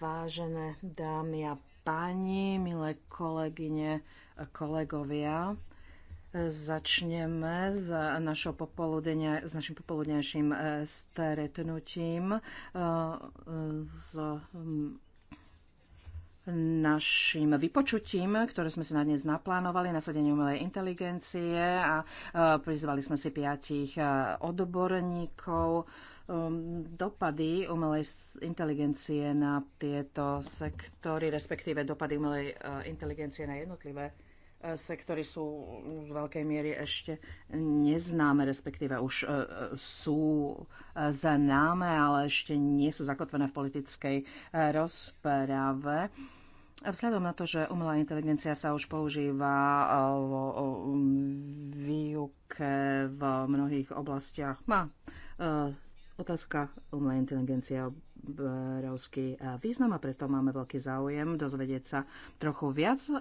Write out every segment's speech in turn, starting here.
Vážené dámy a páni, milé kolegyne, kolegovia, Začneme s, našou s našim popoludnejším eh, stretnutím eh, s hm, našim vypočutím, ktoré sme si na dnes naplánovali, nasadenie umelej inteligencie a eh, prizvali sme si piatich odborníkov dopady umelej inteligencie na tieto sektory, respektíve dopady umelej inteligencie na jednotlivé sektory sú v veľkej miery ešte neznáme, respektíve už sú známe, ale ešte nie sú zakotvené v politickej rozprave. Vzhľadom na to, že umelá inteligencia sa už používa v výuke v mnohých oblastiach, má Otázka umelej inteligencia obrovský e, význam a preto máme veľký záujem dozvedieť sa trochu viac. E,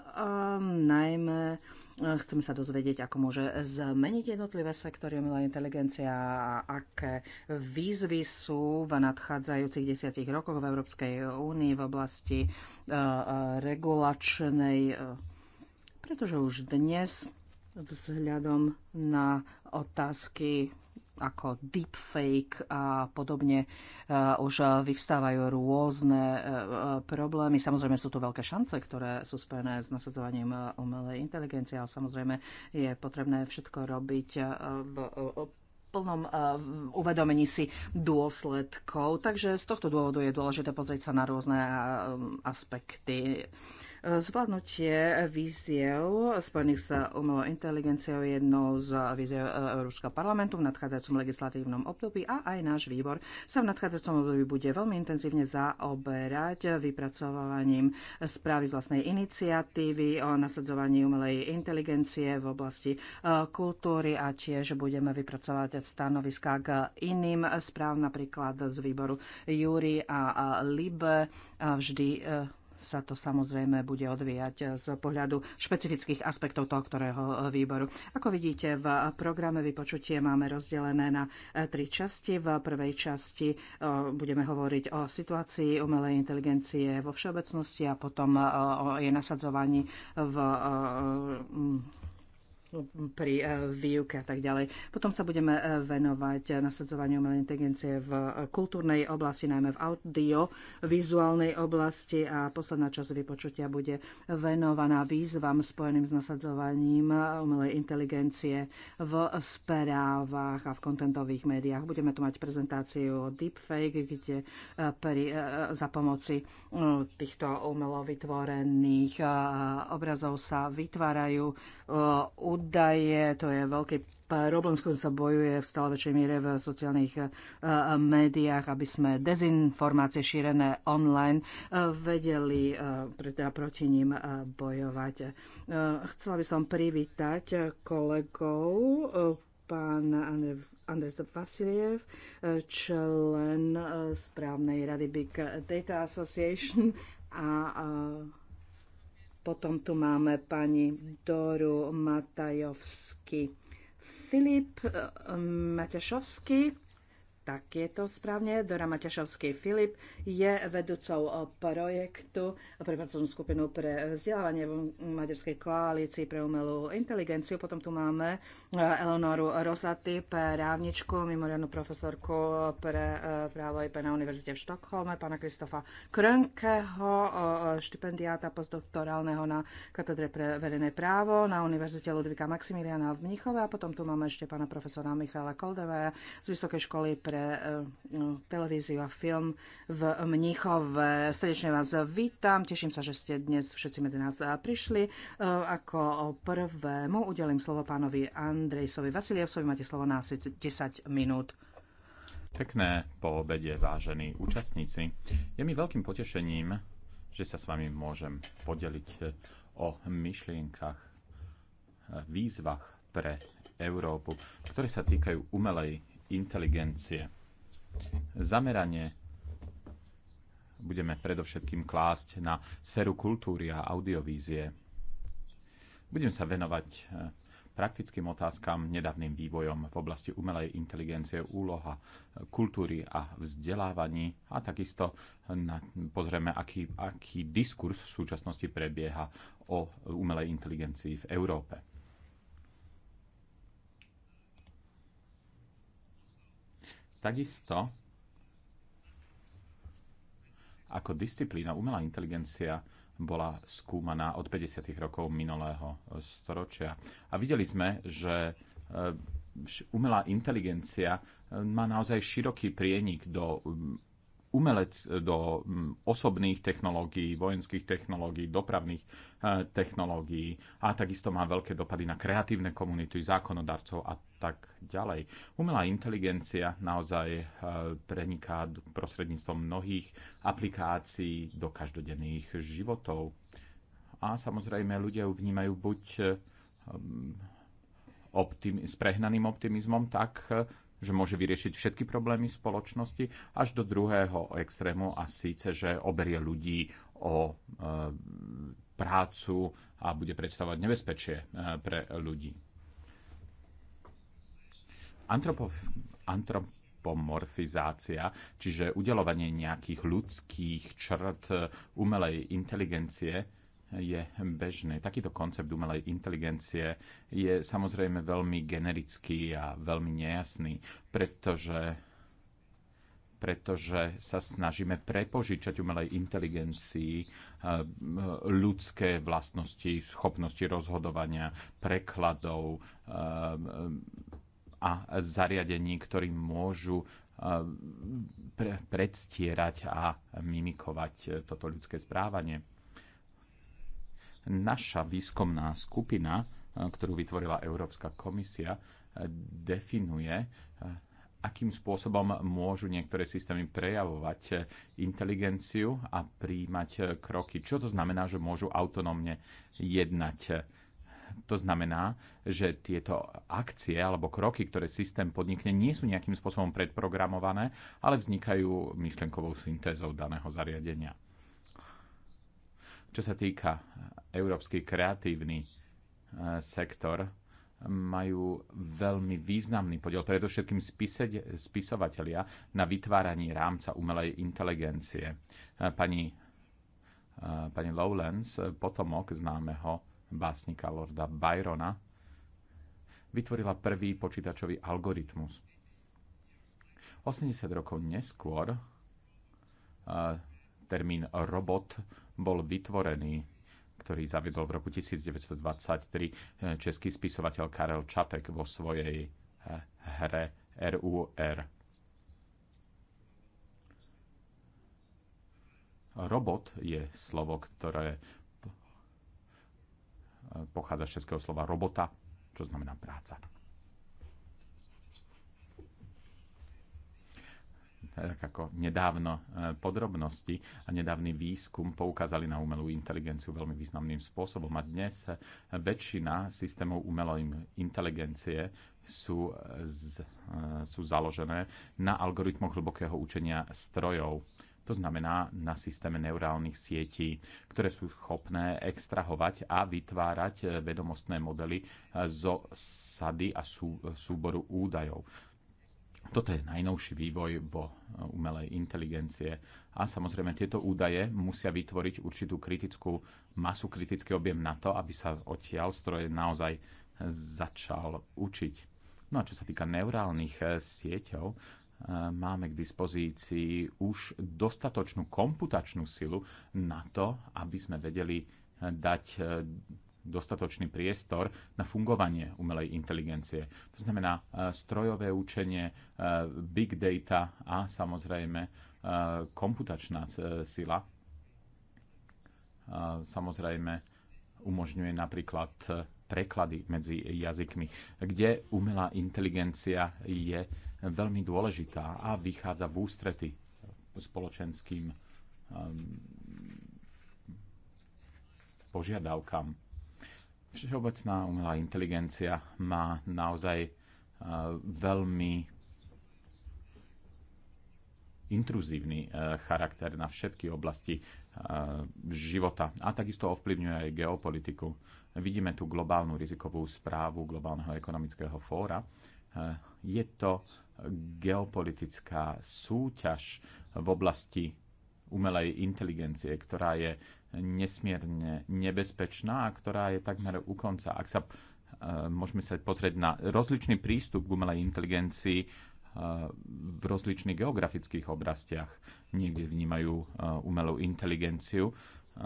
najmä e, chceme sa dozvedieť, ako môže zmeniť jednotlivé sektory umelej inteligencia a aké výzvy sú v nadchádzajúcich desiatich rokoch v Európskej únii v oblasti regulačnej, pretože už dnes vzhľadom na otázky ako deepfake a podobne e, už vyvstávajú rôzne e, e, problémy. Samozrejme sú tu veľké šance, ktoré sú spojené s nasadzovaním umelej inteligencie, ale samozrejme je potrebné všetko robiť v plnom uvedomení si dôsledkov. Takže z tohto dôvodu je dôležité pozrieť sa na rôzne aspekty. Zvládnutie víziev spojených s umelou inteligenciou je jednou z víziev Európskeho parlamentu v nadchádzajúcom legislatívnom období a aj náš výbor sa v nadchádzajúcom období bude veľmi intenzívne zaoberať vypracovaním správy z vlastnej iniciatívy o nasadzovaní umelej inteligencie v oblasti e, kultúry a tiež budeme vypracovať stanoviská k iným správ, napríklad z výboru Júri a Libe. Vždy e, sa to samozrejme bude odvíjať z pohľadu špecifických aspektov toho, ktorého e, výboru. Ako vidíte, v e, programe vypočutie máme rozdelené na e, tri časti. V prvej časti budeme hovoriť o situácii umelej inteligencie vo všeobecnosti a potom o jej nasadzovaní v pri eh, výuke a tak ďalej. Potom sa budeme eh, venovať eh, nasadzovaniu umelej inteligencie v kultúrnej oblasti, najmä v audio, vizuálnej oblasti a posledná časť vypočutia bude venovaná výzvam spojeným s nasadzovaním umelej inteligencie v správach a v kontentových médiách. Budeme tu mať prezentáciu o deepfake, kde pri, za pomoci týchto umelo vytvorených obrazov sa vytvárajú údaje, to je veľký problém, s ktorým sa bojuje v stále väčšej miere v sociálnych eh, médiách, aby sme dezinformácie šírené online eh, vedeli eh, teda proti ním bojovať. Chcela by som privítať kolegov, pán Andres Vasiliev, člen správnej rady Big Data Association a potom tu máme pani Doru Matajovsky. Filip Matešovský tak je to správne. Dora Maťašovský Filip je vedúcou eh, projektu pre pracovnú skupinu pre vzdelávanie v Maďarskej koalícii pre umelú inteligenciu. Potom tu máme eh, Eleonoru Rosaty, právničku, mimoriadnu profesorku pre eh, právo IP na Univerzite v Štokholme, pána Kristofa Krönkeho, štipendiáta postdoktorálneho na katedre pre verejné právo na Univerzite Ludvika Maximiliana v Mníchove. A potom tu máme ešte pána profesora Michala Koldeva z Vysokej školy pre pre eh, televíziu a film v Mníchove. Srdečne vás vítam, teším sa, že ste dnes všetci medzi nás eh, prišli. Eh, ako prvému udelím slovo pánovi Andrejsovi Vasilievsovi, máte slovo na asi 10 minút. Pekné po obede, vážení účastníci. Je mi veľkým potešením, že sa s vami môžem podeliť o myšlienkach, výzvach pre Európu, ktoré sa týkajú umelej inteligencie. Zameranie budeme predovšetkým klásť na sféru kultúry a audiovízie. Budem sa venovať eh, praktickým otázkam, nedávnym vývojom v oblasti umelej inteligencie, úloha eh, kultúry a vzdelávaní a takisto eh, na, pozrieme, aký, aký diskurs v súčasnosti prebieha o umelej inteligencii v Európe. Takisto ako disciplína umelá inteligencia bola skúmaná od 50. rokov minulého storočia. A videli sme, že e, umelá inteligencia e, má naozaj široký prienik do umelec e, do osobných technológií, vojenských technológií, dopravných technológií a takisto má veľké dopady na kreatívne komunity, zákonodarcov a tak ďalej. Umelá inteligencia naozaj e, preniká prostredníctvom mnohých aplikácií do každodenných životov. A samozrejme ľudia ju vnímajú buď e, optimi- s prehnaným optimizmom tak, e, že môže vyriešiť všetky problémy spoločnosti, až do druhého extrému a síce, že oberie ľudí o prácu a bude predstavovať nebezpečie pre ľudí antropomorfizácia, čiže udelovanie nejakých ľudských črt e, umelej inteligencie, je bežný. Takýto koncept umelej inteligencie je samozrejme veľmi generický a veľmi nejasný, pretože pretože sa snažíme prepožičať umelej inteligencii e, ľudské vlastnosti, schopnosti rozhodovania, prekladov, e, a zariadení, ktorým môžu e, pre, predstierať a mimikovať toto ľudské správanie. Naša výskumná skupina, e, ktorú vytvorila Európska komisia, e, definuje, akým spôsobom môžu niektoré systémy prejavovať inteligenciu a príjmať kroky. Čo to znamená, že môžu autonómne jednať to znamená, že tieto akcie alebo kroky, ktoré systém podnikne, nie sú nejakým spôsobom predprogramované, ale vznikajú myšlenkovou syntézou daného zariadenia. Čo sa týka eh, európsky kreatívny eh, sektor, majú veľmi významný podiel, predovšetkým spiseď, spisovatelia, na vytváraní rámca umelej inteligencie. Eh, pani, pani Lowlands, potomok známeho básnika Lorda Byrona, vytvorila prvý počítačový algoritmus. 80 rokov neskôr termín robot bol vytvorený, ktorý zaviedol v roku 1923 e, český spisovateľ Karel Čapek vo svojej e, hre RUR. Robot je slovo, ktoré pochádza z českého slova robota, čo znamená práca. tak ako nedávno e, podrobnosti a nedávny výskum poukázali na umelú inteligenciu veľmi významným spôsobom. A dnes e, väčšina systémov umelej inteligencie sú, e, z, sú založené na algoritmoch hlbokého učenia strojov. To znamená na systéme neurálnych sietí, ktoré sú schopné extrahovať a vytvárať eh, vedomostné modely eh, zo sady a sú, eh, súboru údajov. Toto je najnovší vývoj vo umelej inteligencie. A samozrejme, tieto údaje musia vytvoriť určitú kritickú masu, kritický objem na to, aby sa odtiaľ stroj naozaj začal učiť. No a čo sa týka neurálnych sieťov, E, máme k dispozícii už dostatočnú komputačnú silu na to, aby sme vedeli e, dať e, dostatočný priestor na fungovanie umelej inteligencie. To znamená strojové učenie, big data a samozrejme komputačná sila. Samozrejme umožňuje napríklad preklady medzi jazykmi, kde umelá inteligencia je veľmi dôležitá a vychádza v ústrety spoločenským um, požiadavkám. Všeobecná umelá inteligencia má naozaj uh, veľmi intruzívny uh, charakter na všetky oblasti uh, života a takisto ovplyvňuje aj geopolitiku. Vidíme tu globálnu rizikovú správu Globálneho ekonomického fóra, je to geopolitická súťaž v oblasti umelej inteligencie, ktorá je nesmierne nebezpečná a ktorá je takmer u konca. Ak sa e, môžeme sa pozrieť na rozličný prístup k umelej inteligencii e, v rozličných geografických oblastiach. Niekde vnímajú e, umelú inteligenciu Eh,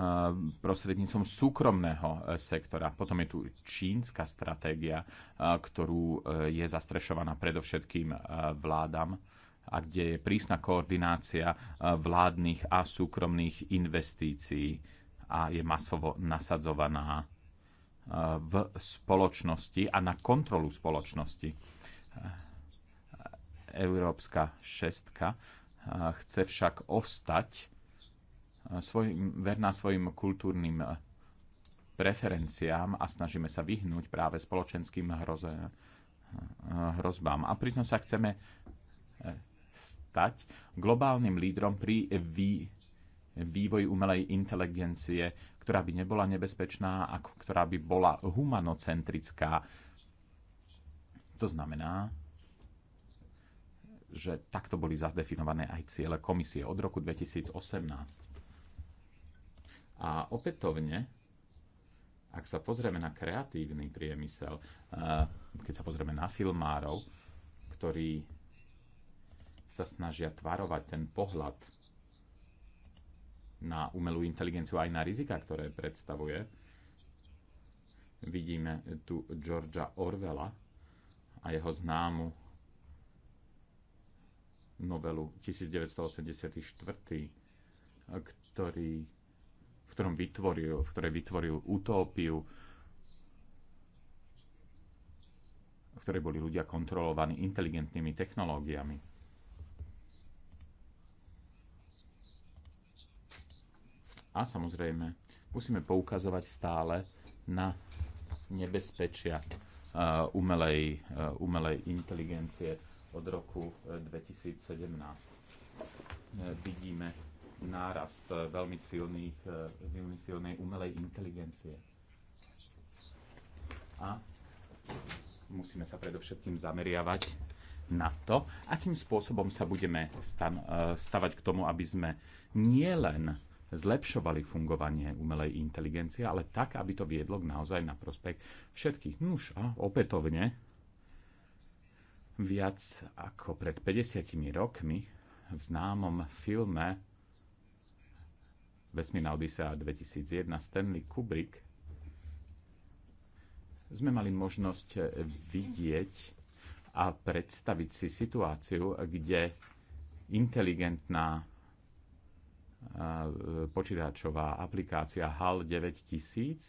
prostredníctvom súkromného eh, sektora. Potom je tu čínska stratégia, eh, ktorú je zastrešovaná predovšetkým vládam a kde je prísna koordinácia vládnych a súkromných investícií a je masovo nasadzovaná v spoločnosti a na kontrolu spoločnosti. Európska šestka chce však ostať svoj, verná svojim kultúrnym preferenciám a snažíme sa vyhnúť práve spoločenským hroze, hrozbám. A pritom sa chceme e, stať globálnym lídrom pri vý, vývoji umelej inteligencie, ktorá by nebola nebezpečná a ktorá by bola humanocentrická. To znamená, že takto boli zadefinované aj ciele komisie od roku 2018 a opätovne, ak sa pozrieme na kreatívny priemysel, eh, keď sa pozrieme na filmárov, ktorí sa snažia tvarovať ten pohľad na umelú inteligenciu aj na rizika, ktoré predstavuje. Vidíme tu Georgia Orwella a jeho známu novelu 1984, eh, ktorý v, ktorom vytvoril, v ktorej vytvoril utópiu, v ktorej boli ľudia kontrolovaní inteligentnými technológiami. A samozrejme, musíme poukazovať stále na nebezpečia uh, umelej, uh, umelej inteligencie od roku 2017. Uh, uh, vidíme nárast eh, veľmi, silných, eh, veľmi silnej umelej inteligencie. A musíme sa predovšetkým zameriavať na to, akým spôsobom sa budeme eh, stavať k tomu, aby sme nielen zlepšovali fungovanie umelej inteligencie, ale tak, aby to viedlo k naozaj na prospech všetkých. Nuž a opätovne viac ako pred 50 rokmi v známom filme Vesmírna Odisea 2001 Stanley Kubrick sme mali možnosť vidieť a predstaviť si situáciu, kde inteligentná e, počítačová aplikácia HAL 9000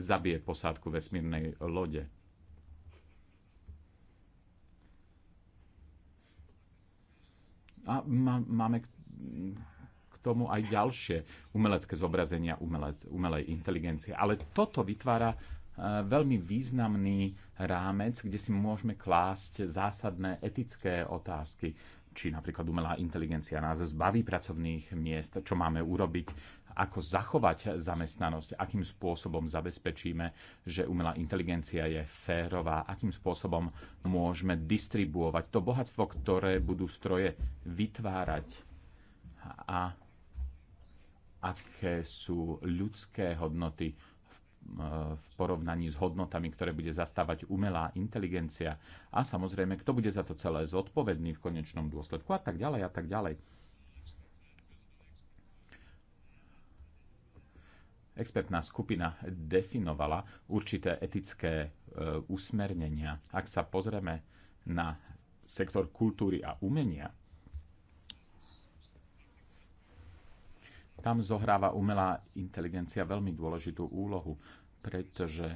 zabije posádku vesmírnej lode. A máme tomu aj ďalšie umelecké zobrazenia umelec, umelej inteligencie. Ale toto vytvára e, veľmi významný rámec, kde si môžeme klásť zásadné etické otázky, či napríklad umelá inteligencia nás zbaví pracovných miest, čo máme urobiť, ako zachovať zamestnanosť, akým spôsobom zabezpečíme, že umelá inteligencia je férová, akým spôsobom môžeme distribuovať to bohatstvo, ktoré budú stroje vytvárať a aké sú ľudské hodnoty eh, v porovnaní s hodnotami, ktoré bude zastávať umelá inteligencia a samozrejme, kto bude za to celé zodpovedný v konečnom dôsledku a tak ďalej a tak ďalej. Expertná skupina definovala určité etické e, usmernenia. Ak sa pozrieme na sektor kultúry a umenia, Tam zohráva umelá inteligencia veľmi dôležitú úlohu, pretože,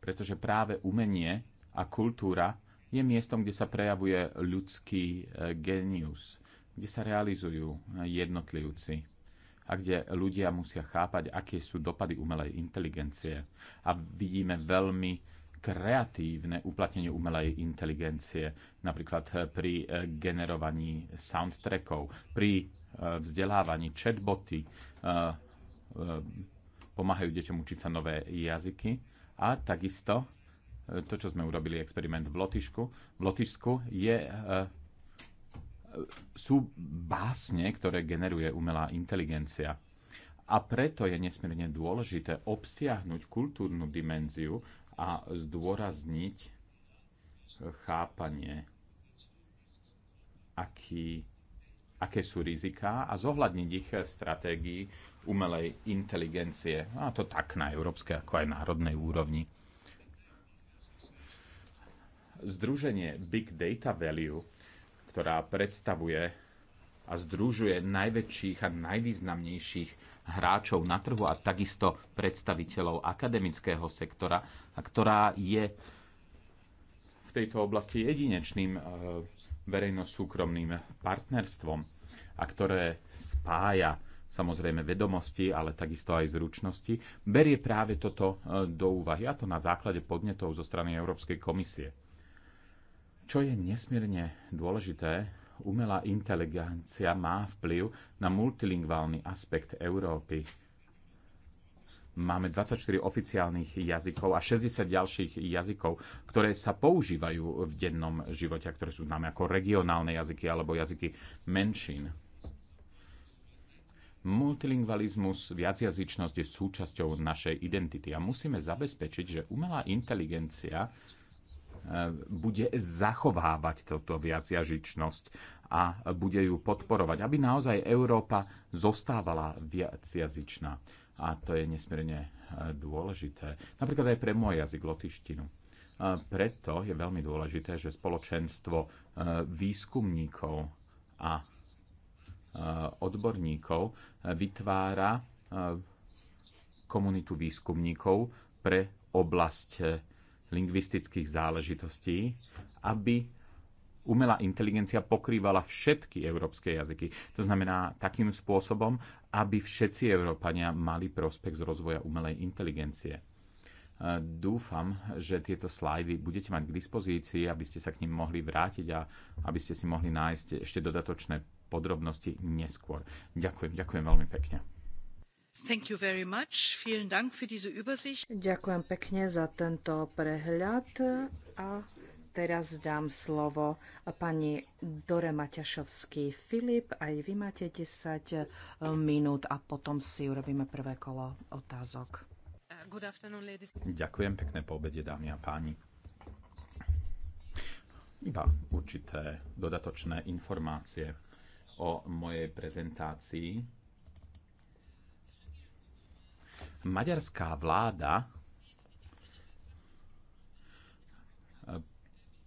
pretože práve umenie a kultúra je miestom, kde sa prejavuje ľudský e, genius, kde sa realizujú e, jednotlivci a kde ľudia musia chápať, aké sú dopady umelej inteligencie. A vidíme veľmi kreatívne uplatnenie umelej inteligencie, napríklad eh, pri eh, generovaní soundtrackov, pri eh, vzdelávaní chatboty pomáhajú deťom učiť sa nové jazyky a takisto to, čo sme urobili experiment v Lotyšku, v Lotyšsku je sú básne, ktoré generuje umelá inteligencia. A preto je nesmierne dôležité obsiahnuť kultúrnu dimenziu a zdôrazniť chápanie, aký, aké sú riziká a zohľadniť ich v stratégii umelej inteligencie. A to tak na európskej ako aj národnej úrovni. Združenie Big Data Value, ktorá predstavuje a združuje najväčších a najvýznamnejších hráčov na trhu a takisto predstaviteľov akademického sektora, a ktorá je v tejto oblasti jedinečným e, verejno-súkromným partnerstvom a ktoré spája samozrejme vedomosti, ale takisto aj zručnosti, berie práve toto e, do úvahy, a to na základe podnetov zo strany Európskej komisie. Čo je nesmierne dôležité umelá inteligencia má vplyv na multilingválny aspekt Európy. Máme 24 oficiálnych jazykov a 60 ďalších jazykov, ktoré sa používajú v dennom živote a ktoré sú známe ako regionálne jazyky alebo jazyky menšín. Multilingvalizmus, viacjazyčnosť je súčasťou našej identity a musíme zabezpečiť, že umelá inteligencia E, bude zachovávať túto viacjažičnosť a bude ju podporovať, aby naozaj Európa zostávala viacjazyčná. A to je nesmierne e, dôležité. Napríklad aj pre môj jazyk, lotištinu. E, preto je veľmi dôležité, že spoločenstvo výskumníkov a odborníkov vytvára komunitu výskumníkov pre oblasť lingvistických záležitostí, aby umelá inteligencia pokrývala všetky európske jazyky. To znamená takým spôsobom, aby všetci Európania mali prospekt z rozvoja umelej inteligencie. E, dúfam, že tieto slajdy budete mať k dispozícii, aby ste sa k ním mohli vrátiť a aby ste si mohli nájsť ešte dodatočné podrobnosti neskôr. Ďakujem, ďakujem veľmi pekne. Ďakujem pekne za tento prehľad a teraz dám slovo pani Dore Maťašovský Filip. Aj vy máte 10 eh, minút a potom si urobíme prvé kolo otázok. Ďakujem pekné po obede, dámy a páni. Iba určité dodatočné informácie o mojej prezentácii maďarská vláda eh,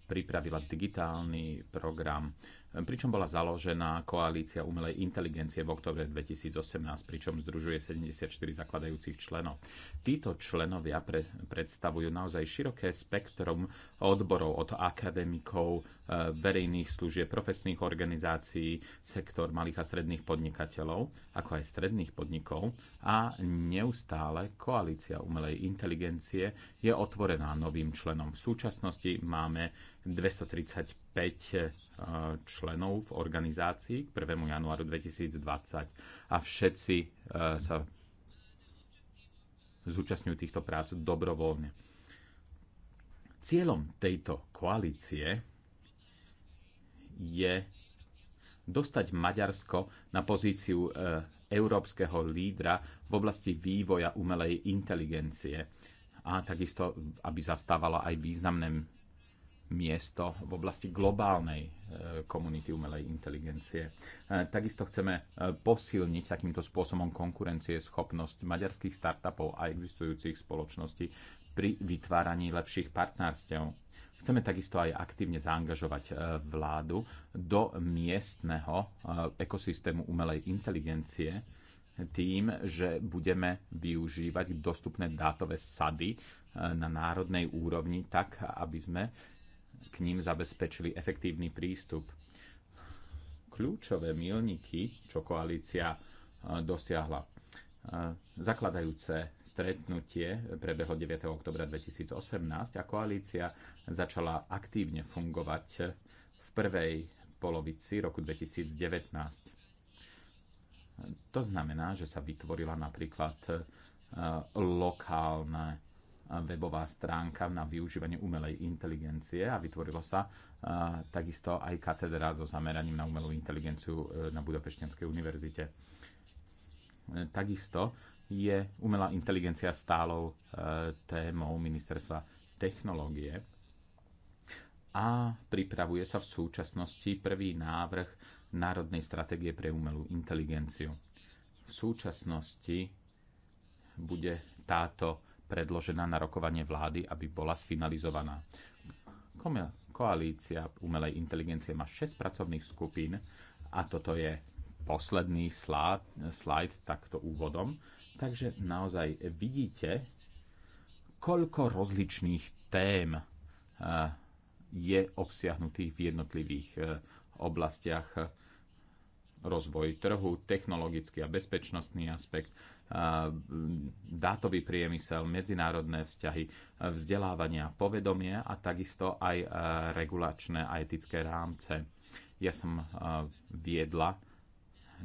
pripravila digitálny program pričom bola založená koalícia umelej inteligencie v oktobre 2018, pričom združuje 74 zakladajúcich členov. Títo členovia pre, predstavujú naozaj široké spektrum odborov od akademikov, e, verejných služieb, profesných organizácií, sektor malých a stredných podnikateľov, ako aj stredných podnikov a neustále koalícia umelej inteligencie je otvorená novým členom. V súčasnosti máme 235 eh, členov v organizácii k 1. januáru 2020 a všetci eh, sa zúčastňujú týchto prác dobrovoľne. Cieľom tejto koalície je dostať Maďarsko na pozíciu eh, európskeho lídra v oblasti vývoja umelej inteligencie a takisto, aby zastávala aj významné miesto v oblasti globálnej e, komunity umelej inteligencie. E, takisto chceme e, posilniť takýmto spôsobom konkurencie schopnosť maďarských startupov a existujúcich spoločností pri vytváraní lepších partnerstiev. Chceme takisto aj aktívne zaangažovať vládu do miestneho ekosystému umelej inteligencie tým, že budeme využívať dostupné dátové sady na národnej úrovni tak, aby sme ním zabezpečili efektívny prístup. Kľúčové milníky, čo koalícia e, dosiahla. E, zakladajúce stretnutie prebehlo 9. oktobra 2018 a koalícia začala aktívne fungovať v prvej polovici roku 2019. To znamená, že sa vytvorila napríklad e, lokálne webová stránka na využívanie umelej inteligencie a vytvorilo sa takisto aj katedra so zameraním na umelú inteligenciu e, na Budapešťanskej univerzite. E, takisto je umelá inteligencia stálou e, témou ministerstva technológie a pripravuje sa v súčasnosti prvý návrh Národnej stratégie pre umelú inteligenciu. V súčasnosti bude táto predložená na rokovanie vlády, aby bola sfinalizovaná. Koalícia umelej inteligencie má 6 pracovných skupín a toto je posledný slide, takto úvodom. Takže naozaj vidíte, koľko rozličných tém eh, je obsiahnutých v jednotlivých eh, oblastiach rozvoj trhu, technologický a bezpečnostný aspekt, dátový priemysel, medzinárodné vzťahy, vzdelávania, povedomie a takisto aj e, regulačné a etické rámce. Ja som e, viedla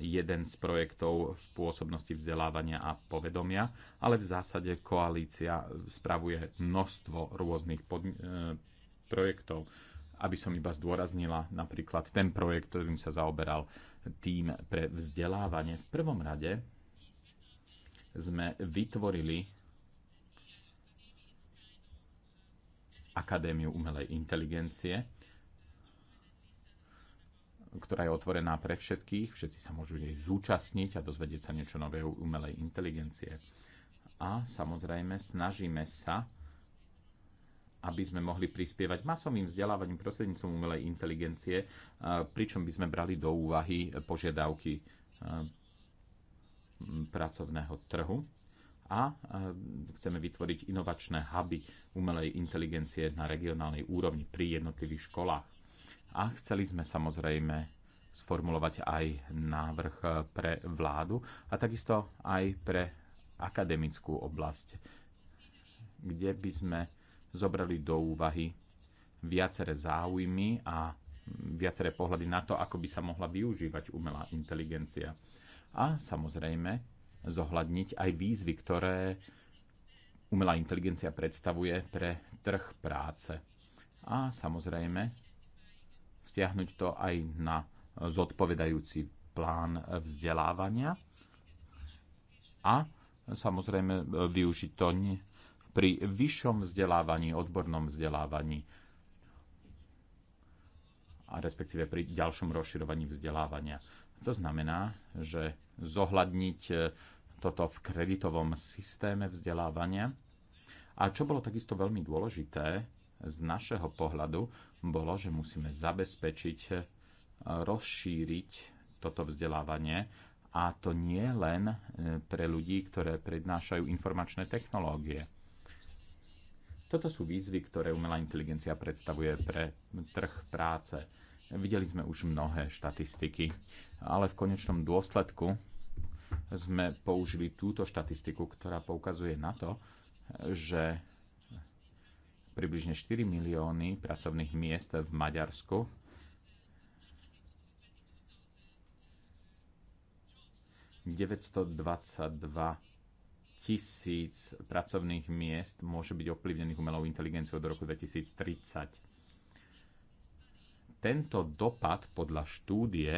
jeden z projektov v pôsobnosti vzdelávania a povedomia, ale v zásade koalícia spravuje množstvo rôznych pod, e, projektov. Aby som iba zdôraznila napríklad ten projekt, ktorým sa zaoberal tým pre vzdelávanie. V prvom rade sme vytvorili Akadémiu umelej inteligencie, ktorá je otvorená pre všetkých. Všetci sa môžu jej zúčastniť a dozvedieť sa niečo nové o umelej inteligencie. A samozrejme snažíme sa, aby sme mohli prispievať masovým vzdelávaním prostredníctvom umelej inteligencie, pričom by sme brali do úvahy požiadavky pracovného trhu a e, chceme vytvoriť inovačné huby umelej inteligencie na regionálnej úrovni pri jednotlivých školách. A chceli sme samozrejme sformulovať aj návrh e, pre vládu a takisto aj pre akademickú oblasť, kde by sme zobrali do úvahy viaceré záujmy a viaceré pohľady na to, ako by sa mohla využívať umelá inteligencia a samozrejme zohľadniť aj výzvy, ktoré umelá inteligencia predstavuje pre trh práce. A samozrejme stiahnuť to aj na zodpovedajúci plán vzdelávania a samozrejme využiť to pri vyššom vzdelávaní, odbornom vzdelávaní a respektíve pri ďalšom rozširovaní vzdelávania. To znamená, že zohľadniť e, toto v kreditovom systéme vzdelávania. A čo bolo takisto veľmi dôležité z našeho pohľadu, bolo, že musíme zabezpečiť, e, rozšíriť toto vzdelávanie a to nie len e, pre ľudí, ktoré prednášajú informačné technológie. Toto sú výzvy, ktoré umelá inteligencia predstavuje pre trh práce Videli sme už mnohé štatistiky, ale v konečnom dôsledku sme použili túto štatistiku, ktorá poukazuje na to, že približne 4 milióny pracovných miest v Maďarsku ...922 tisíc pracovných miest môže byť ovplyvnených umelou inteligenciou do roku 2030 tento dopad podľa štúdie,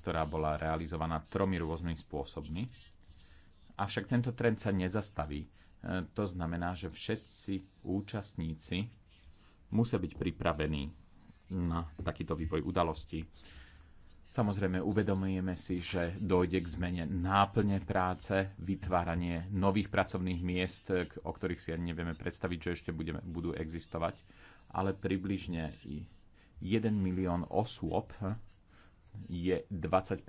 ktorá bola realizovaná tromi rôznymi spôsobmi, avšak tento trend sa nezastaví. E, to znamená, že všetci účastníci musia byť pripravení na takýto vývoj udalostí. Samozrejme, uvedomujeme si, že dojde k zmene náplne práce, vytváranie nových pracovných miest, o ktorých si ani nevieme predstaviť, že ešte budeme, budú existovať, ale približne i 1 milión osôb hm, je 25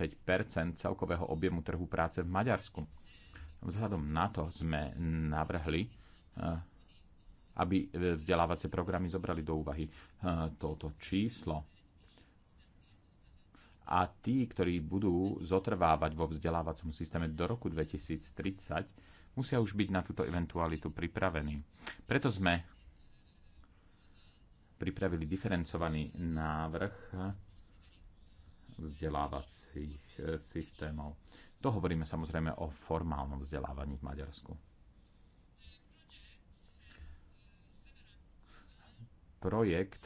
celkového objemu trhu práce v Maďarsku. Vzhľadom na to sme navrhli, hm, aby e, vzdelávacie programy zobrali do úvahy hm, toto číslo a tí, ktorí budú zotrvávať vo vzdelávacom systéme do roku 2030, musia už byť na túto eventualitu pripravení. Preto sme pripravili diferencovaný návrh vzdelávacích systémov. To hovoríme samozrejme o formálnom vzdelávaní v Maďarsku. Projekt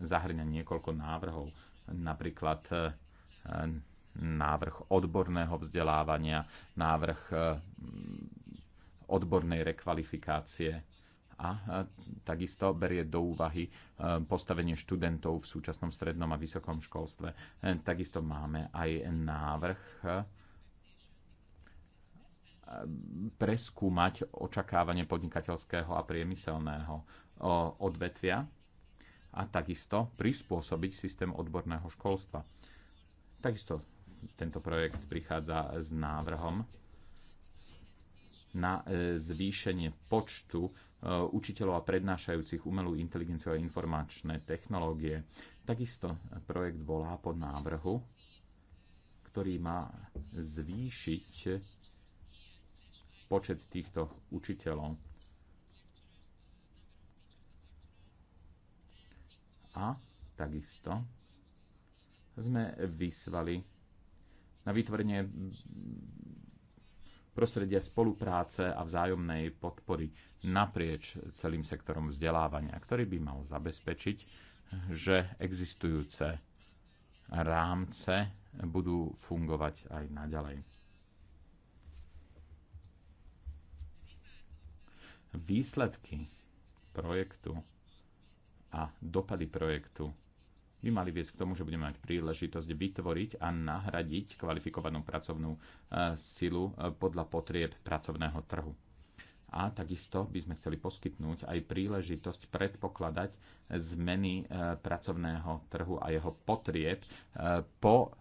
zahrňa niekoľko návrhov, napríklad e, návrh odborného vzdelávania, návrh odbornej rekvalifikácie a takisto berie do úvahy e, postavenie študentov v súčasnom strednom a vysokom školstve. E, takisto máme aj návrh e, preskúmať očakávanie podnikateľského a priemyselného odvetvia a takisto prispôsobiť systém odborného školstva. Takisto tento projekt prichádza s návrhom na e, zvýšenie počtu e, učiteľov a prednášajúcich umelú inteligenciu a informačné technológie. Takisto projekt volá po návrhu, ktorý má zvýšiť počet týchto učiteľov. A takisto sme vysvali na vytvorenie prostredia spolupráce a vzájomnej podpory naprieč celým sektorom vzdelávania, ktorý by mal zabezpečiť, že existujúce rámce budú fungovať aj naďalej. Výsledky projektu a dopady projektu by mali viesť k tomu, že budeme mať príležitosť vytvoriť a nahradiť kvalifikovanú pracovnú e, silu e, podľa potrieb pracovného trhu. A takisto by sme chceli poskytnúť aj príležitosť predpokladať zmeny e, pracovného trhu a jeho potrieb po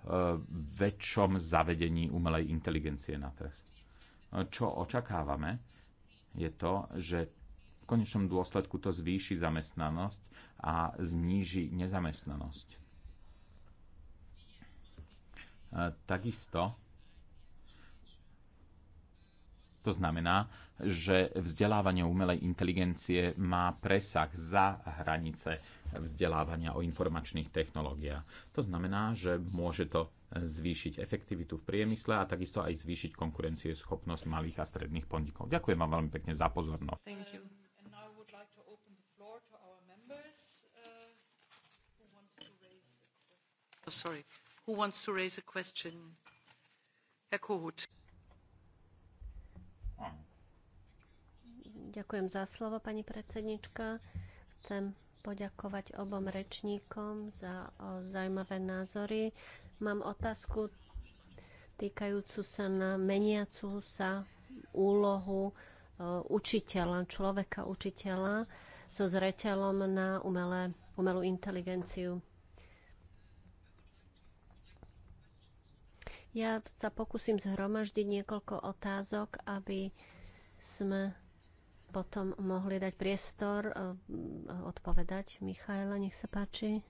väčšom zavedení umelej inteligencie na trh. Čo očakávame, je to, že v konečnom dôsledku to zvýši zamestnanosť a zníži nezamestnanosť. E, takisto to znamená, že vzdelávanie umelej inteligencie má presah za hranice vzdelávania o informačných technológiách. To znamená, že môže to zvýšiť efektivitu v priemysle a takisto aj zvýšiť konkurencieschopnosť malých a stredných podnikov. Ďakujem vám veľmi pekne za pozornosť. Thank you. Oh, hm. Ďakujem za slovo, pani predsednička. Chcem poďakovať obom rečníkom za zaujímavé názory. Mám otázku týkajúcu sa na meniacu sa úlohu učiteľa, človeka učiteľa so zreteľom na umelé, umelú inteligenciu. Ja sa pokúsim zhromaždiť niekoľko otázok, aby sme potom mohli dať priestor e, odpovedať. Michaela, nech sa páči.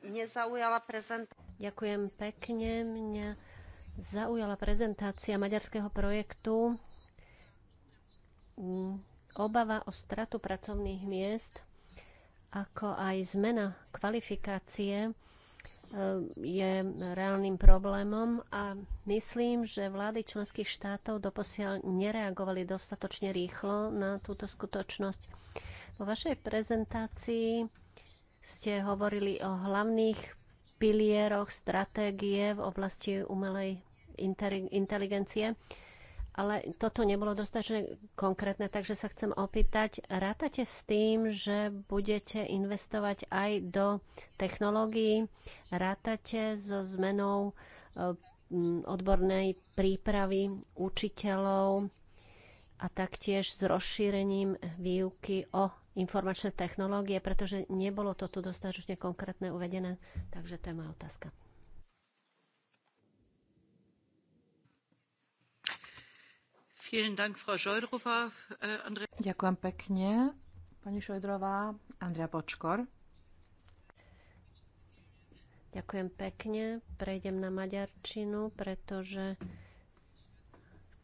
Mne zaujala prezentácia. Ďakujem pekne. Mňa zaujala prezentácia maďarského projektu obava o stratu pracovných miest, ako aj zmena kvalifikácie E, je reálnym problémom a myslím, že vlády členských štátov doposiaľ nereagovali dostatočne rýchlo na túto skutočnosť. Vo vašej prezentácii ste hovorili o hlavných pilieroch stratégie v oblasti umelej inteligencie ale toto nebolo dostatočne konkrétne, takže sa chcem opýtať, rátate s tým, že budete investovať aj do technológií, rátate so zmenou eh, odbornej prípravy učiteľov a taktiež s rozšírením výuky o informačné technológie, pretože nebolo to tu dostatočne konkrétne uvedené, takže to je moja otázka. Äh, Ďakujem pekne, pani Šojdrová. Andrea Počkor. Ďakujem pekne. Prejdem na maďarčinu, pretože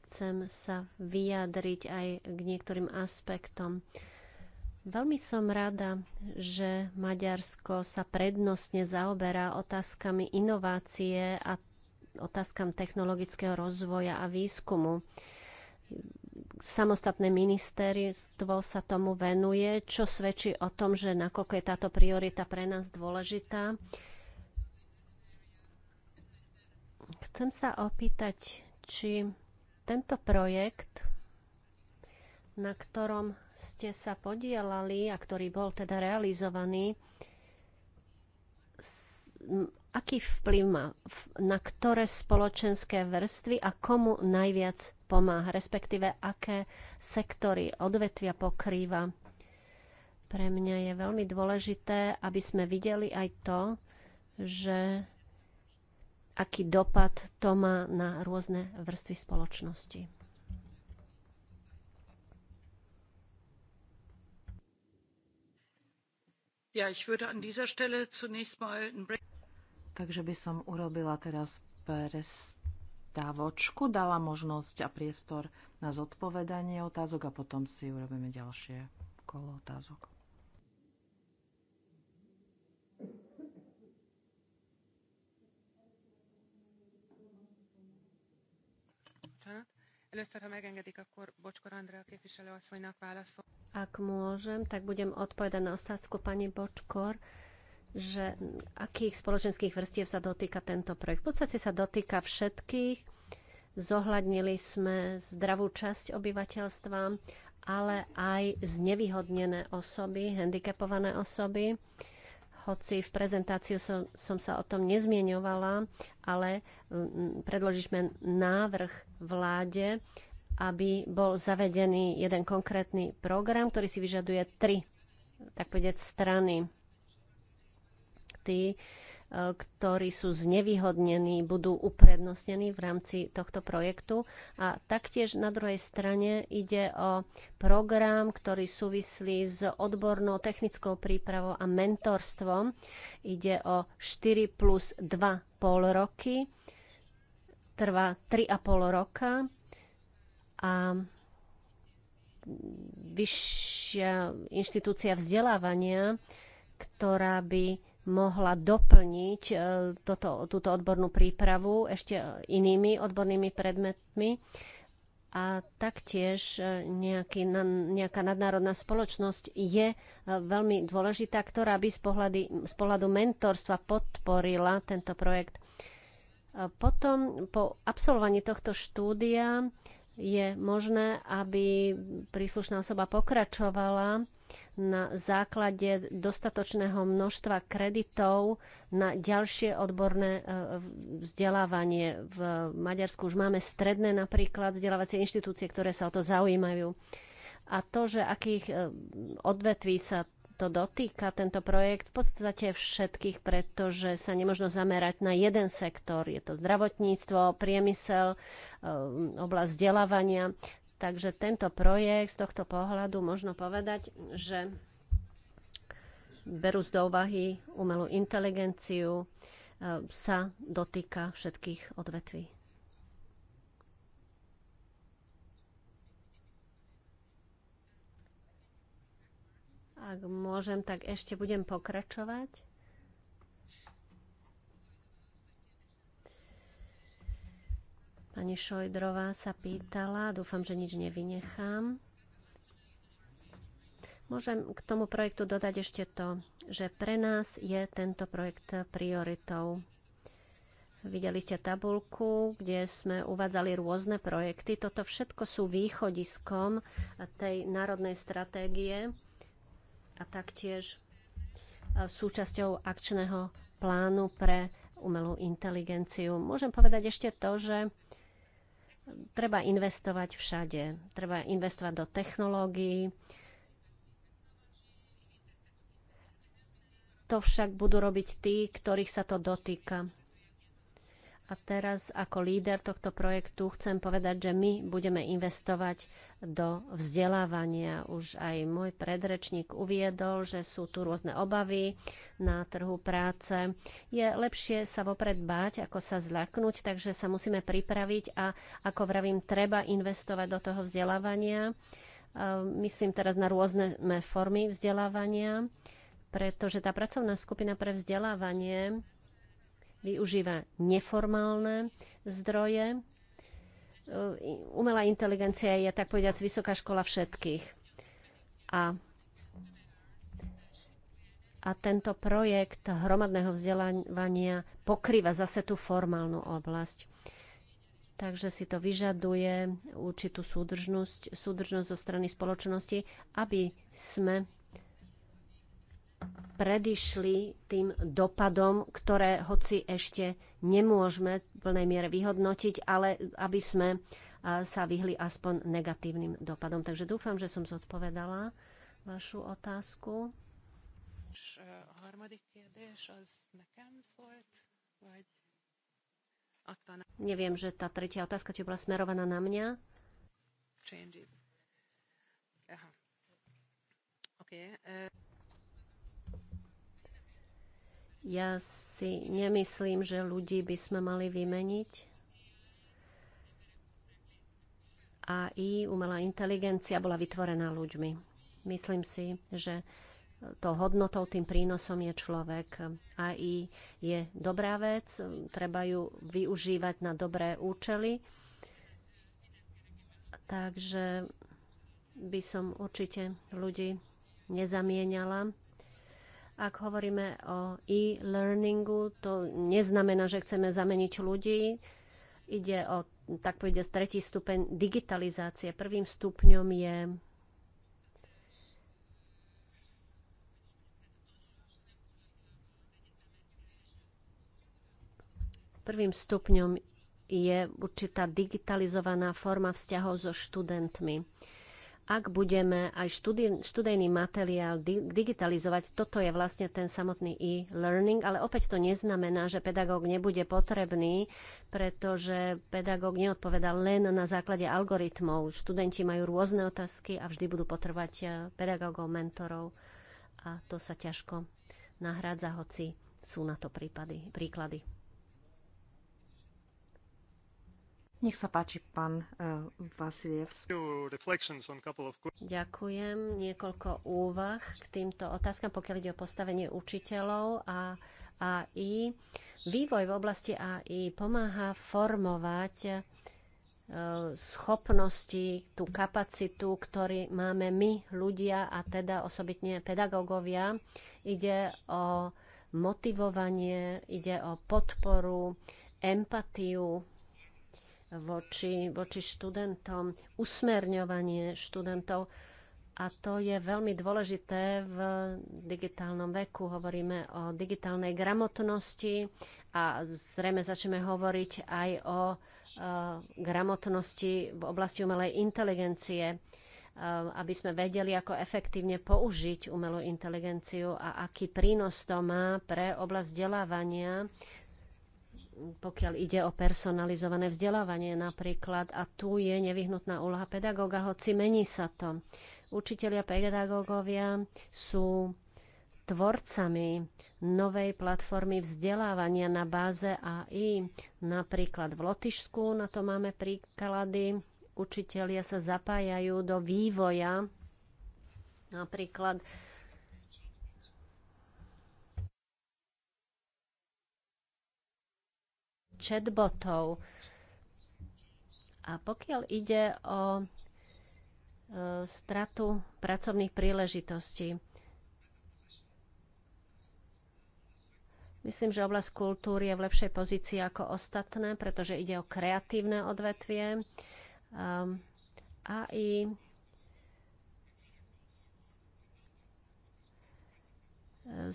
chcem sa vyjadriť aj k niektorým aspektom. Veľmi som rada, že Maďarsko sa prednostne zaoberá otázkami inovácie a otázkam technologického rozvoja a výskumu samostatné ministerstvo sa tomu venuje, čo svedčí o tom, že nakoľko je táto priorita pre nás dôležitá. Chcem sa opýtať, či tento projekt, na ktorom ste sa podielali a ktorý bol teda realizovaný, aký vplyv má, na ktoré spoločenské vrstvy a komu najviac pomáha, respektíve aké sektory, odvetvia pokrýva. Pre mňa je veľmi dôležité, aby sme videli aj to, že aký dopad to má na rôzne vrstvy spoločnosti. Ja, ich würde an dieser Stelle zunächst mal einen Break Takže by som urobila teraz prestávočku, dala možnosť a priestor na zodpovedanie otázok a potom si urobíme ďalšie kolo otázok. Ak môžem, tak budem odpovedať na otázku pani Bočkor že akých spoločenských vrstiev sa dotýka tento projekt. V podstate sa dotýka všetkých. Zohľadnili sme zdravú časť obyvateľstva, ale aj znevýhodnené osoby, handicapované osoby. Hoci v prezentáciu som, som sa o tom nezmieňovala, ale mm, predložíme návrh vláde, aby bol zavedený jeden konkrétny program, ktorý si vyžaduje tri, tak povedať, strany tí, e, ktorí sú znevýhodnení, budú uprednostnení v rámci tohto projektu. A taktiež na druhej strane ide o program, ktorý súvislí s odbornou technickou prípravou a mentorstvom. Ide o 4 plus 2 pol roky. Trvá 3,5 roka a vyššia inštitúcia vzdelávania, ktorá by mohla doplniť e, toto, túto odbornú prípravu ešte inými odbornými predmetmi a taktiež e, nejaký, nejaká nadnárodná spoločnosť je e, veľmi dôležitá, ktorá by z, pohľady, z pohľadu mentorstva podporila tento projekt. Potom po absolvovaní tohto štúdia je možné, aby príslušná osoba pokračovala na základe dostatočného množstva kreditov na ďalšie odborné e, vzdelávanie. V Maďarsku už máme stredné napríklad vzdelávacie inštitúcie, ktoré sa o to zaujímajú. A to, že akých e, odvetví sa to dotýka, tento projekt, v podstate všetkých, pretože sa nemôžno zamerať na jeden sektor. Je to zdravotníctvo, priemysel, ehm, oblasť vzdelávania. Takže tento projekt z tohto pohľadu možno povedať, že berú do úvahy umelú inteligenciu, ehm, sa dotýka všetkých odvetví. Ak môžem, tak ešte budem pokračovať. Pani Šojdrová sa pýtala, dúfam, že nič nevynechám. Môžem k tomu projektu dodať ešte to, že pre nás je tento projekt prioritou. Videli ste tabulku, kde sme uvádzali rôzne projekty. Toto všetko sú východiskom tej národnej stratégie a taktiež e, súčasťou akčného plánu pre umelú inteligenciu. Môžem povedať ešte to, že treba investovať všade. Treba investovať do technológií. To však budú robiť tí, ktorých sa to dotýka. A teraz ako líder tohto projektu chcem povedať, že my budeme investovať do vzdelávania. Už aj môj predrečník uviedol, že sú tu rôzne obavy na trhu práce. Je lepšie sa vopred báť, ako sa zľaknúť, takže sa musíme pripraviť a ako vravím, treba investovať do toho vzdelávania. E, myslím teraz na rôzne formy vzdelávania, pretože tá pracovná skupina pre vzdelávanie využíva neformálne zdroje. E, umelá inteligencia je, tak povediac, vysoká škola všetkých. A, a tento projekt hromadného vzdelávania pokrýva zase tú formálnu oblasť. Takže si to vyžaduje určitú súdržnosť, súdržnosť zo strany spoločnosti, aby sme predišli tým dopadom, ktoré hoci ešte nemôžeme v plnej miere vyhodnotiť, ale aby sme sa vyhli aspoň negatívnym dopadom. Takže dúfam, že som zodpovedala vašu otázku. Neviem, že tá tretia otázka, či bola smerovaná na mňa. Aha. Okay. Uh... Eh, ja si nemyslím, že ľudí by sme mali vymeniť. A i umelá inteligencia, bola vytvorená ľuďmi. Myslím si, že to hodnotou, tým prínosom je človek. a i je dobrá vec, treba ju využívať na dobré účely. Takže by som určite ľudí nezamieniala. Ak hovoríme o e-learningu, to neznamená, že chceme zameniť ľudí. Ide o, tak povede, tretí stupeň digitalizácie. Prvým stupňom je Prvým stupňom je určitá digitalizovaná forma vzťahov so študentmi ak budeme aj študijný materiál digitalizovať, toto je vlastne ten samotný e-learning, ale opäť to neznamená, že pedagóg nebude potrebný, pretože pedagóg neodpovedá len na základe algoritmov. Študenti majú rôzne otázky a vždy budú potrebovať eh, pedagógov, mentorov a to sa ťažko nahrádza, hoci sú na to prípady, príklady. Nech sa páči, pán eh, Vasilievs. Ďakujem. Niekoľko úvah k týmto otázkam, pokiaľ ide o postavenie učiteľov a AI. Vývoj v oblasti AI pomáha formovať eh, schopnosti, tú kapacitu, ktorý máme my, ľudia a teda osobitne pedagógovia. Ide o motivovanie, ide o podporu, empatiu, voči, voči študentom, usmerňovanie študentov. A to je veľmi dôležité v digitálnom veku. Hovoríme o digitálnej gramotnosti a zrejme začneme hovoriť aj o uh, gramotnosti v oblasti umelej inteligencie, uh, aby sme vedeli, ako efektívne použiť umelú inteligenciu a aký prínos to má pre oblasť vzdelávania pokiaľ ide o personalizované vzdelávanie napríklad. A tu je nevyhnutná úloha pedagóga, hoci mení sa to. Učitelia pedagógovia sú tvorcami novej platformy vzdelávania na báze AI. Napríklad v Lotyšsku, na to máme príklady, učitelia sa zapájajú do vývoja napríklad chatbotov. A pokiaľ ide o e, stratu pracovných príležitostí. Myslím, že oblasť kultúry je v lepšej pozícii ako ostatné, pretože ide o kreatívne odvetvie. A i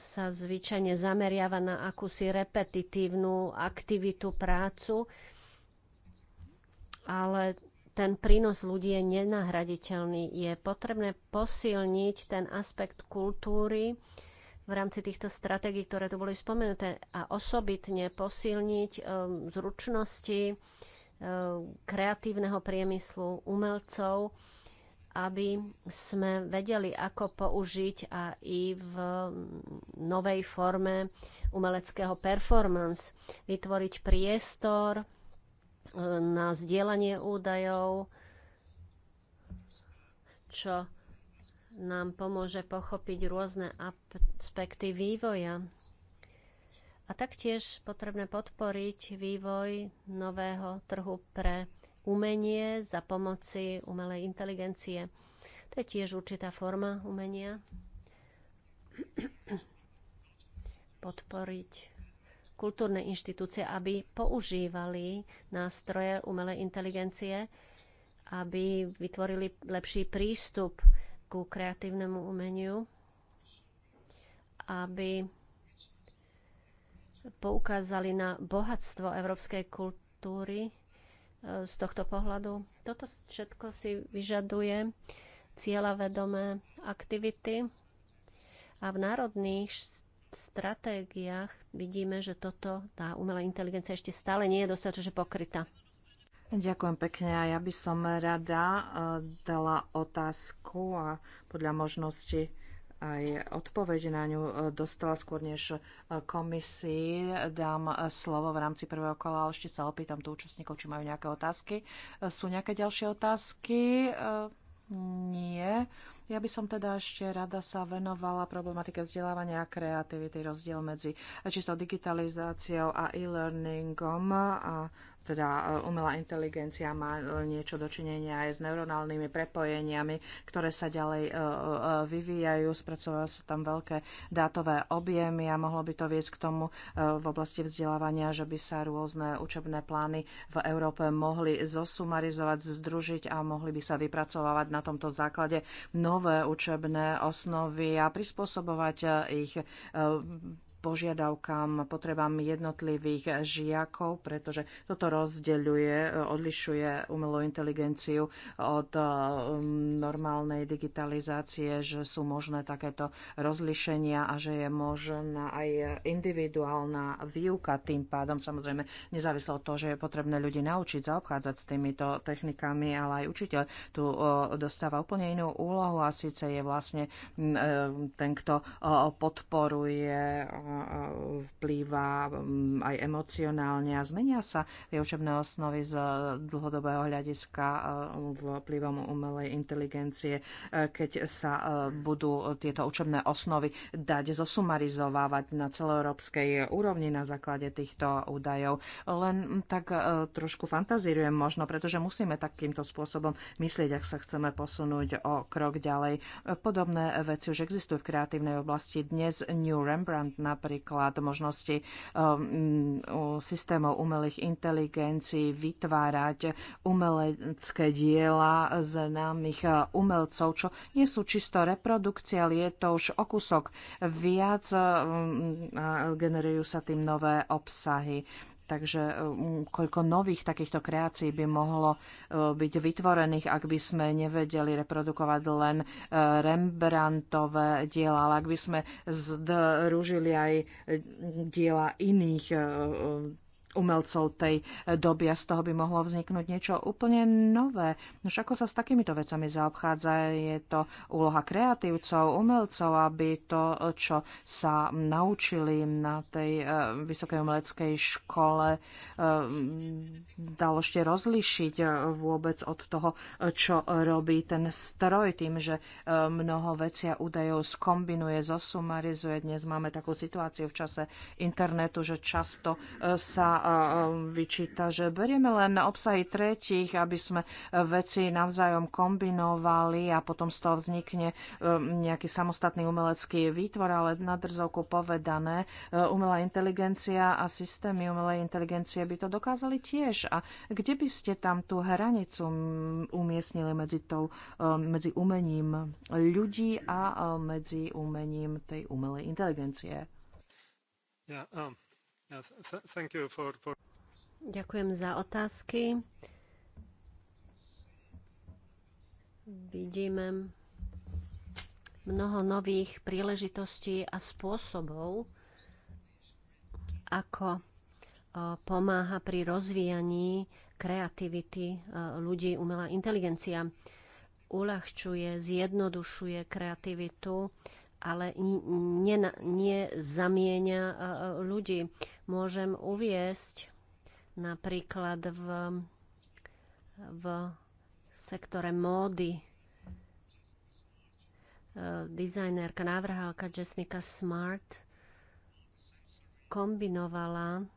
sa zvyčajne zameriava na akúsi repetitívnu aktivitu, prácu, ale ten prínos ľudí je nenahraditeľný. Je potrebné posilniť ten aspekt kultúry v rámci týchto stratégií, ktoré tu boli spomenuté, a osobitne posilniť um, zručnosti um, kreatívneho priemyslu, umelcov, aby sme vedeli, ako použiť i v novej forme umeleckého performance. Vytvoriť priestor e, na zdieľanie údajov, čo nám pomôže pochopiť rôzne aspekty vývoja. A taktiež potrebné podporiť vývoj nového trhu pre umenie za pomoci umelej inteligencie. To je tiež určitá forma umenia. Podporiť kultúrne inštitúcie, aby používali nástroje umelej inteligencie, aby vytvorili lepší prístup ku kreatívnemu umeniu, aby poukázali na bohatstvo európskej kultúry E, z tohto pohľadu. Toto všetko si vyžaduje vedomé aktivity a v národných stratégiách vidíme, že toto, tá umelá inteligencia ešte stále nie je dostatočne pokrytá. Ďakujem pekne a ja by som rada e, dala otázku a podľa možnosti aj odpoveď na ňu e, dostala skôr, než e, komisii dám e, slovo v rámci prvého kola, ale ešte sa opýtam tu účastníkov, či majú nejaké otázky. Sú nejaké ďalšie otázky? Nie. Ja by som teda ešte rada sa venovala problematike vzdelávania a kreativity, rozdiel medzi čistou digitalizáciou a e-learningom a teda e, umelá inteligencia má e, niečo dočinenia aj s neuronálnymi prepojeniami, ktoré sa ďalej e, vyvíjajú, spracovajú sa tam veľké dátové objemy a mohlo by to viesť k tomu v oblasti vzdelávania, že by sa rôzne učebné plány v Európe mohli zosumarizovať, združiť a mohli by sa vypracovávať na tomto základe nové učebné osnovy a prispôsobovať ich požiadavkám, potrebám jednotlivých žiakov, pretože toto rozdeľuje, odlišuje umelú inteligenciu od eh, normálnej digitalizácie, že sú možné takéto rozlišenia a že je možná aj individuálna výuka tým pádom, samozrejme nezávislo od toho, že je potrebné ľudí naučiť zaobchádzať s týmito technikami, ale aj učiteľ tu eh, dostáva úplne inú úlohu a síce je vlastne mm, eh, ten, kto podporuje vplýva mm, aj emocionálne a zmenia sa učebné osnovy z dlhodobého hľadiska eh, vplyvom umelej inteligencie, eh, keď sa eh, budú tieto učebné osnovy dať zosumarizovávať na celoeurópskej úrovni na základe týchto údajov. Len mm, tak trošku fantazírujem možno, pretože musíme takýmto spôsobom myslieť, ak sa chceme posunúť o krok ďalej. Podobné veci už existujú v kreatívnej oblasti. Dnes New Rembrandt napríklad napríklad možnosti um, systémov umelých inteligencií vytvárať umelecké diela známych uh, umelcov, čo nie sú čisto reprodukcie, ale je to už o kusok viac, um, generujú sa tým nové obsahy. Takže e, koľko nových takýchto kreácií by mohlo e, byť vytvorených, ak by sme nevedeli reprodukovať len e, Rembrandtové diela, ale ak by sme združili aj diela iných umelcov tej doby a z toho by mohlo vzniknúť niečo úplne nové. Už ako sa s takýmito vecami zaobchádza? Je to úloha kreatívcov, umelcov, aby to, čo sa naučili na tej eh, vysokej umeleckej škole, eh, dalo ešte rozlišiť eh, vôbec od toho, čo robí ten stroj tým, že mnoho a údajov skombinuje, zosumarizuje. Dnes máme takú situáciu v čase internetu, že často sa vyčíta, že berieme len obsahy tretich, aby sme veci navzájom kombinovali a potom z toho vznikne e, nejaký samostatný umelecký výtvor, ale na drzovku povedané, e, umelá inteligencia a systémy umelej inteligencie by to dokázali tiež. A kde by ste tam tú hranicu umiestnili medzi, tou, e, medzi umením ľudí a medzi umením tej umelej inteligencie? Yeah, um. Ďakujem za otázky. Vidíme mnoho nových príležitostí a spôsobov, ako pomáha pri rozvíjaní kreativity ľudí umelá inteligencia. Uľahčuje, zjednodušuje kreativitu ale nie nezamieňa e, e, ľudí. Môžem uviesť napríklad v, v sektore módy e, dizajnerka, návrhálka Jessica Smart kombinovala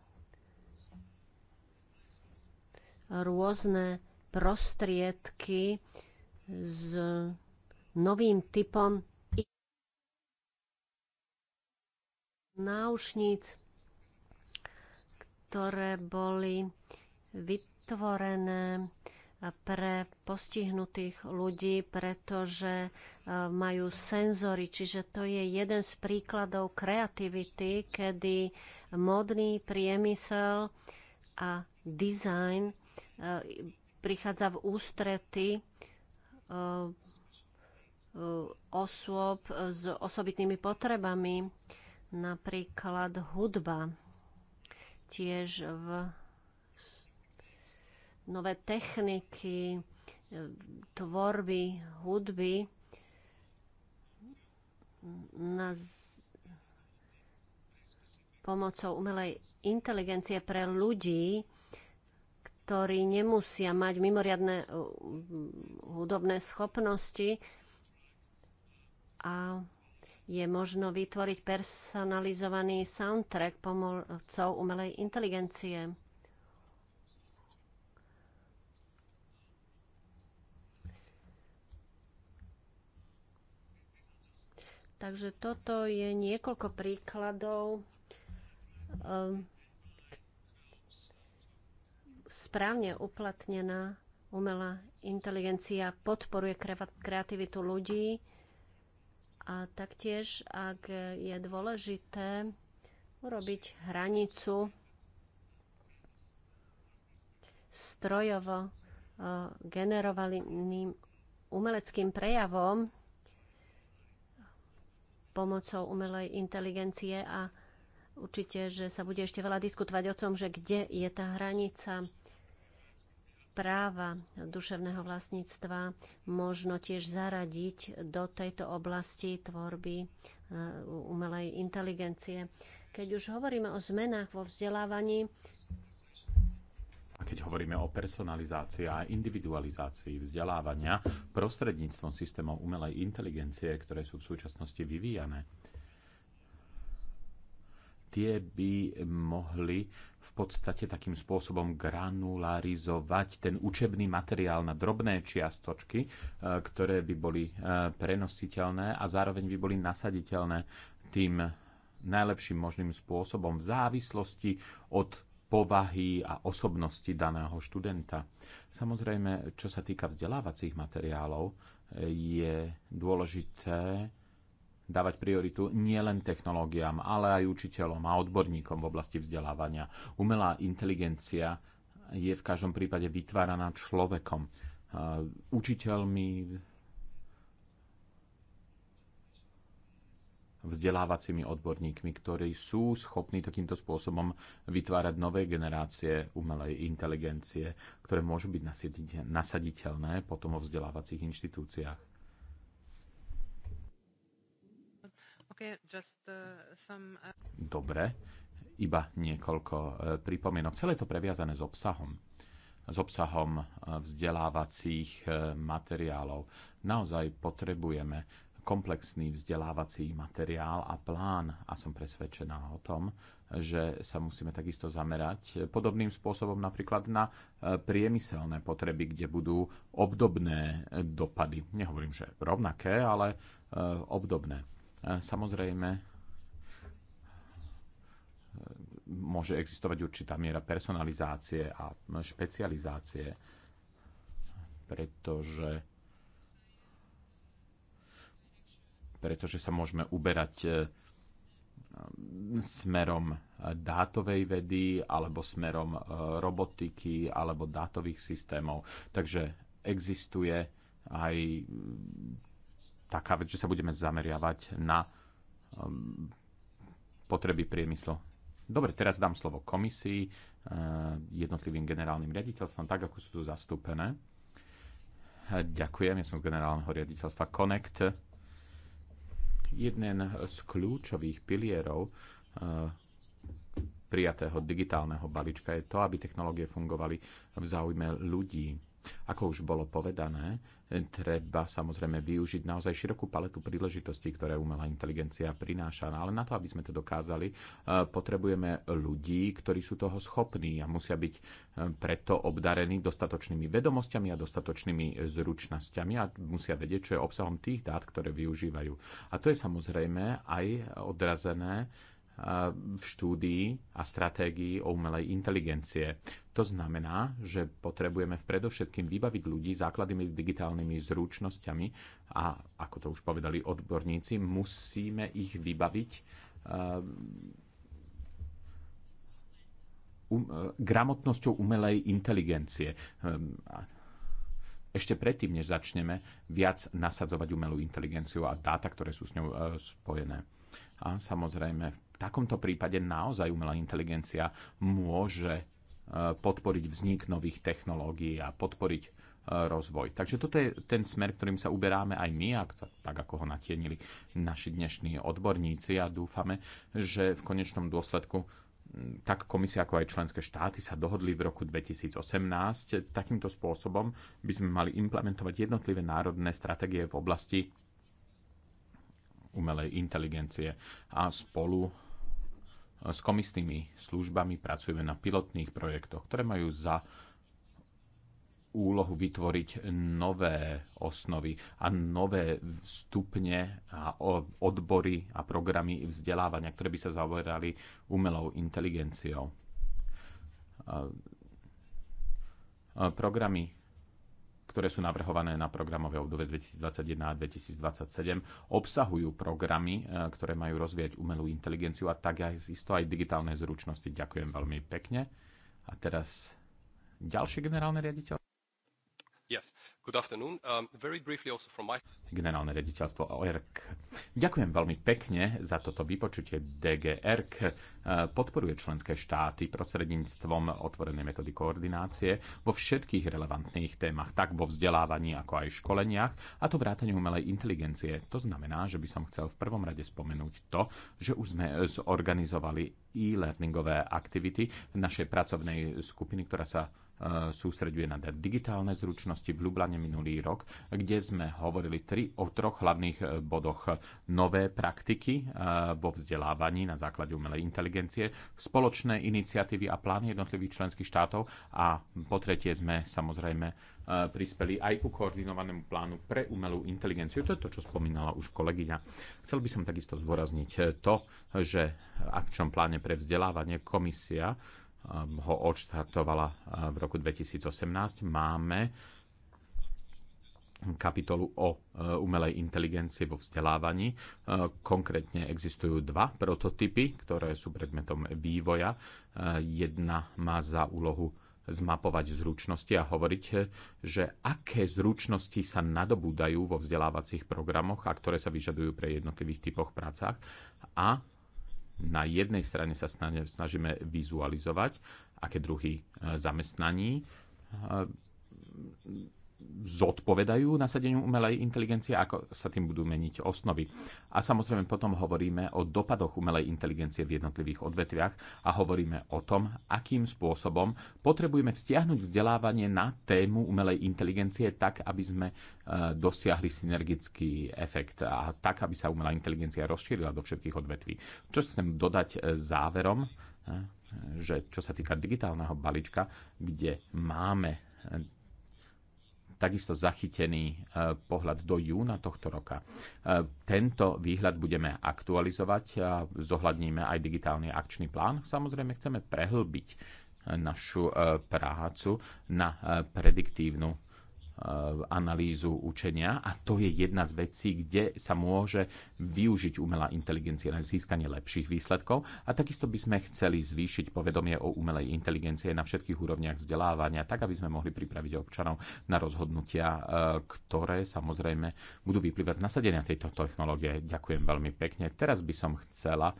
rôzne prostriedky s novým typom náušníc, ktoré boli vytvorené pre postihnutých ľudí, pretože e, majú senzory. Čiže to je jeden z príkladov kreativity, kedy modný priemysel a dizajn e, prichádza v ústrety e, osôb s osobitnými potrebami Napríklad hudba. Tiež v nové techniky, tvorby, hudby na pomocou umelej inteligencie pre ľudí, ktorí nemusia mať mimoriadne uh, hudobné schopnosti a je možno vytvoriť personalizovaný soundtrack pomocou umelej inteligencie. Takže toto je niekoľko príkladov ehm, správne uplatnená umelá inteligencia podporuje kreativitu ľudí a taktiež, ak je dôležité urobiť hranicu strojovo e, generovaným umeleckým prejavom pomocou umelej inteligencie a určite, že sa bude ešte veľa diskutovať o tom, že kde je tá hranica práva duševného vlastníctva možno tiež zaradiť do tejto oblasti tvorby e, umelej inteligencie. Keď už hovoríme o zmenách vo vzdelávaní, a keď hovoríme o personalizácii a individualizácii vzdelávania prostredníctvom systémov umelej inteligencie, ktoré sú v súčasnosti vyvíjane, tie by mohli v podstate takým spôsobom granularizovať ten učebný materiál na drobné čiastočky, e, ktoré by boli e, prenositeľné a zároveň by boli nasaditeľné tým najlepším možným spôsobom v závislosti od povahy a osobnosti daného študenta. Samozrejme, čo sa týka vzdelávacích materiálov, e, je dôležité dávať prioritu nielen technológiám, ale aj učiteľom a odborníkom v oblasti vzdelávania. Umelá inteligencia je v každom prípade vytváraná človekom, eh, učiteľmi, vzdelávacími odborníkmi, ktorí sú schopní takýmto spôsobom vytvárať nové generácie umelej inteligencie, ktoré môžu byť nasaditeľné potom vo vzdelávacích inštitúciách. Eh, eh, Dobre, iba niekoľko eh, pripomienok. Celé to previazané s obsahom s obsahom vzdelávacích materiálov. Naozaj potrebujeme komplexný vzdelávací materiál a plán a som presvedčená o tom, že sa musíme takisto zamerať podobným spôsobom napríklad na priemyselné potreby, kde budú obdobné dopady. Nehovorím, že rovnaké, ale obdobné. Samozrejme, môže existovať určitá miera personalizácie a špecializácie, pretože pretože sa môžeme uberať e, smerom dátovej vedy alebo smerom e, robotiky alebo dátových systémov. Takže existuje aj taká vec, že sa budeme zameriavať na um, potreby priemyslu. Dobre, teraz dám slovo komisii, uh, jednotlivým generálnym riaditeľstvom, tak ako sú tu zastúpené. Ďakujem, ja som z generálneho riaditeľstva Connect. Jeden z kľúčových pilierov uh, prijatého digitálneho balíčka je to, aby technológie fungovali v záujme ľudí ako už bolo povedané, treba samozrejme využiť naozaj širokú paletu príležitostí, ktoré umelá inteligencia prináša. No, ale na to, aby sme to dokázali, e, potrebujeme ľudí, ktorí sú toho schopní a musia byť e, preto obdarení dostatočnými vedomosťami a dostatočnými zručnosťami a musia vedieť, čo je obsahom tých dát, ktoré využívajú. A to je samozrejme aj odrazené v štúdii a stratégii o umelej inteligencie. To znamená, že potrebujeme predovšetkým vybaviť ľudí základnými digitálnymi zručnosťami a, ako to už povedali odborníci, musíme ich vybaviť um, e, gramotnosťou umelej inteligencie. Ehm, ešte predtým, než začneme viac nasadzovať umelú inteligenciu a dáta, ktoré sú s ňou e, spojené. A samozrejme v takomto prípade naozaj umelá inteligencia môže e, podporiť vznik nových technológií a podporiť e, rozvoj. Takže toto je ten smer, ktorým sa uberáme aj my, ak, tak ako ho natienili naši dnešní odborníci a dúfame, že v konečnom dôsledku tak komisia ako aj členské štáty sa dohodli v roku 2018. Takýmto spôsobom by sme mali implementovať jednotlivé národné stratégie v oblasti umelej inteligencie a spolu s komisnými službami pracujeme na pilotných projektoch, ktoré majú za úlohu vytvoriť nové osnovy a nové stupne a odbory a programy vzdelávania, ktoré by sa zaoberali umelou inteligenciou. Programy ktoré sú navrhované na programové obdobie 2021 a 2027, obsahujú programy, e, ktoré majú rozvíjať umelú inteligenciu a tak aj isto aj digitálne zručnosti. Ďakujem veľmi pekne. A teraz ďalší generálne riaditeľ. Um, Generálne rediteľstvo ORK. Ďakujem veľmi pekne za toto vypočutie DGRK. E, podporuje členské štáty prostredníctvom otvorenej metódy koordinácie vo všetkých relevantných témach, tak vo vzdelávaní ako aj školeniach, a to vrátane umelej inteligencie. To znamená, že by som chcel v prvom rade spomenúť to, že už sme zorganizovali e-learningové aktivity v našej pracovnej skupiny, ktorá sa E, sústreďuje na digitálne zručnosti v Lublane minulý rok, kde sme hovorili tri o troch hlavných e, bodoch. Nové praktiky e, vo vzdelávaní na základe umelej inteligencie, spoločné iniciatívy a plány jednotlivých členských štátov a po tretie sme samozrejme prispeli aj ku koordinovanému plánu pre umelú inteligenciu. To je to, čo spomínala už kolegyňa. Chcel by som takisto zdôrazniť to, že v akčnom pláne pre vzdelávanie komisia Ehm, ho odštartovala eh, v roku 2018. Máme kapitolu o eh, umelej inteligencii vo vzdelávaní. Eh, konkrétne existujú dva prototypy, ktoré sú predmetom vývoja. Jedna má za úlohu zmapovať zručnosti a hovoriť, že aké zručnosti sa nadobúdajú vo vzdelávacích programoch a ktoré sa vyžadujú pre jednotlivých typoch prácach a na jednej strane sa snažíme vizualizovať, aké druhy e, zamestnaní e, zodpovedajú nasadeniu umelej inteligencie, ako sa tým budú meniť osnovy. A samozrejme potom hovoríme o dopadoch umelej inteligencie v jednotlivých odvetviach a hovoríme o tom, akým spôsobom potrebujeme vzťahnuť vzdelávanie na tému umelej inteligencie tak, aby sme e, dosiahli synergický efekt a tak, aby sa umelá inteligencia rozšírila do všetkých odvetví. Čo chcem dodať e, záverom, e, že čo sa týka digitálneho balíčka, kde máme takisto zachytený e, pohľad do júna tohto roka. E, tento výhľad budeme aktualizovať a zohľadníme aj digitálny akčný plán. Samozrejme chceme prehlbiť e, našu prácu na prediktívnu Eh, analýzu učenia a to je jedna z vecí, kde sa môže využiť umelá inteligencia na získanie lepších výsledkov a takisto by sme chceli zvýšiť povedomie o umelej inteligencie na všetkých úrovniach vzdelávania, tak aby sme mohli pripraviť občanov na rozhodnutia, eh, ktoré samozrejme budú vyplývať z nasadenia tejto technológie. Ďakujem veľmi pekne. Teraz by som chcela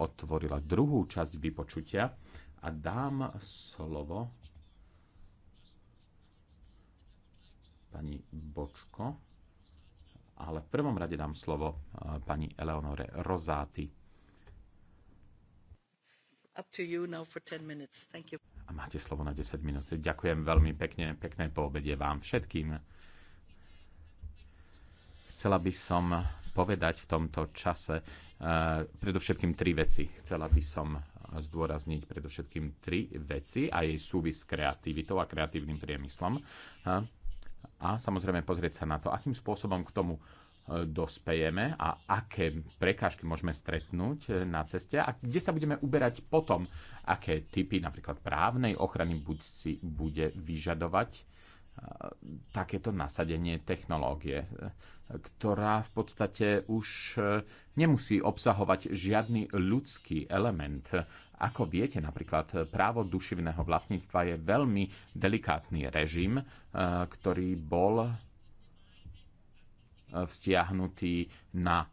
otvorila druhú časť vypočutia a dám slovo pani Bočko, ale v prvom rade dám slovo e, pani Eleonore Rozáty. Up to you now for 10 minutes. Thank you. A máte slovo na 10 minút. Ďakujem veľmi pekne, pekné poobede vám všetkým. Chcela by som povedať v tomto čase uh, predovšetkým tri veci. Chcela by som zdôrazniť predovšetkým tri veci a jej súvis s kreativitou a kreatívnym priemyslom. Uh, a samozrejme pozrieť sa na to, akým spôsobom k tomu e, dospejeme a aké prekážky môžeme stretnúť e, na ceste a kde sa budeme uberať potom, aké typy napríklad právnej ochrany buď si bude vyžadovať takéto nasadenie technológie, ktorá v podstate už e, nemusí obsahovať žiadny ľudský element. Ako viete, napríklad právo duševného vlastníctva je veľmi delikátny režim, e, ktorý bol e, vzťahnutý na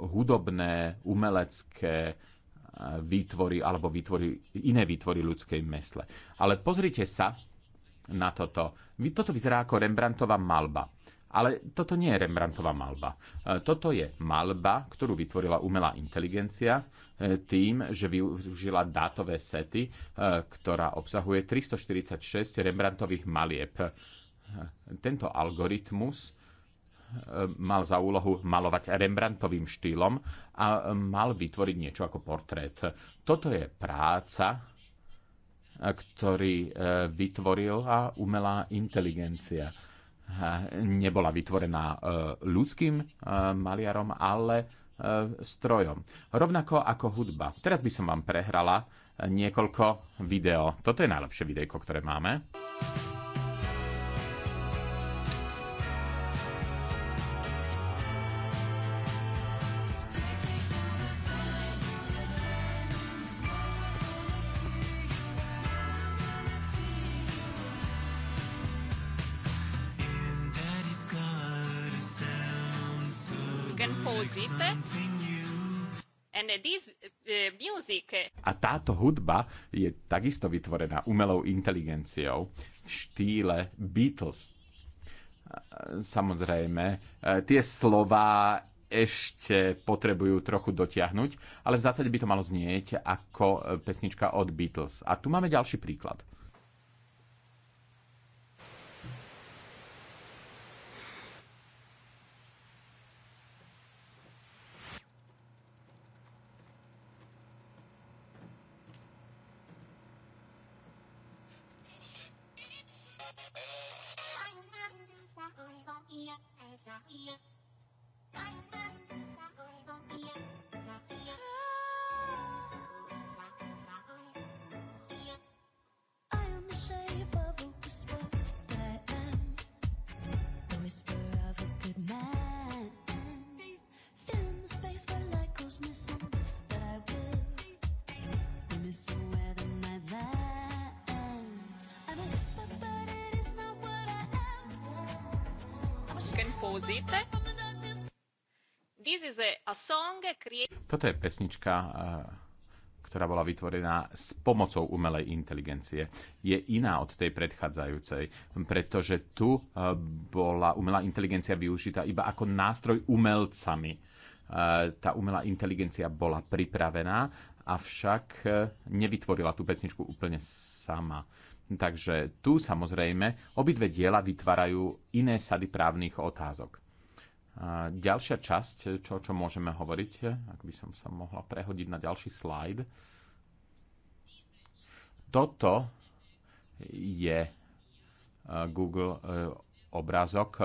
hudobné, umelecké výtvory alebo výtvory, iné výtvory ľudskej mesle. Ale pozrite sa, na toto. Toto vyzerá ako Rembrandtova malba. Ale toto nie je Rembrandtova malba. E, toto je malba, ktorú vytvorila umelá inteligencia e, tým, že využila dátové sety, e, ktorá obsahuje 346 Rembrandtových malieb. Tento algoritmus mal za úlohu malovať Rembrandtovým štýlom a mal vytvoriť niečo ako portrét. Toto je práca ktorý e, vytvorila umelá inteligencia. Nebola vytvorená e, ľudským e, maliarom, ale strojom. Rovnako ako hudba. Teraz by som vám prehrala niekoľko video. Toto je najlepšie videjko, ktoré máme. Táto hudba je takisto vytvorená umelou inteligenciou v štýle Beatles. Samozrejme, e, tie slova ešte potrebujú trochu dotiahnuť, ale v zásade by to malo znieť ako e, pesnička od Beatles. A tu máme ďalší príklad. Toto je pesnička, eh, ktorá bola vytvorená s pomocou umelej inteligencie. Je iná od tej predchádzajúcej, pretože tu eh, bola umelá inteligencia využitá iba ako nástroj umelcami. Eh, tá umelá inteligencia bola pripravená, avšak nevytvorila tú pesničku úplne sama. Takže tu samozrejme obidve diela vytvárajú iné sady právnych otázok ďalšia časť, čo, čo môžeme hovoriť, ak by som sa mohla prehodiť na ďalší slajd. Toto je e, Google e, obrázok, e,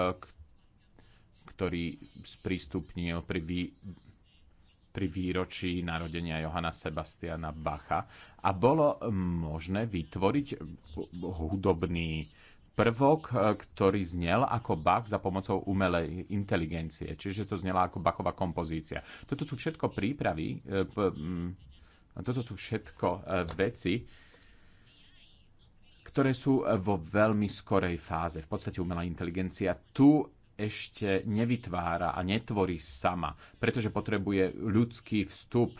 ktorý sprístupnil pri, vý, pri výročí narodenia Johana Sebastiana Bacha a bolo možné vytvoriť hudobný prvok, e, ktorý znel ako Bach za pomocou umelej inteligencie. Čiže to znela ako Bachová kompozícia. Toto sú všetko prípravy, e, toto sú všetko e, veci, ktoré sú vo veľmi skorej fáze. V podstate umelá inteligencia tu ešte nevytvára a netvorí sama, pretože potrebuje ľudský vstup,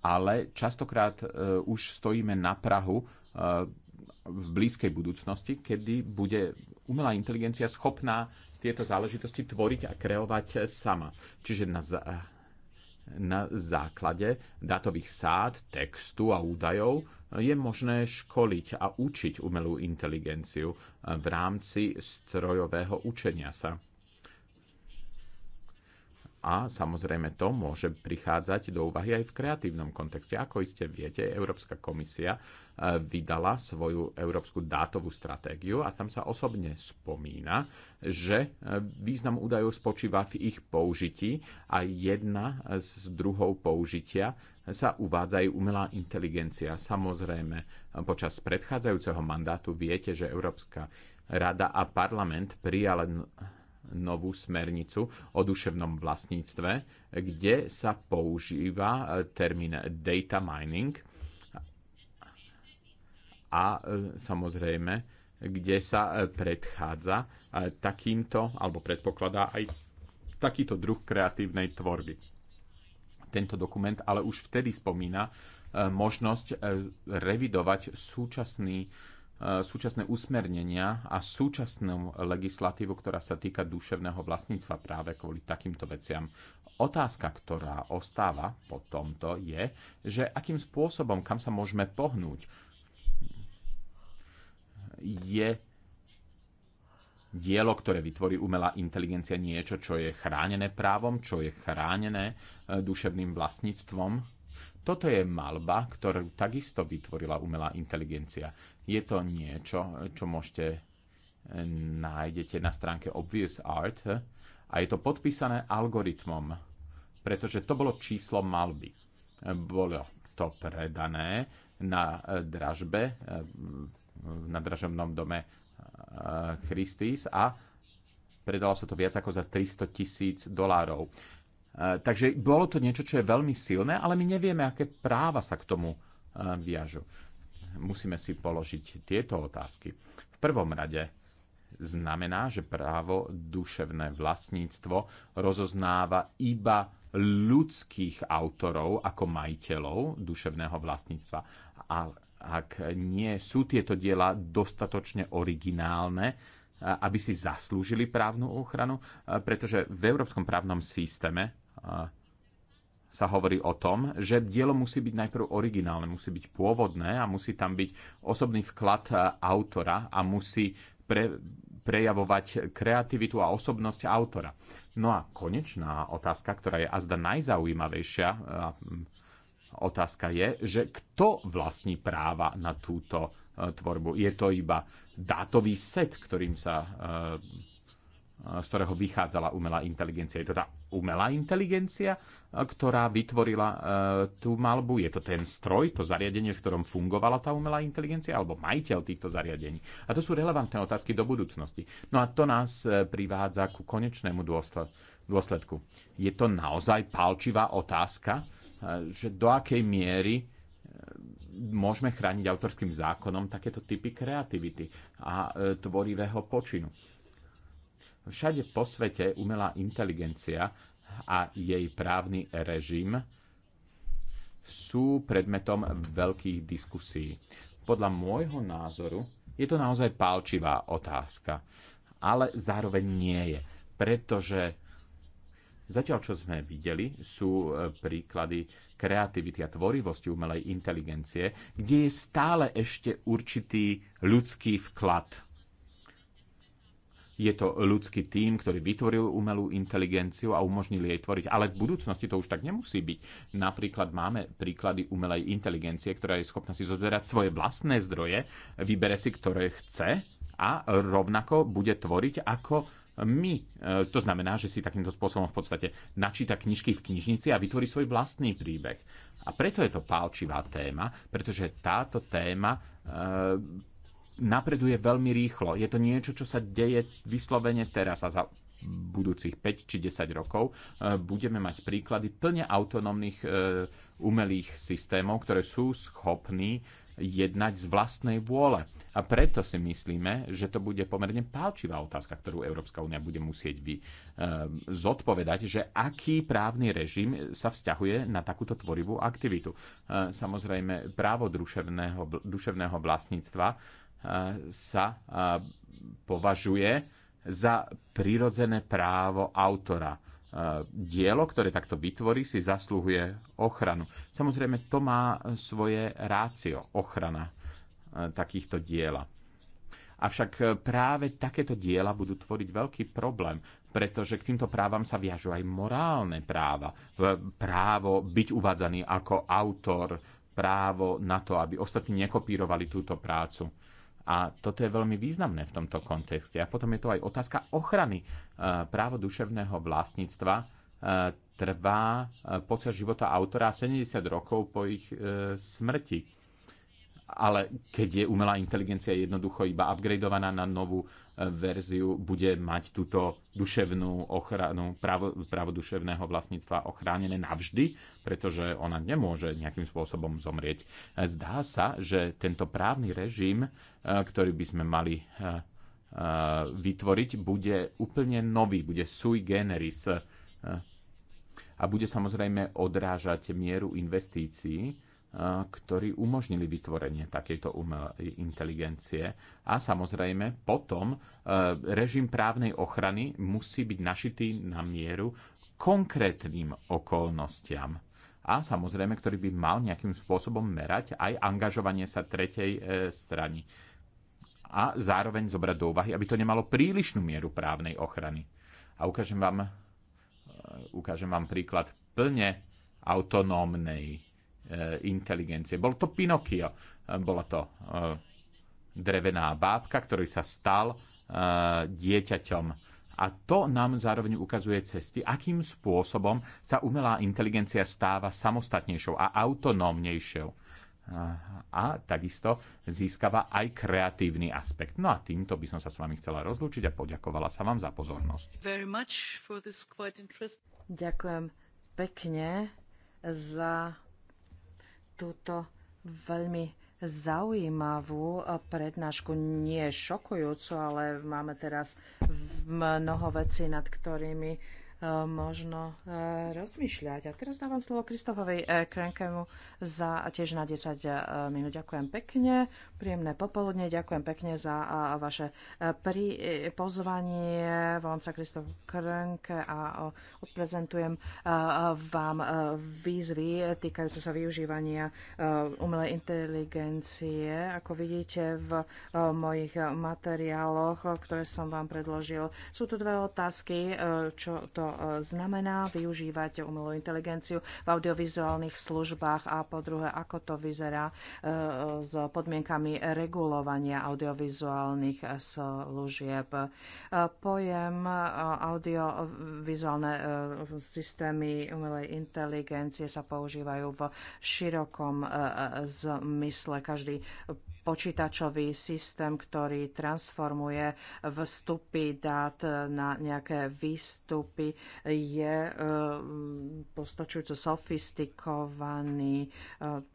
ale častokrát už stojíme na Prahu v blízkej budúcnosti, kedy bude umelá inteligencia schopná tieto záležitosti tvoriť a kreovať sama. Čiže na, na základe dátových sád, textu a údajov je možné školiť a učiť umelú inteligenciu v rámci strojového učenia sa. A samozrejme to môže prichádzať do úvahy aj v kreatívnom kontexte. Ako iste viete, Európska komisia e, vydala svoju európsku dátovú stratégiu a tam sa osobne spomína, že e, význam údajov spočíva v ich použití a jedna z druhov použitia sa uvádza aj umelá inteligencia. Samozrejme, počas predchádzajúceho mandátu viete, že Európska rada a parlament prijal novú smernicu o duševnom vlastníctve, kde sa používa e, termín data mining a e, samozrejme, kde sa e, predchádza takýmto, alebo predpokladá aj takýto druh kreatívnej tvorby. Tento dokument ale už vtedy spomína možnosť revidovať súčasný Eh, súčasné usmernenia a súčasnú legislatívu, ktorá sa týka duševného vlastníctva práve kvôli takýmto veciam. Otázka, ktorá ostáva po tomto, je, že akým spôsobom, kam sa môžeme pohnúť, je dielo, ktoré vytvorí umelá inteligencia niečo, čo je chránené právom, čo je chránené eh, duševným vlastníctvom toto je malba, ktorú takisto vytvorila umelá inteligencia. Je to niečo, čo môžete eh, nájdete na stránke Obvious Art a je to podpísané algoritmom, pretože to bolo číslo malby. Bolo to predané na eh, dražbe eh, na dražobnom dome Christie's a predalo sa to viac ako za 300 tisíc dolárov. E, takže bolo to niečo, čo je veľmi silné, ale my nevieme, aké práva sa k tomu e, viažu. Musíme si položiť tieto otázky. V prvom rade znamená, že právo duševné vlastníctvo rozoznáva iba ľudských autorov ako majiteľov duševného vlastníctva. A ak nie sú tieto diela dostatočne originálne, e, aby si zaslúžili právnu ochranu, pretože v európskom právnom systéme sa hovorí o tom, že dielo musí byť najprv originálne, musí byť pôvodné a musí tam byť osobný vklad e, autora a musí pre, prejavovať kreativitu a osobnosť autora. No a konečná otázka, ktorá je azda najzaujímavejšia, e, otázka je, že kto vlastní práva na túto e, tvorbu. Je to iba dátový set, ktorým sa z ktorého vychádzala umelá inteligencia. Je to tá umelá inteligencia, e, ktorá vytvorila e, tú malbu. Je to ten stroj, to zariadenie, v ktorom fungovala tá umelá inteligencia, alebo majiteľ týchto zariadení. A to sú relevantné otázky do budúcnosti. No a to nás e, privádza ku konečnému dôsledku. Je to naozaj palčivá otázka, že do akej miery môžeme chrániť autorským zákonom takéto typy kreativity a tvorivého počinu Všade po svete umelá inteligencia a jej právny režim sú predmetom veľkých diskusí. Podľa môjho názoru je to naozaj pálčivá otázka, ale zároveň nie je, pretože zatiaľ čo sme videli, sú e, príklady kreativity a tvorivosti umelej inteligencie, kde je stále ešte určitý ľudský vklad – je to ľudský tým, ktorý vytvoril umelú inteligenciu a umožnil jej tvoriť. Ale v budúcnosti to už tak nemusí byť. Napríklad máme príklady umelej inteligencie, ktorá je schopná si zoberať svoje vlastné zdroje, vybere si, ktoré chce a rovnako bude tvoriť ako my. E, to znamená, že si takýmto spôsobom v podstate načíta knižky v knižnici a vytvorí svoj vlastný príbeh. A preto je to pálčivá téma, pretože táto téma e, napreduje veľmi rýchlo. Je to niečo, čo sa deje vyslovene teraz a za budúcich 5 či 10 rokov e, budeme mať príklady plne autonómnych e, umelých systémov, ktoré sú schopní jednať z vlastnej vôle. A preto si myslíme, že to bude pomerne pálčivá otázka, ktorú Európska únia bude musieť vy, e, zodpovedať, že aký právny režim sa vzťahuje na takúto tvorivú aktivitu. E, samozrejme, právo duševného, duševného vlastníctva sa považuje za prirodzené právo autora. Dielo, ktoré takto vytvorí, si zaslúhuje ochranu. Samozrejme, to má svoje rácio, ochrana takýchto diela. Avšak e, práve takéto diela budú tvoriť veľký problém, pretože k týmto právam sa viažú aj morálne práva. Právo byť uvádzaný ako autor, právo na to, aby ostatní nekopírovali túto prácu. A toto je veľmi významné v tomto kontexte. A potom je to aj otázka ochrany. E, právo duševného vlastníctva e, trvá e, počas života autora 70 rokov po ich smrti. Ale keď je umelá inteligencia jednoducho iba upgradeovaná na novú verziu bude mať túto duševnú ochranu, právo, právo duševného vlastníctva ochránené navždy, pretože ona nemôže nejakým spôsobom zomrieť. Zdá sa, že tento právny režim, e, ktorý by sme mali e, e, vytvoriť, bude úplne nový, bude sui generis a bude samozrejme odrážať mieru investícií, ktorí umožnili vytvorenie takejto umelej inteligencie. A samozrejme potom e, režim právnej ochrany musí byť našitý na mieru konkrétnym okolnostiam a samozrejme, ktorý by mal nejakým spôsobom merať aj angažovanie sa tretej e, strany. A zároveň zobrať do úvahy, aby to nemalo prílišnú mieru právnej ochrany. A ukážem vám, e, ukážem vám príklad plne autonómnej Eh, inteligencie. Bol to Pinokio, eh, bola to eh, drevená bábka, ktorý sa stal dieťaťom. A to nám zároveň ukazuje cesty, akým spôsobom sa umelá inteligencia stáva samostatnejšou a autonómnejšou. A takisto získava aj kreatívny aspekt. No a týmto by som sa s vami chcela rozlúčiť a poďakovala sa vám za pozornosť. Ďakujem pekne za túto veľmi zaujímavú prednášku. Nie šokujúcu, ale máme teraz mnoho vecí, nad ktorými možno e, rozmýšľať. A teraz dávam slovo Kristofovej Krenkemu za tiež na 10 e, minút. Ďakujem pekne, príjemné popoludne, ďakujem pekne za vaše e, pri pozvanie. Volám sa Kristof Krenke a odprezentujem vám výzvy týkajúce sa využívania umelej inteligencie. Ako vidíte v mojich materiáloch, ktoré som vám predložil, sú tu dve otázky, čo to E, znamená využívať umelú inteligenciu v audiovizuálnych službách a po druhé, ako to vyzerá e, s podmienkami regulovania audiovizuálnych služieb. E, pojem audiovizuálne systémy umelej inteligencie sa používajú v širokom zmysle. Každý počítačový systém, ktorý transformuje vstupy dát na nejaké výstupy, je e, postačujúco sofistikovaný. E,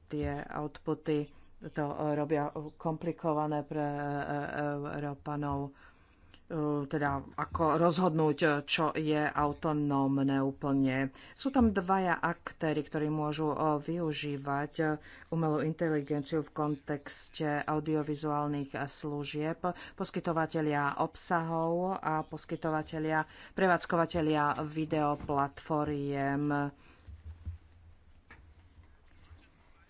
tie outputy to robia komplikované pre Európanov. E- e- E, teda ako rozhodnúť, e, čo je autonómne úplne. Sú tam dvaja aktéry, ktorí môžu e, využívať umelú inteligenciu v kontexte audiovizuálnych služieb, poskytovateľia obsahov a poskytovateľia, prevádzkovateľia videoplatformiem.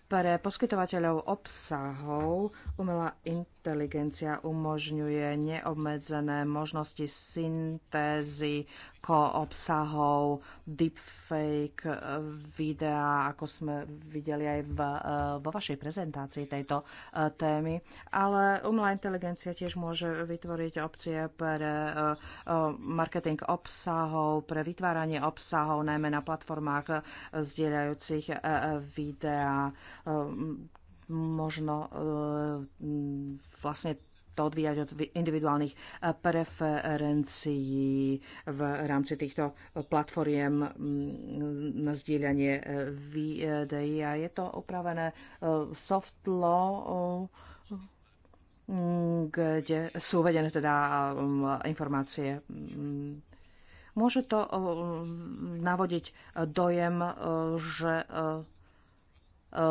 Pre poskytovateľov obsahov umelá inteligencia inteligencia umožňuje neobmedzené možnosti syntézy obsahov, deepfake videa, ako sme videli aj v, eh, vo vašej prezentácii tejto eh, témy. Ale umelá inteligencia tiež môže vytvoriť opcie pre eh, marketing obsahov, pre vytváranie obsahov, najmä na platformách zdieľajúcich videá možno e, vlastne to odvíjať od individuálnych e, preferencií v rámci týchto platformiem na zdieľanie e, videí. A je to upravené soft law, kde sú uvedené teda informácie môže to navodiť dojem, že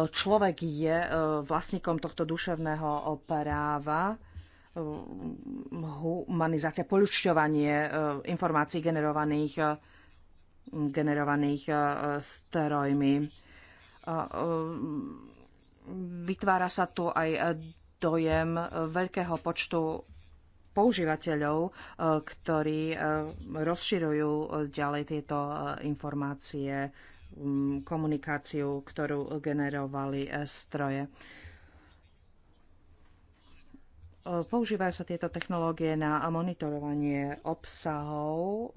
človek je e, vlastníkom tohto duševného práva, humanizácia, poľučťovanie e, informácií generovaných, e, generovaných strojmi. Vytvára sa tu aj dojem veľkého počtu používateľov, ktorí rozširujú ďalej tieto informácie Mm, komunikáciu, ktorú generovali e, stroje. E, používajú sa tieto technológie na monitorovanie obsahov, e,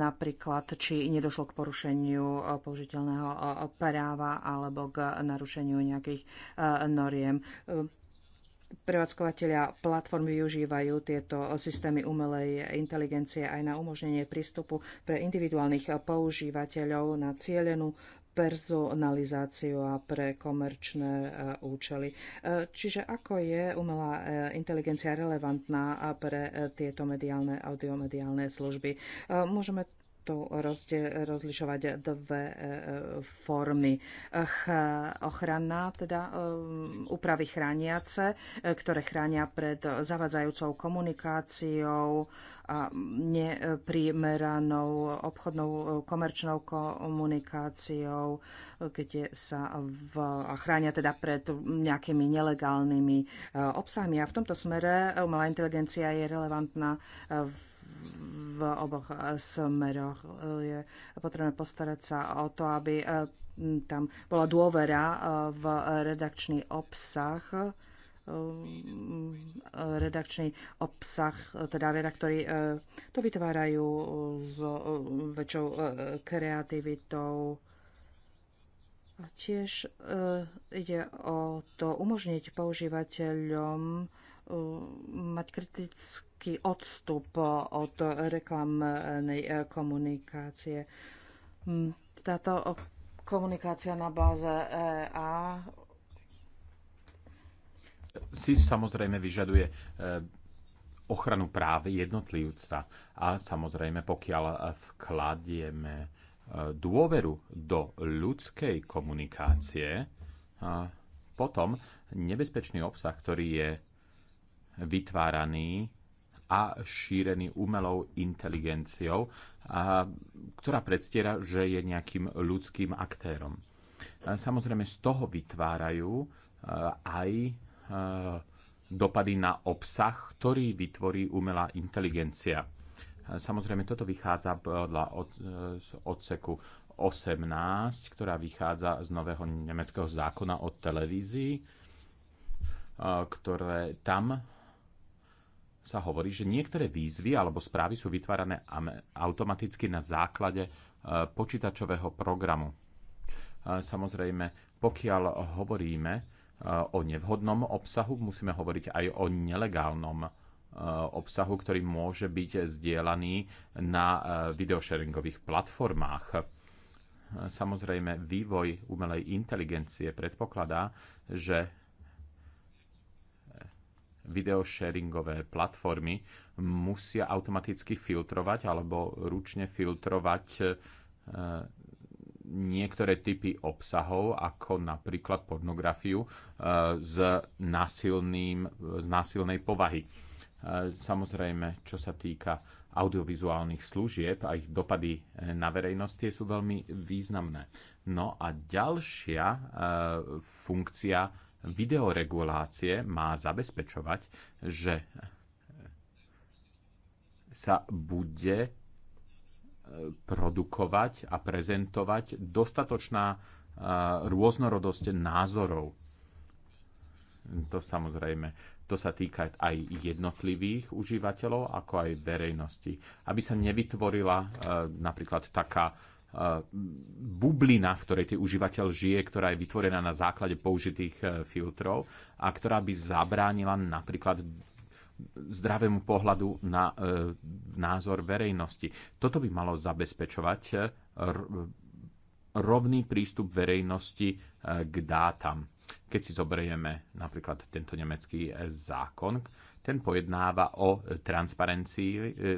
napríklad či nedošlo k porušeniu použiteľného práva alebo k narušeniu nejakých noriem prevádzkovateľia platform využívajú tieto systémy umelej inteligencie aj na umožnenie prístupu pre individuálnych používateľov na cieľenú personalizáciu a pre komerčné e, účely. E, čiže ako je umelá e, inteligencia relevantná pre tieto mediálne, audiomediálne služby? Môžeme tu rozlišovať dve e, formy. Ochrana, teda e, úpravy chrániace, e, ktoré chránia pred zavadzajúcou komunikáciou, a neprimeranou obchodnou komerčnou komunikáciou, kde sa v, chránia teda pred nejakými nelegálnymi obsahmi. A v tomto smere umelá inteligencia je relevantná v v oboch smeroch. Je potrebné postarať sa o to, aby e, tam bola dôvera e, v redakčný obsah e, redakčný obsah, teda redaktori to vytvárajú s väčšou kreativitou. Tiež ide o to umožniť používateľom mať kritický odstup od reklamnej eh, komunikácie. Hm, táto komunikácia na báze EA eh, si samozrejme vyžaduje eh, ochranu práv jednotlivca a samozrejme pokiaľ vkladieme dôveru do ľudskej komunikácie, potom nebezpečný obsah, ktorý je vytváraný a šírený umelou inteligenciou, a, ktorá predstiera, že je nejakým ľudským aktérom. Samozrejme, z toho vytvárajú aj dopady na obsah, ktorý vytvorí umelá inteligencia. Samozrejme, toto vychádza podľa od, e, z odseku 18, ktorá vychádza z nového nemeckého zákona o televízii, ktoré tam sa hovorí, že niektoré výzvy alebo správy sú vytvárané automaticky na základe e, počítačového programu. E, samozrejme, pokiaľ hovoríme e, o nevhodnom obsahu, musíme hovoriť aj o nelegálnom obsahu, ktorý môže byť zdieľaný na videosharingových platformách. Samozrejme, vývoj umelej inteligencie predpokladá, že videosharingové platformy musia automaticky filtrovať alebo ručne filtrovať e, niektoré typy obsahov, ako napríklad pornografiu z, e, násilným, z násilnej povahy. E, samozrejme, čo sa týka audiovizuálnych služieb a ich dopady na verejnosť, tie sú veľmi významné. No a ďalšia funkcia videoregulácie má zabezpečovať, že sa bude e, produkovať a prezentovať dostatočná e, rôznorodosť názorov. To samozrejme, to sa týka aj jednotlivých užívateľov, ako aj verejnosti. Aby sa nevytvorila e, napríklad taká Eh, bublina, v ktorej ten užívateľ žije, ktorá je vytvorená na základe použitých eh, filtrov a ktorá by zabránila napríklad zdravému pohľadu na eh, názor verejnosti. Toto by malo zabezpečovať rovný prístup verejnosti k dátam. Keď si zoberieme napríklad tento nemecký zákon, ten pojednáva o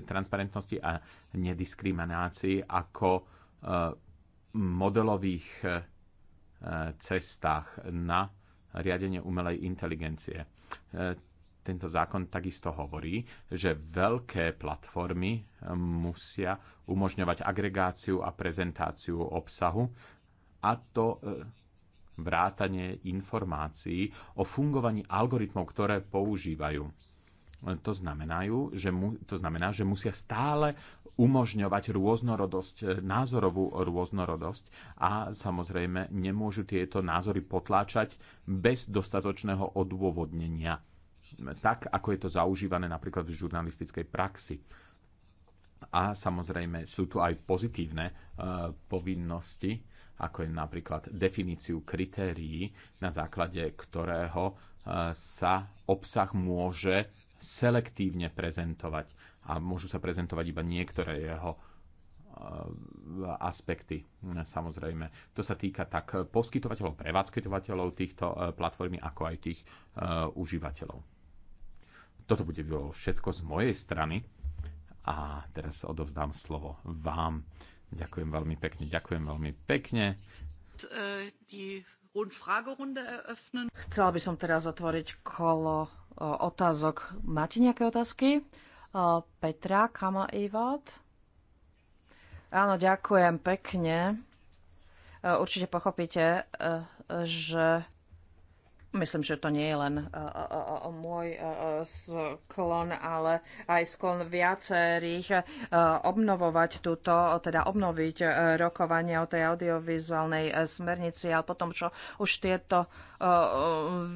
transparentnosti a nediskriminácii ako Eh, modelových eh, cestách na riadenie umelej inteligencie. Eh, tento zákon takisto hovorí, že veľké platformy musia umožňovať agregáciu a prezentáciu obsahu a to vrátanie informácií o fungovaní algoritmov, ktoré používajú to, znamenajú, že mu, to znamená, že musia stále umožňovať rôznorodosť, e, názorovú rôznorodosť a samozrejme nemôžu tieto názory potláčať bez dostatočného odôvodnenia, tak ako je to zaužívané napríklad v žurnalistickej praxi. A samozrejme sú tu aj pozitívne e, povinnosti, ako je napríklad definíciu kritérií, na základe ktorého e, sa obsah môže selektívne prezentovať a môžu sa prezentovať iba niektoré jeho e, aspekty, e, samozrejme. To sa týka tak poskytovateľov, prevádzkovateľov týchto e, platformy, ako aj tých uh, užívateľov. Toto bude bolo všetko z mojej strany a teraz odovzdám slovo vám. Ďakujem veľmi pekne, ďakujem veľmi pekne. Chcela by som teraz otvoriť kolo otázok. Máte nejaké otázky? Petra Kama Ivát? Áno, ďakujem pekne. Určite pochopíte, že Myslím, že to nie je len e, e, e, môj sklon, ale aj sklon viacerých obnovovať túto, teda obnoviť rokovanie o tej audiovizuálnej smernici ale potom, čo už tieto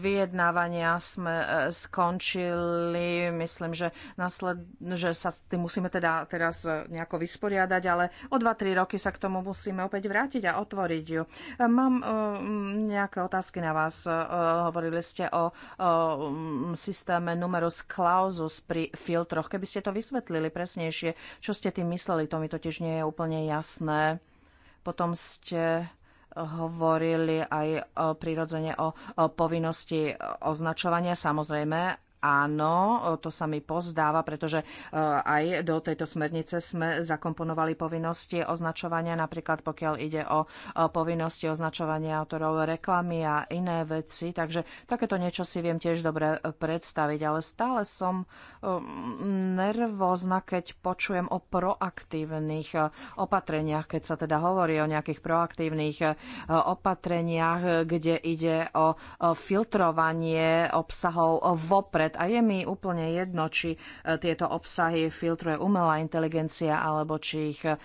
vyjednávania sme skončili, myslím, že, nasled, že sa s tým musíme teda teraz nejako vysporiadať, ale o 2-3 roky sa k tomu musíme opäť vrátiť a otvoriť ju. Mám nejaké otázky na vás Hovorili ste o, o mm, systéme numerus clausus pri filtroch. Keby ste to vysvetlili presnejšie, čo ste tým mysleli, to mi totiž nie je úplne jasné. Potom ste hovorili aj prirodzene o povinnosti označovania. Samozrejme, áno, to sa mi pozdáva, pretože e, aj do tejto smernice sme zakomponovali povinnosti označovania, napríklad pokiaľ ide o povinnosti označovania autorov reklamy a iné veci, takže takéto niečo si viem tiež dobre e, predstaviť, ale stále som e, nervózna, keď počujem o proaktívnych opatreniach, keď sa teda hovorí o nejakých proaktívnych opatreniach, kde ide o filtrovanie obsahov vopred internet a je mi úplne jedno, či e, tieto obsahy filtruje umelá inteligencia alebo či ich e,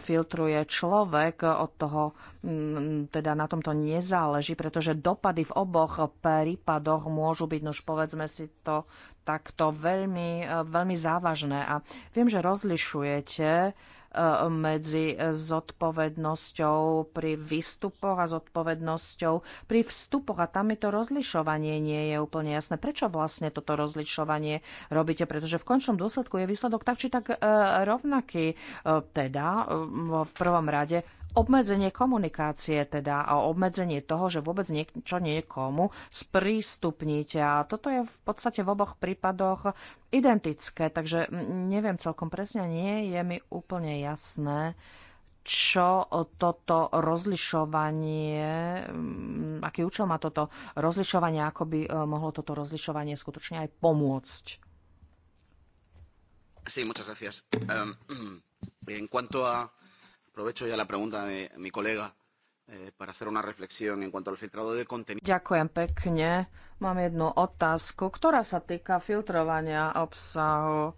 filtruje človek. Od toho mm, teda na tomto nezáleží, pretože dopady v oboch prípadoch môžu byť, už, povedzme si to takto veľmi, e, veľmi závažné. A viem, že rozlišujete medzi zodpovednosťou pri výstupoch a zodpovednosťou pri vstupoch. A tam je to rozlišovanie nie je úplne jasné. Prečo vlastne toto rozlišovanie robíte? Pretože v končnom dôsledku je výsledok tak či tak e, rovnaký. E, teda e, v prvom rade obmedzenie komunikácie teda a obmedzenie toho, že vôbec niečo niekomu sprístupníte. A toto je v podstate v oboch prípadoch identické, takže neviem celkom presne, nie je mi úplne jasné, čo toto rozlišovanie, aký účel má toto rozlišovanie, ako by e, mohlo toto rozlišovanie skutočne aj pomôcť. Sí, muchas gracias. Um, en cuanto a Aprovecho ya la pregunta de mi colega eh, para hacer una reflexión en cuanto al filtrado de contenido. Ďakujem pekne. Mám jednu otázku, ktorá sa týka filtrovania obsahu.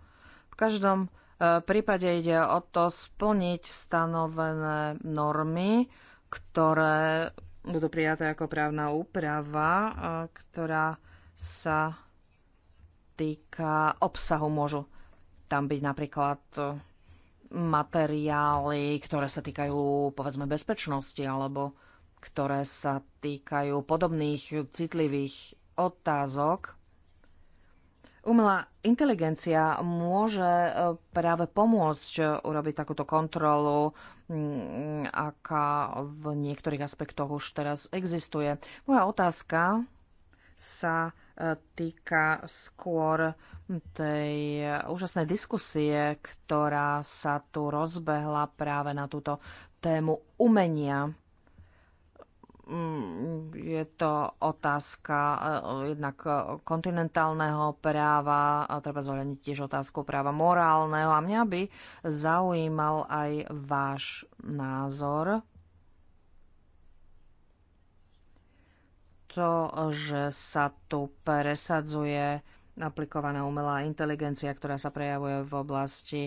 V každom eh, prípade ide o to splniť stanovené normy, ktoré budú prijaté ako právna úprava, eh, ktorá sa týka obsahu. Môžu tam byť napríklad eh, materiály, ktoré sa týkajú povedzme bezpečnosti alebo ktoré sa týkajú podobných citlivých otázok. Umelá inteligencia môže e, práve pomôcť e, urobiť takúto kontrolu, mm, aká v niektorých aspektoch už teraz existuje. Moja otázka sa e, týka skôr tej eh, úžasnej diskusie, ktorá sa tu rozbehla práve na túto tému umenia. Mm, je to otázka eh, jednak eh, kontinentálneho práva, a treba zohľadniť tiež otázku práva morálneho a mňa by zaujímal aj váš názor to, že sa tu presadzuje aplikovaná umelá inteligencia, ktorá sa prejavuje v oblasti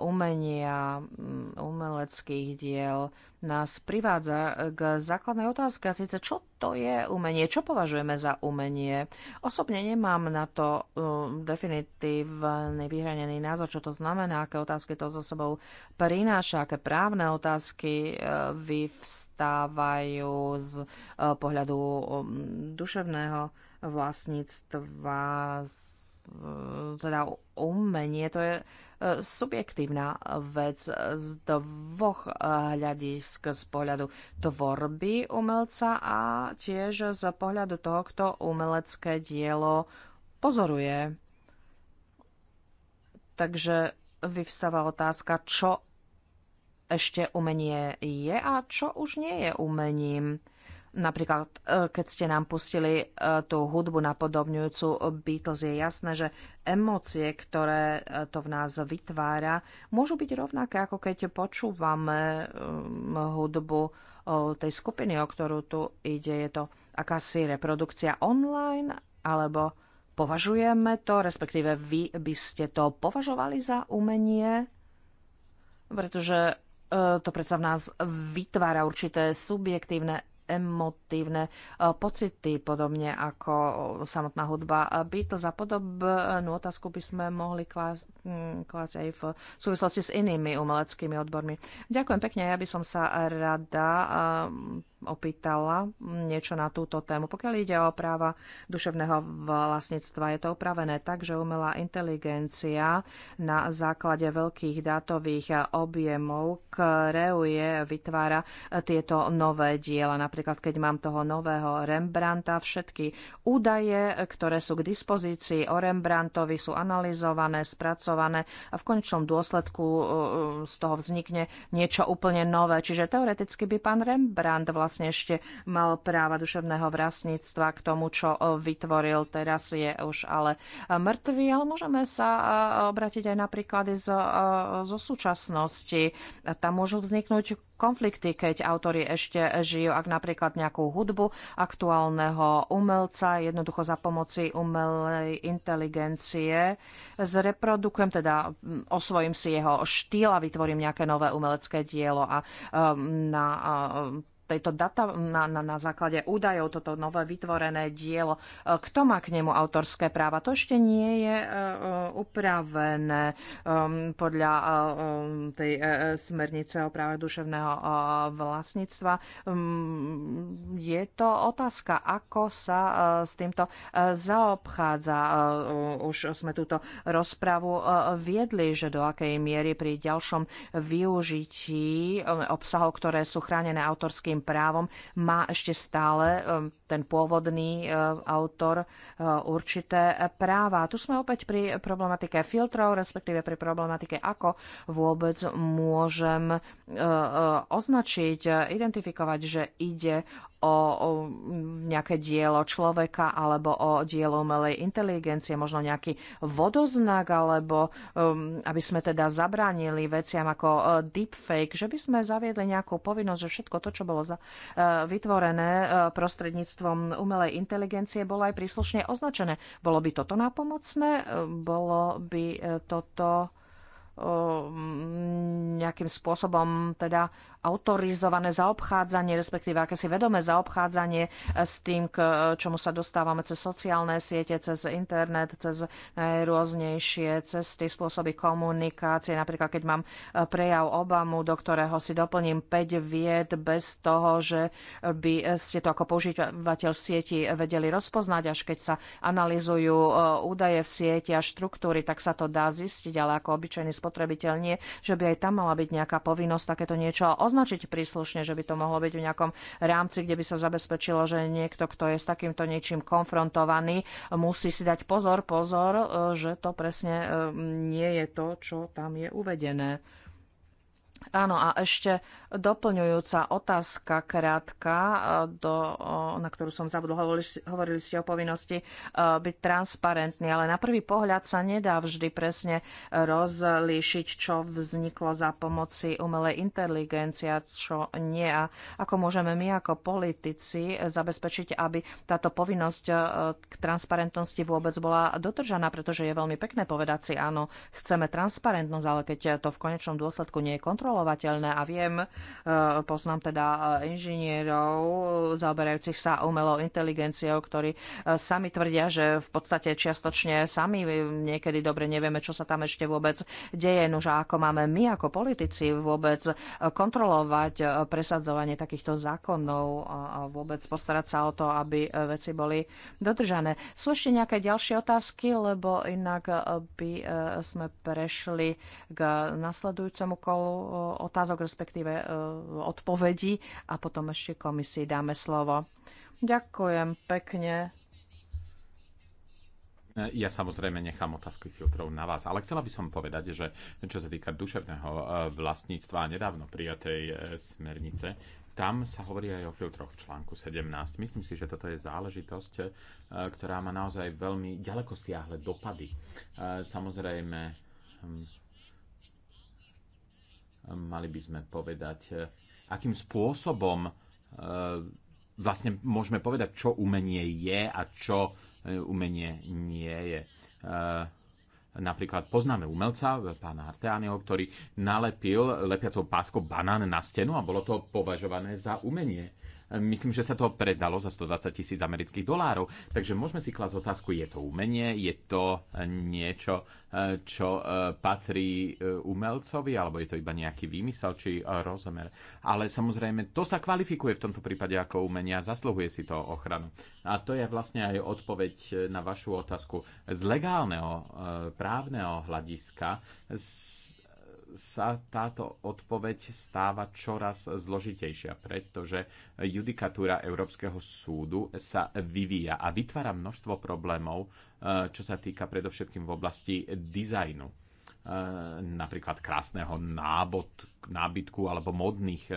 umenia, mm, umeleckých diel, nás privádza k základnej otázke, a síce čo to je umenie, čo považujeme za umenie. Osobne nemám na to e, definitívny vyhranený názor, čo to znamená, aké otázky to so sebou prináša, aké právne otázky e, vyvstávajú z e, pohľadu duševného vlastníctva, teda umenie, to je e, subjektívna vec z dvoch e, hľadisk z pohľadu tvorby umelca a tiež z pohľadu toho, kto umelecké dielo pozoruje. Takže vyvstáva otázka, čo ešte umenie je a čo už nie je umením. Napríklad, e, keď ste nám pustili e, tú hudbu napodobňujúcu Beatles, je jasné, že emócie, ktoré e, to v nás vytvára, môžu byť rovnaké, ako keď počúvame hudbu tej skupiny, o ktorú tu ide. Je to akási reprodukcia online, alebo považujeme to, respektíve vy by ste to považovali za umenie? Pretože to predsa v nás vytvára určité subjektívne emotívne pocity, podobne ako samotná hudba Beatles. A podobnú otázku by sme mohli mm, klásť, aj v súvislosti s inými umeleckými odbormi. Ďakujem pekne, ja by som sa rada e, opýtala niečo na túto tému. Pokiaľ ide o práva duševného vlastníctva, je to upravené tak, že umelá inteligencia na základe veľkých dátových objemov kreuje, vytvára tieto nové diela, Napríklad, keď mám toho nového Rembrandta, všetky údaje, ktoré sú k dispozícii o Rembrandtovi, sú analyzované, spracované a v konečnom dôsledku e, e, z toho vznikne niečo úplne nové. Čiže teoreticky by pán Rembrandt vlastne ešte mal práva duševného vlastníctva k tomu, čo e, vytvoril. Teraz je už ale mŕtvý, ale môžeme sa obrátiť aj na príklady z, zo súčasnosti. Tam môžu vzniknúť konflikty, keď autory ešte žijú. Ak napríklad napríklad nejakú hudbu aktuálneho umelca, jednoducho za pomoci umelej inteligencie. Zreprodukujem, teda osvojím si jeho štýl a vytvorím nejaké nové umelecké dielo a na tejto data, na, na, na základe údajov, toto nové vytvorené dielo, e, kto má k nemu autorské práva. To ešte nie je e, e, upravené um, podľa um, tej smernice o práve duševného vlastníctva. Um, je to otázka, ako sa s týmto zaobchádza. Už sme túto rozpravu viedli, že do akej miery pri ďalšom využití obsahov, ktoré sú chránené autorským autorským právom má ešte stále um, ten pôvodný uh, autor uh, určité práva. Tu sme opäť pri problematike filtrov, respektíve pri problematike, ako vôbec môžem uh, označiť, identifikovať, že ide o, o nejaké dielo človeka alebo o dielo umelej inteligencie, možno nejaký vodoznak, alebo um, aby sme teda zabránili veciam ako uh, deepfake, že by sme zaviedli nejakú povinnosť, že všetko to, čo bolo za, uh, vytvorené uh, prostredníctvom umelej inteligencie, bolo aj príslušne označené. Bolo by toto nápomocné? Bolo by toto um, nejakým spôsobom teda autorizované zaobchádzanie, respektíve akési vedomé zaobchádzanie e, s tým, k e, čomu sa dostávame cez sociálne siete, cez internet, cez najrôznejšie cesty, spôsoby komunikácie. Napríklad, keď mám e, prejav Obamu, do ktorého si doplním 5 vied bez toho, že by ste to ako používateľ v sieti vedeli rozpoznať, až keď sa analizujú údaje v sieti a štruktúry, tak sa to dá zistiť, ale ako obyčajný spotrebiteľ nie, že by aj tam mala byť nejaká povinnosť takéto niečo označiť príslušne, že by to mohlo byť v nejakom rámci, kde by sa zabezpečilo, že niekto, kto je s takýmto niečím konfrontovaný, musí si dať pozor, pozor, e, že to presne e, nie je to, čo tam je uvedené. Áno, a ešte doplňujúca otázka krátka, do, na ktorú som zabudla. Hovorili, hovorili ste o povinnosti e, byť transparentný, ale na prvý pohľad sa nedá vždy presne rozlíšiť, čo vzniklo za pomoci umelej inteligencie a čo nie. A ako môžeme my ako politici zabezpečiť, aby táto povinnosť e, k transparentnosti vôbec bola dotržaná, pretože je veľmi pekné povedať si, áno, chceme transparentnosť, ale keď to v konečnom dôsledku nie je kontrolované, schvalovateľné. A viem, e, poznám teda e, inžinierov zaoberajúcich sa umelou inteligenciou, ktorí e, sami tvrdia, že v podstate čiastočne sami niekedy dobre nevieme, čo sa tam ešte vôbec deje. no a ako máme my ako politici vôbec kontrolovať presadzovanie takýchto zákonov a vôbec postarať sa o to, aby veci boli dodržané. Sú ešte nejaké ďalšie otázky, lebo inak by sme prešli k nasledujúcemu kolu otázok, respektíve e, odpovedí a potom ešte komisii dáme slovo. Ďakujem pekne. E, ja samozrejme nechám otázky filtrov na vás, ale chcela by som povedať, že čo sa týka duševného e, vlastníctva a nedávno prijatej smernice, tam sa hovorí aj o filtroch v článku 17. Myslím si, že toto je záležitosť, ktorá má naozaj veľmi ďaleko siahle dopady. Samozrejme, hm, Mali by sme povedať, e, akým spôsobom e, vlastne môžeme povedať, čo umenie je a čo e, umenie nie je. Napríklad poznáme umelca, pána Arteányho, ktorý nalepil lepiacou páskou banán na stenu a bolo to považované za umenie myslím, že sa to predalo za 120 tisíc amerických dolárov. Takže môžeme si klásť otázku, je to umenie, je to eh, niečo, eh, čo eh, patrí umelcovi, alebo je to iba nejaký výmysel či rozmer. Ale samozrejme, to sa kvalifikuje v tomto prípade ako umenie a zasluhuje si to ochranu. A to je vlastne aj odpoveď na vašu otázku. Z legálneho právneho hľadiska sa táto odpoveď stáva čoraz zložitejšia, pretože judikatúra Európskeho súdu sa vyvíja a vytvára množstvo problémov, e, čo sa týka predovšetkým v oblasti dizajnu. E, napríklad krásneho nábod, nábytku alebo modných e,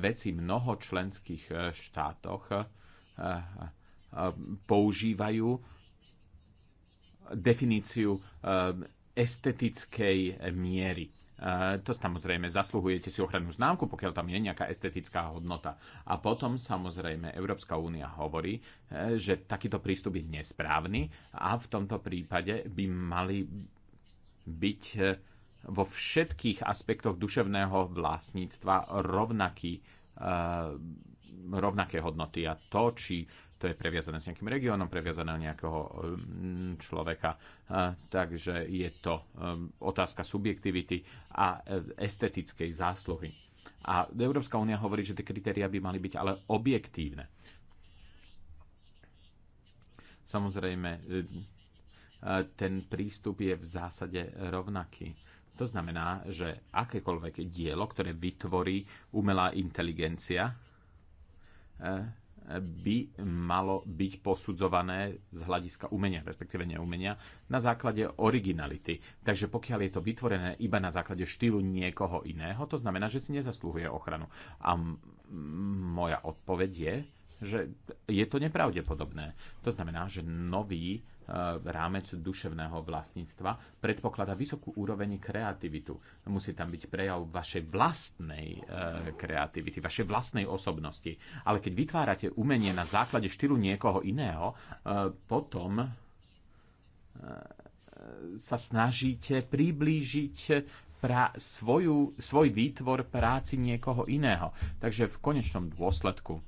vecí mnoho členských štátoch používajú definíciu estetickej miery. E, to samozrejme zasluhujete si ochrannú známku, pokiaľ tam je nejaká estetická hodnota. A potom samozrejme Európska únia hovorí, e, že takýto prístup je nesprávny a v tomto prípade by mali byť e, vo všetkých aspektoch duševného vlastníctva rovnaký, rovnaké hodnoty. A to, či to je previazané s nejakým regiónom, previazané nejakého mm, človeka. Takže je to mm, otázka subjektivity a e, estetickej zásluhy. A Európska únia hovorí, že tie kritéria by mali byť ale objektívne. Samozrejme, e, e, ten prístup je v zásade rovnaký. To znamená, že akékoľvek dielo, ktoré vytvorí umelá inteligencia, by malo byť posudzované z hľadiska umenia, respektíve neumenia, na základe originality. Takže pokiaľ je to vytvorené iba na základe štýlu niekoho iného, to znamená, že si nezaslúhuje ochranu. A moja odpoveď je, že je to nepravdepodobné. To znamená, že nový Eh, rámec duševného vlastníctva predpokladá vysokú úroveň kreativitu. Musí tam byť prejav vašej vlastnej eh, kreativity, vašej vlastnej osobnosti. Ale keď vytvárate umenie na základe štýlu niekoho iného, eh, potom sa snažíte priblížiť pra, svoju, svoj výtvor práci niekoho iného. Takže v konečnom dôsledku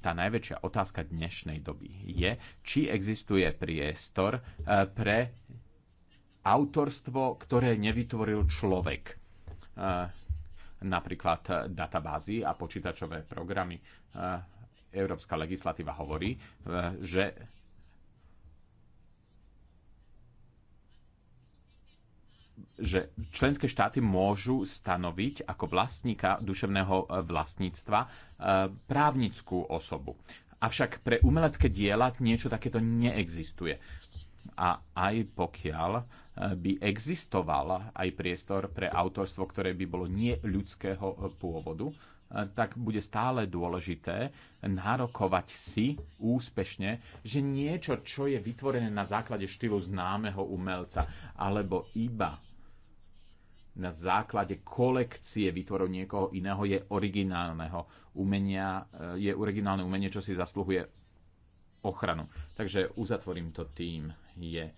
tá najväčšia otázka dnešnej doby je, či existuje priestor eh, pre autorstvo, ktoré nevytvoril človek. Eh, napríklad eh, databázy a počítačové programy. Európska legislatíva hovorí, že že členské štáty môžu stanoviť ako vlastníka duševného e, vlastníctva e, právnickú osobu. Avšak pre umelecké diela niečo takéto neexistuje. A aj pokiaľ e, by existoval aj priestor pre autorstvo, ktoré by bolo nie ľudského pôvodu, tak bude stále dôležité nárokovať si úspešne, že niečo, čo je vytvorené na základe štýlu známeho umelca, alebo iba na základe kolekcie vytvorov niekoho iného je originálneho umenia, e, je originálne umenie, čo si zasluhuje ochranu. Takže uzatvorím to tým, je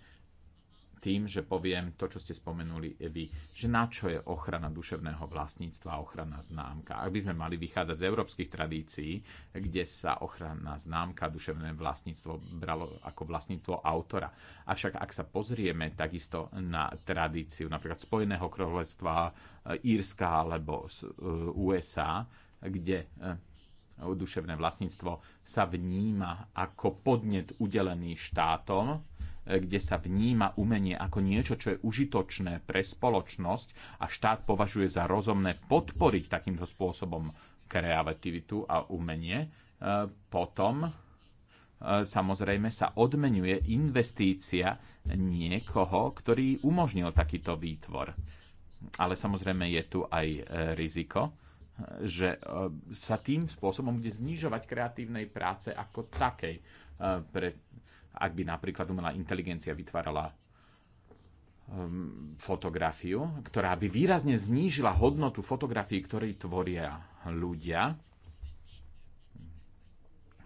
tým, že poviem to, čo ste spomenuli vy, že na čo je ochrana duševného vlastníctva a ochrana známka. Ak by sme mali vychádzať z európskych tradícií, kde sa ochrana známka duševné vlastníctvo bralo ako vlastníctvo autora. Avšak ak sa pozrieme takisto na tradíciu napríklad Spojeného kráľovstva, eh, Írska alebo eh, USA, kde eh, duševné vlastníctvo sa vníma ako podnet udelený štátom, kde sa vníma umenie ako niečo, čo je užitočné pre spoločnosť a štát považuje za rozumné podporiť takýmto spôsobom kreativitu a umenie, e, potom e, samozrejme sa odmenuje investícia niekoho, ktorý umožnil takýto výtvor. Ale samozrejme je tu aj e, riziko, že sa tým spôsobom bude znižovať kreatívnej práce ako takej. Pre, ak by napríklad umelá inteligencia vytvárala ehm, fotografiu, ktorá by výrazne znížila hodnotu fotografií, ktorý tvoria ľudia,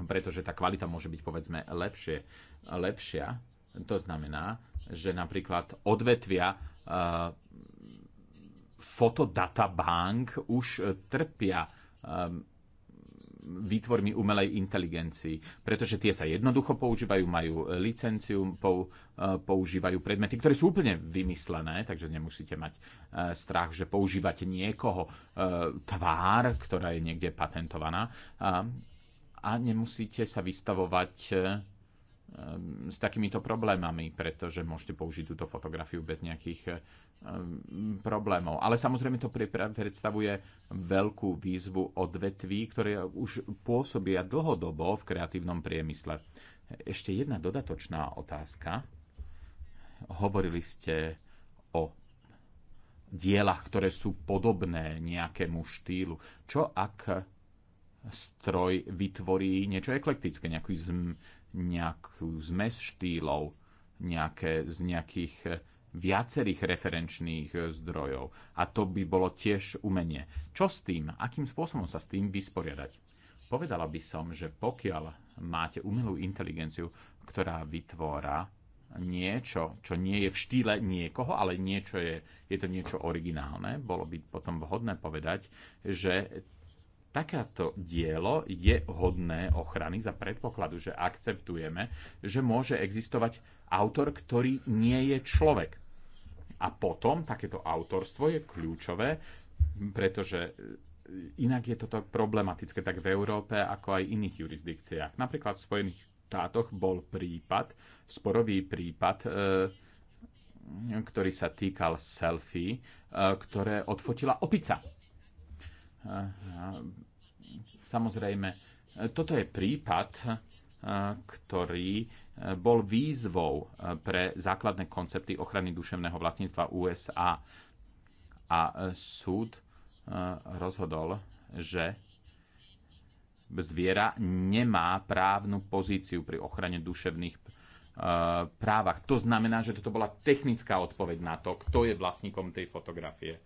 pretože tá kvalita môže byť povedzme lepšie, lepšia. To znamená, že napríklad odvetvia ehm, fotodatabank už trpia ehm, výtvormi umelej inteligencii, pretože tie sa jednoducho používajú, majú licenciu, e, používajú predmety, ktoré sú úplne vymyslené, takže nemusíte mať e, strach, že používate niekoho e, tvár, ktorá je niekde patentovaná a nemusíte sa vystavovať s takýmito problémami, pretože môžete použiť túto fotografiu bez nejakých Um, problémov. Ale samozrejme to predstavuje veľkú výzvu odvetví, ktoré už pôsobia dlhodobo v kreatívnom priemysle. Ešte jedna dodatočná otázka. Hovorili ste o dielach, ktoré sú podobné nejakému štýlu. Čo ak stroj vytvorí niečo eklektické, nejakú, zm, nejakú zmes štýlov, nejaké, z nejakých viacerých referenčných e, zdrojov. A to by bolo tiež umenie. Čo s tým? Akým spôsobom sa s tým vysporiadať? Povedala by som, že pokiaľ máte umelú inteligenciu, ktorá vytvára niečo, čo nie je v štýle niekoho, ale niečo je, je to niečo originálne, bolo by potom vhodné povedať, že takéto dielo je hodné ochrany za predpokladu, že akceptujeme, že môže existovať autor, ktorý nie je človek. A potom takéto autorstvo je kľúčové, pretože e, inak je toto problematické tak v Európe, ako aj iných jurisdikciách. Napríklad v Spojených štátoch bol prípad, sporový prípad, e, ktorý sa týkal selfie, e, ktoré odfotila opica. E, samozrejme, e, toto je prípad, ktorý e, bol výzvou e, pre základné koncepty ochrany duševného vlastníctva USA. A e, súd rozhodol, že zviera nemá právnu pozíciu pri ochrane duševných právach. To znamená, že toto bola technická odpoveď na to, kto je vlastníkom tej fotografie.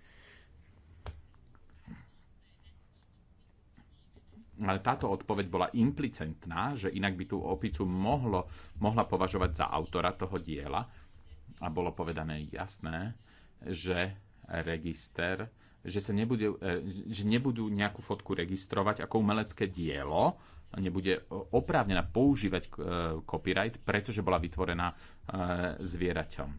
táto odpoveď bola implicentná, že inak by tú opicu mohlo, mohla považovať za autora toho diela a bolo povedané jasné, že register, že, sa nebude, e, že nebudú nejakú fotku registrovať ako umelecké dielo, nebude oprávnená používať e, copyright, pretože bola vytvorená e, zvieraťom.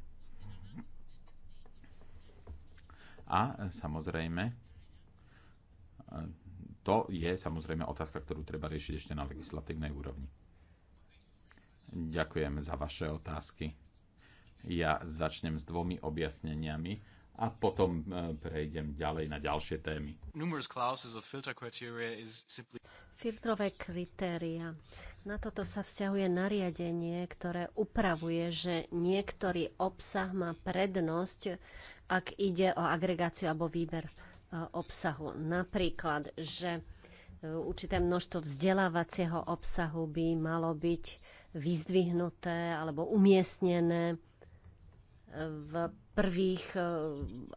A samozrejme, to je samozrejme otázka, ktorú treba riešiť ešte na legislatívnej úrovni. Ďakujem za vaše otázky. Ja začnem s dvomi objasneniami a potom e, prejdem ďalej na ďalšie témy. Filtrové kritéria. Na toto sa vzťahuje nariadenie, ktoré upravuje, že niektorý obsah má prednosť, ak ide o agregáciu alebo výber obsahu. Napríklad, že e, určité množstvo vzdelávacieho obsahu by malo byť vyzdvihnuté alebo umiestnené e, v prvých e,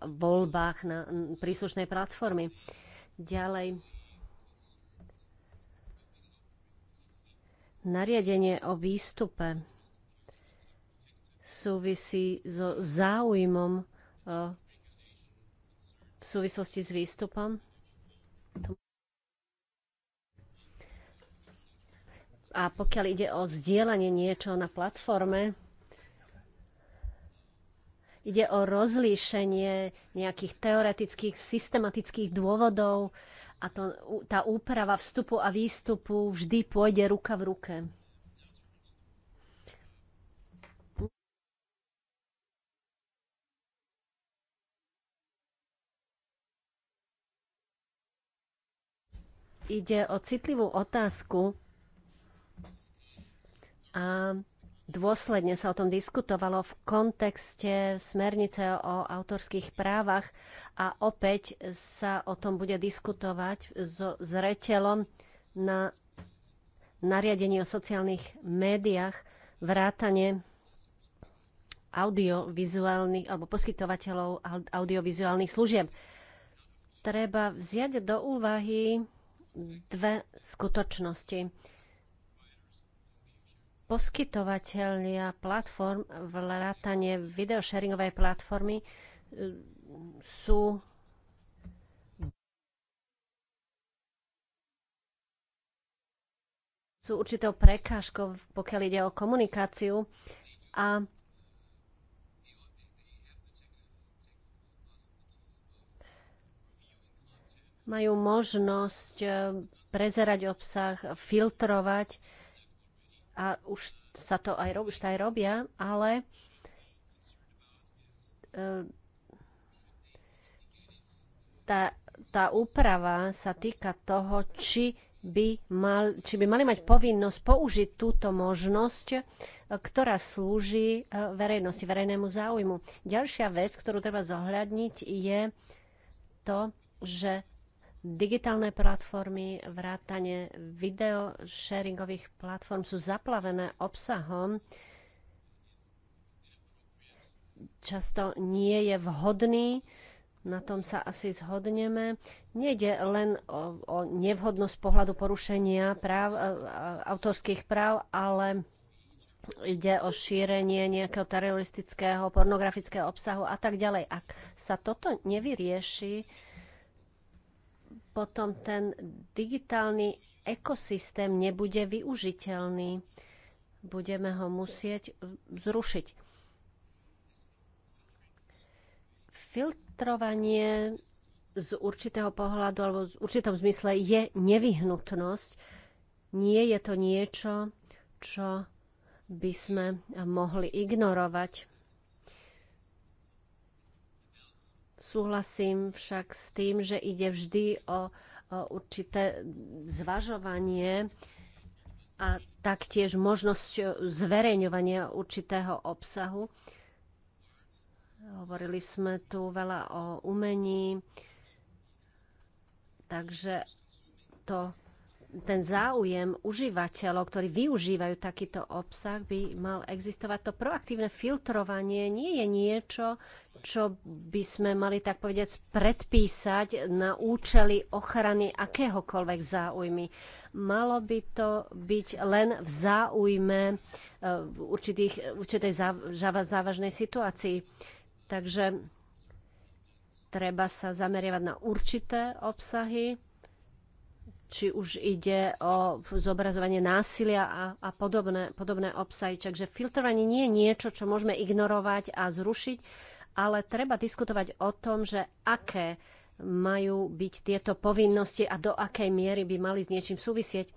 voľbách na príslušnej platformy. Ďalej, nariadenie o výstupe súvisí so záujmom v súvislosti s výstupom. A pokiaľ ide o zdieľanie niečo na platforme, ide o rozlíšenie nejakých teoretických, systematických dôvodov a to, tá úprava vstupu a výstupu vždy pôjde ruka v ruke. ide o citlivú otázku a dôsledne sa o tom diskutovalo v kontexte smernice o autorských právach a opäť sa o tom bude diskutovať so zreteľom na nariadení o sociálnych médiách, vrátane audiovizuálnych alebo poskytovateľov audiovizuálnych služieb. Treba vziať do úvahy dve skutočnosti. Poskytovateľia platform, vrátanie videosharingovej platformy e, sú sú určitou prekážkou, pokiaľ ide o komunikáciu a majú možnosť e, prezerať obsah, filtrovať a už sa to aj, rob, už to aj robia, ale e, tá, tá úprava sa týka toho, či by, mal, či by mali mať povinnosť použiť túto možnosť, e, ktorá slúži verejnosti, verejnému záujmu. Ďalšia vec, ktorú treba zohľadniť, je to, že digitálne platformy, vrátane video sharingových platform sú zaplavené obsahom, často nie je vhodný, na tom sa asi zhodneme. Nejde len o, o nevhodnosť pohľadu porušenia práv, e, e, autorských práv, ale ide o šírenie nejakého teroristického, pornografického obsahu a tak ďalej. Ak sa toto nevyrieši, potom ten digitálny ekosystém nebude využiteľný. Budeme ho musieť zrušiť. Filtrovanie z určitého pohľadu alebo v určitom zmysle je nevyhnutnosť. Nie je to niečo, čo by sme mohli ignorovať. Súhlasím však s tým, že ide vždy o, o určité zvažovanie a taktiež možnosť zverejňovania určitého obsahu. Hovorili sme tu veľa o umení, takže to ten záujem užívateľov, ktorí využívajú takýto obsah, by mal existovať. To proaktívne filtrovanie nie je niečo, čo by sme mali tak povedať predpísať na účely ochrany akéhokoľvek záujmy. Malo by to byť len v záujme v e, určitých, určitej závažnej situácii. Takže treba sa zameriavať na určité obsahy, či už ide o zobrazovanie násilia a, a podobné, podobné obsahy. Takže filtrovanie nie je niečo, čo môžeme ignorovať a zrušiť, ale treba diskutovať o tom, že aké majú byť tieto povinnosti a do akej miery by mali s niečím súvisieť.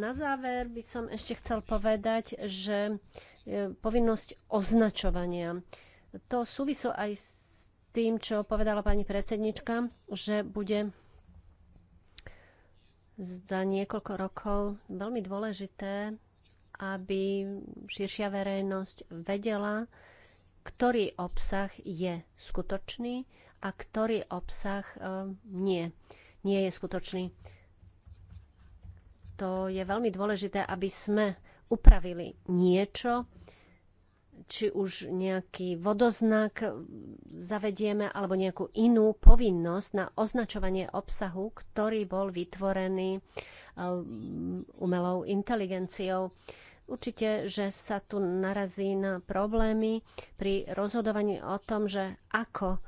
Na záver by som ešte chcel povedať, že e, povinnosť označovania. To súviso aj s tým, čo povedala pani predsednička, že bude za niekoľko rokov veľmi dôležité, aby širšia verejnosť vedela, ktorý obsah je skutočný a ktorý obsah e, nie, nie je skutočný. To je veľmi dôležité, aby sme upravili niečo, či už nejaký vodoznak zavedieme alebo nejakú inú povinnosť na označovanie obsahu, ktorý bol vytvorený eh, umelou inteligenciou. Určite, že sa tu narazí na problémy pri rozhodovaní o tom, že ako eh,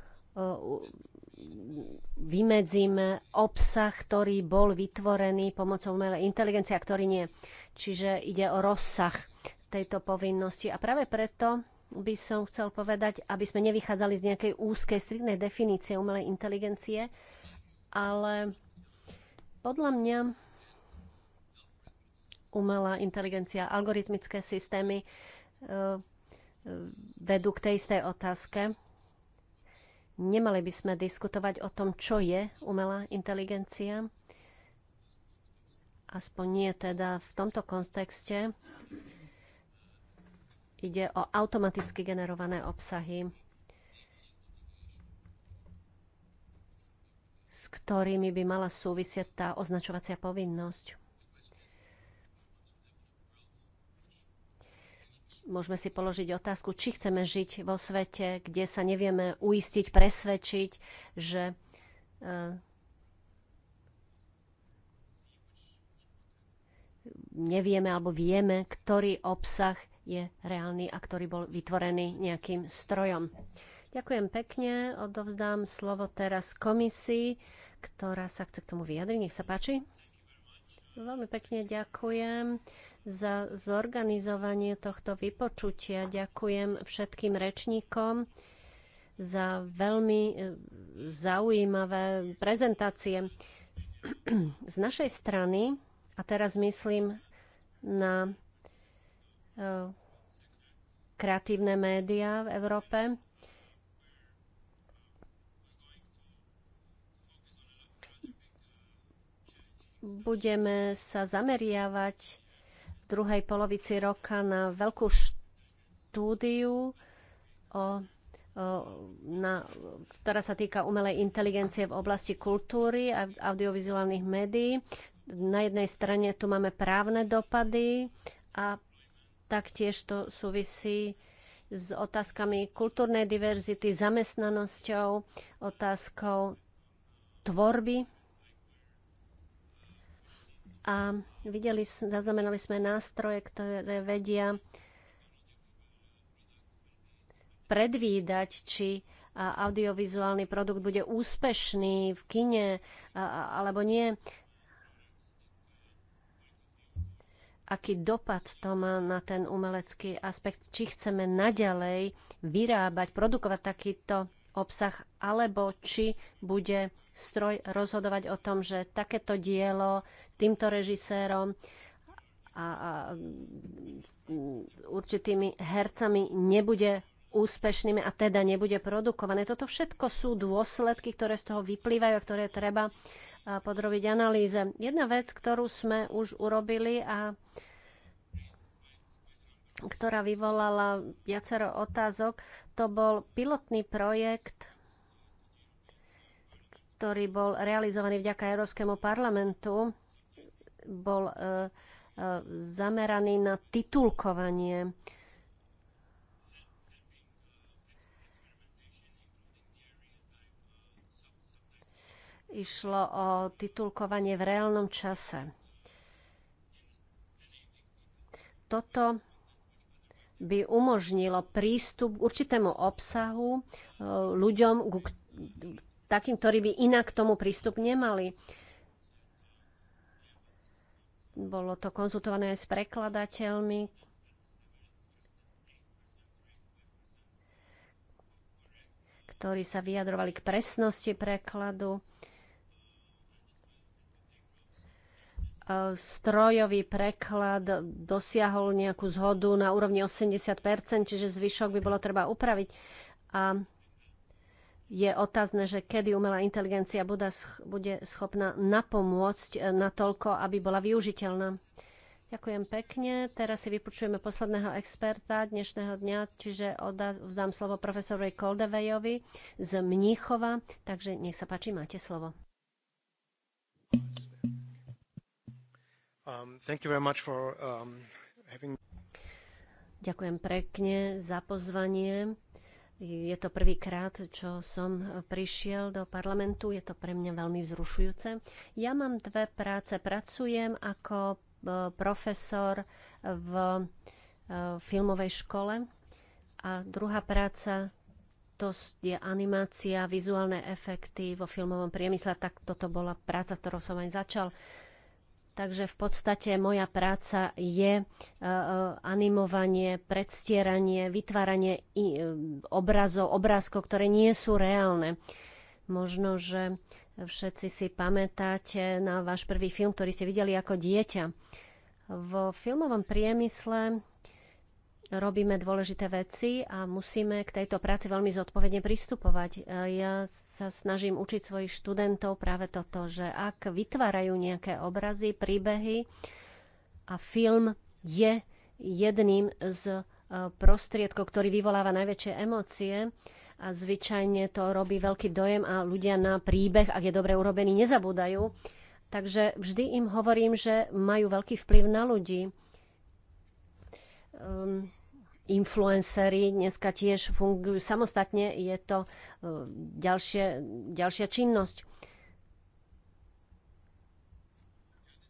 vymedzíme obsah, ktorý bol vytvorený pomocou umelej inteligencie a ktorý nie. Čiže ide o rozsah tejto povinnosti. A práve preto by som chcel povedať, aby sme nevychádzali z nejakej úzkej, striktnej definície umelej inteligencie, ale podľa mňa umelá inteligencia, algoritmické systémy e, e, vedú k tej istej otázke. Nemali by sme diskutovať o tom, čo je umelá inteligencia, aspoň nie teda v tomto kontexte, ide o automaticky generované obsahy, s ktorými by mala súvisieť tá označovacia povinnosť. Môžeme si položiť otázku, či chceme žiť vo svete, kde sa nevieme uistiť, presvedčiť, že e, nevieme alebo vieme, ktorý obsah je reálny a ktorý bol vytvorený nejakým strojom. Ďakujem pekne. Odovzdám slovo teraz komisii, ktorá sa chce k tomu vyjadriť. Nech sa páči. Veľmi pekne ďakujem za zorganizovanie tohto vypočutia. Ďakujem všetkým rečníkom za veľmi e, zaujímavé prezentácie. Z našej strany, a teraz myslím na Eh, kreatívne médiá v Európe. Budeme sa zameriavať v druhej polovici roka na veľkú štúdiu, o, o, na, ktorá sa týka umelej inteligencie v oblasti kultúry a audiovizuálnych médií. Na jednej strane tu máme právne dopady a Taktiež to súvisí s otázkami kultúrnej diverzity, zamestnanosťou, otázkou tvorby. A videli, zaznamenali sme nástroje, ktoré vedia predvídať, či audiovizuálny produkt bude úspešný v kine alebo nie. aký dopad to má na ten umelecký aspekt, či chceme naďalej vyrábať, produkovať takýto obsah, alebo či bude stroj rozhodovať o tom, že takéto dielo s týmto režisérom a, a mm, určitými hercami nebude úspešnými a teda nebude produkované. Toto všetko sú dôsledky, ktoré z toho vyplývajú a ktoré treba podrobiť analýze. Jedna vec, ktorú sme už urobili a ktorá vyvolala viacero otázok, to bol pilotný projekt, ktorý bol realizovaný vďaka Európskemu parlamentu. Bol e, e, zameraný na titulkovanie Išlo o titulkovanie v reálnom čase. Toto by umožnilo prístup k určitému obsahu e, ľuďom, takým, ktorí by inak k tomu prístup nemali. Bolo to konzultované aj s prekladateľmi. ktorí sa vyjadrovali k presnosti prekladu. strojový preklad dosiahol nejakú zhodu na úrovni 80%, čiže zvyšok by bolo treba upraviť. A je otázne, že kedy umelá inteligencia bude schopná napomôcť e, natoľko, aby bola využiteľná. Ďakujem pekne. Teraz si vypočujeme posledného experta dnešného dňa, čiže vzdám slovo profesorovi Koldevejovi z Mníchova. Takže nech sa páči, máte slovo. Um, um, Ďakujem pekne za pozvanie. Je to prvýkrát, čo som prišiel do parlamentu. Je to pre mňa veľmi vzrušujúce. Ja mám dve práce. Pracujem ako e, profesor v e, filmovej škole a druhá práca to je animácia, vizuálne efekty vo filmovom priemysle. Tak toto bola práca, ktorou som aj začal. Takže v podstate moja práca je e, e, animovanie, predstieranie, vytváranie e, obrazov, obrázkov, ktoré nie sú reálne. Možno, že všetci si pamätáte na váš prvý film, ktorý ste videli ako dieťa. V filmovom priemysle robíme dôležité veci a musíme k tejto práci veľmi zodpovedne pristupovať. E, ja sa snažím učiť svojich študentov práve toto, že ak vytvárajú nejaké obrazy, príbehy a film je jedným z e, prostriedkov, ktorý vyvoláva najväčšie emócie a zvyčajne to robí veľký dojem a ľudia na príbeh, ak je dobre urobený, nezabúdajú. Takže vždy im hovorím, že majú veľký vplyv na ľudí. Um, influencery dneska tiež fungujú samostatne. Je to e, ďalšie, ďalšia činnosť.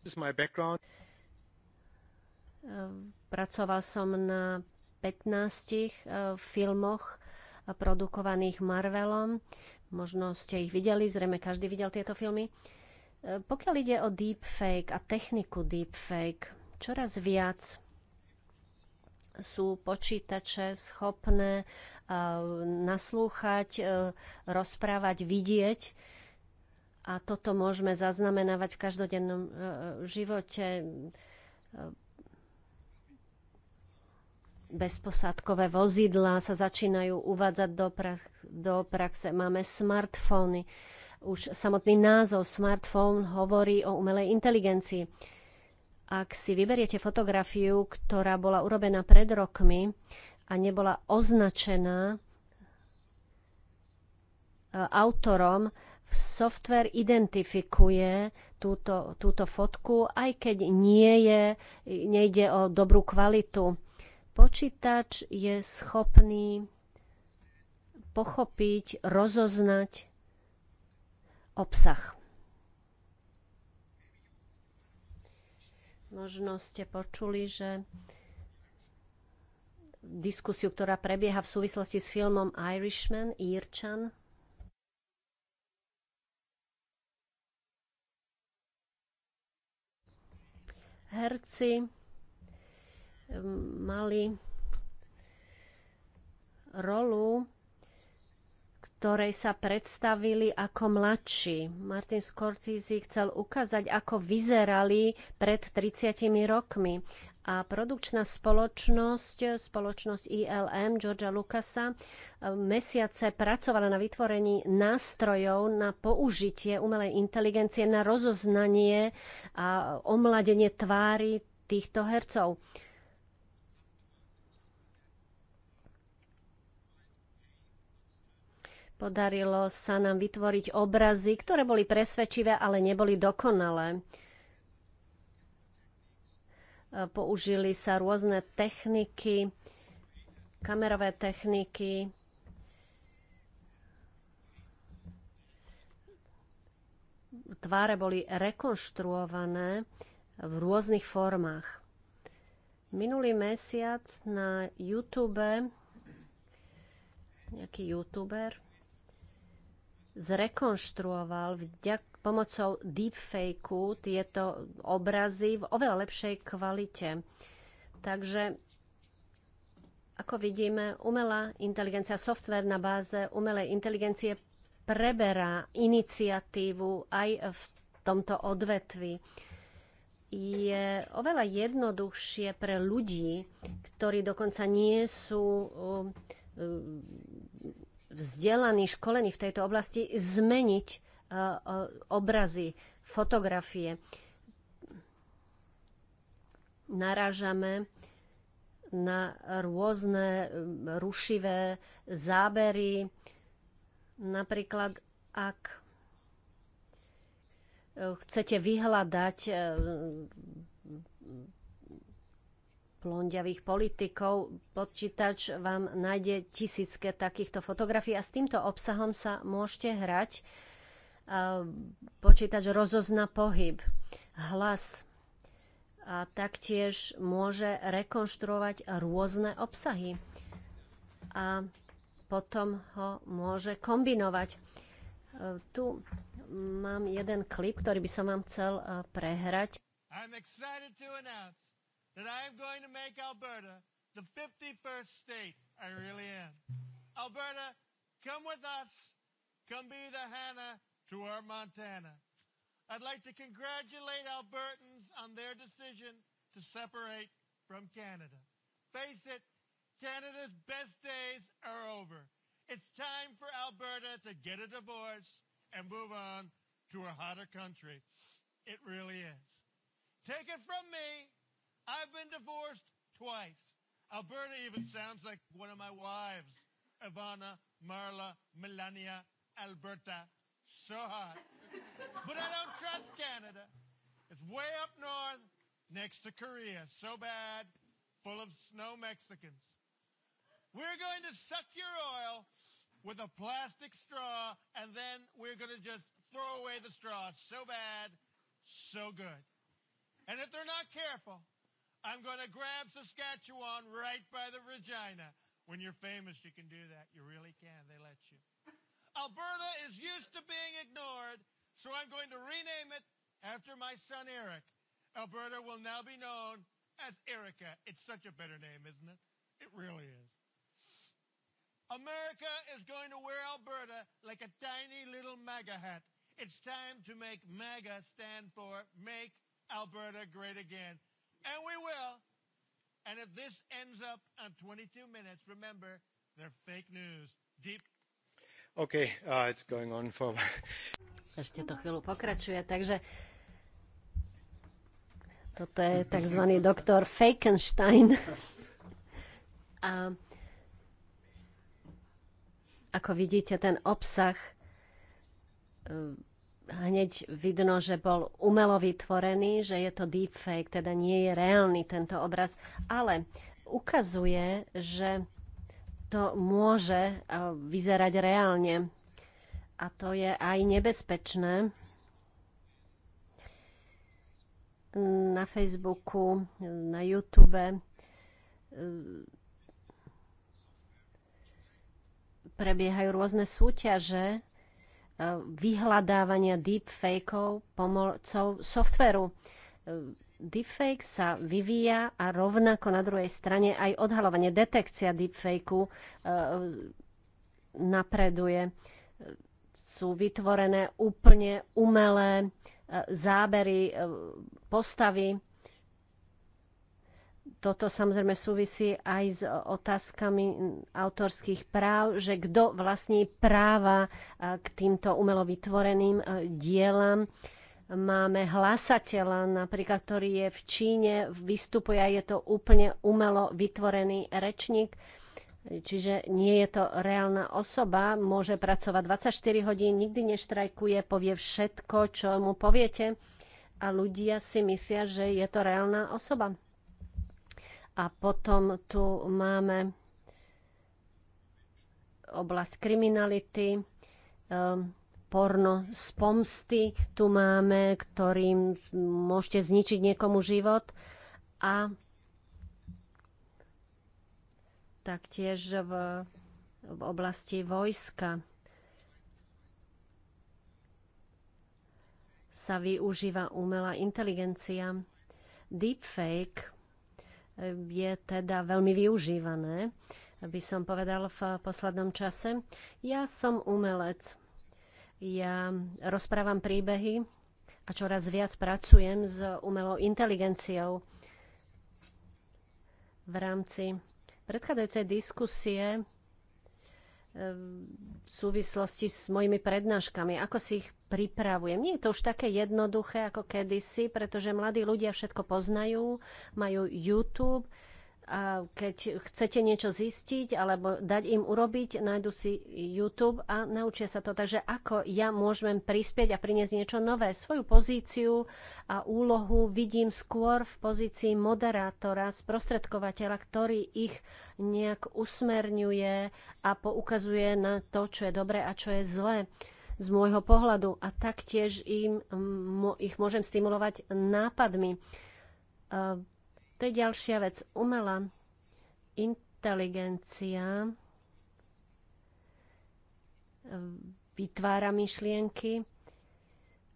This is my background. E, pracoval som na 15 e, filmoch produkovaných Marvelom. Možno ste ich videli, zrejme každý videl tieto filmy. Pokiaľ ide o deepfake a techniku deepfake, čoraz viac sú počítače schopné eh, naslúchať, eh, rozprávať, vidieť. A toto môžeme zaznamenávať v každodennom eh, živote. Bezposádkové vozidlá sa začínajú uvádzať do, pra- do praxe. Máme smartfóny. Už samotný názov smartfón hovorí o umelej inteligencii. Ak si vyberiete fotografiu, ktorá bola urobená pred rokmi a nebola označená e, autorom, software identifikuje túto, túto fotku, aj keď nie je, nejde o dobrú kvalitu. Počítač je schopný pochopiť, rozoznať obsah. Možno ste počuli, že diskusiu, ktorá prebieha v súvislosti s filmom Irishman, Irčan. Herci mali rolu ktorej sa predstavili ako mladší. Martin Scorsese chcel ukázať, ako vyzerali pred 30 rokmi. A produkčná spoločnosť, spoločnosť ILM e Georgia Lucasa, eh, mesiace pracovala na vytvorení nástrojov na použitie umelej inteligencie, na rozoznanie a omladenie tvári týchto hercov. Podarilo sa nám vytvoriť obrazy, ktoré boli presvedčivé, ale neboli dokonalé. E, použili sa rôzne techniky, kamerové techniky, tváre boli rekonštruované v rôznych formách. Minulý mesiac na YouTube nejaký youtuber zrekonštruoval vďak, pomocou deepfakeu tieto obrazy v oveľa lepšej kvalite. Takže ako vidíme, umelá inteligencia, software na báze umelej inteligencie preberá iniciatívu aj v tomto odvetvi. Je oveľa jednoduchšie pre ľudí, ktorí dokonca nie sú um, vzdelaní, školení v tejto oblasti zmeniť e, e, obrazy, fotografie. Narážame na rôzne e, rušivé zábery. Napríklad, ak chcete vyhľadať blondiavých politikov. Podčítač vám nájde tisícké takýchto fotografií a s týmto obsahom sa môžete hrať. Počítač rozozna pohyb, hlas a taktiež môže rekonštruovať rôzne obsahy a potom ho môže kombinovať. Tu mám jeden klip, ktorý by som vám chcel prehrať. I'm excited to announce that I am going to make Alberta the 51st state. I really am. Alberta, come with us. Come be the Hannah to our Montana. I'd like to congratulate Albertans on their decision to separate from Canada. Face it, Canada's best days are over. It's time for Alberta to get a divorce and move on to a hotter country. It really is. Take it from me, I've been divorced twice. Alberta even sounds like one of my wives, Ivana, Marla, Melania, Alberta. So hot. but I don't trust Canada. It's way up north, next to Korea. So bad, full of snow Mexicans. We're going to suck your oil with a plastic straw, and then we're going to just throw away the straw. So bad, so good. And if they're not careful, I'm going to grab Saskatchewan right by the Regina. When you're famous, you can do that. You really can. They let you. Alberta is used to being ignored, so I'm going to rename it after my son Eric. Alberta will now be known as Erica. It's such a better name, isn't it? It really is. America is going to wear Alberta like a tiny little MAGA hat. It's time to make MAGA stand for Make Alberta Great Again. And we will. And if this ends up on 22 minutes, remember, they're fake news. Deep. OK, uh, it's going on for... Ešte to chvíľu pokračuje, takže toto je tzv. doktor Fakenstein. A ako vidíte, ten obsah hneď vidno, že bol umelo vytvorený, že je to deepfake, teda nie je reálny tento obraz, ale ukazuje, že to môže e, vyzerať reálne. A to je aj nebezpečné. Na Facebooku, na YouTube e, prebiehajú rôzne súťaže E, vyhľadávania deepfakeov pomocou softveru. E, deepfake sa vyvíja a rovnako na druhej strane aj odhalovanie, detekcia deepfakeu e, napreduje. Sú vytvorené úplne umelé zábery, postavy toto samozrejme súvisí aj s otázkami autorských práv, že kto vlastní práva e, k týmto umelo vytvoreným e, dielam. Máme hlasateľa, napríklad, ktorý je v Číne, vystupuje a je to úplne umelo vytvorený rečník. Čiže nie je to reálna osoba, môže pracovať 24 hodín, nikdy neštrajkuje, povie všetko, čo mu poviete a ľudia si myslia, že je to reálna osoba. A potom tu máme oblasť kriminality, ehm, porno z pomsty tu máme, ktorým môžete zničiť niekomu život a taktiež v, v oblasti vojska sa využíva umelá inteligencia. Deepfake je teda veľmi využívané, by som povedal v poslednom čase. Ja som umelec. Ja rozprávam príbehy a čoraz viac pracujem s umelou inteligenciou v rámci predchádzajúcej diskusie v súvislosti s mojimi prednáškami, ako si ich pripravujem. Nie je to už také jednoduché ako kedysi, pretože mladí ľudia všetko poznajú, majú YouTube, a keď chcete niečo zistiť alebo dať im urobiť, nájdu si YouTube a naučia sa to. Takže ako ja môžem prispieť a priniesť niečo nové? Svoju pozíciu a úlohu vidím skôr v pozícii moderátora, sprostredkovateľa, ktorý ich nejak usmerňuje a poukazuje na to, čo je dobré a čo je zlé z môjho pohľadu. A taktiež im, ich môžem stimulovať nápadmi ehm, to je ďalšia vec. Umelá inteligencia vytvára myšlienky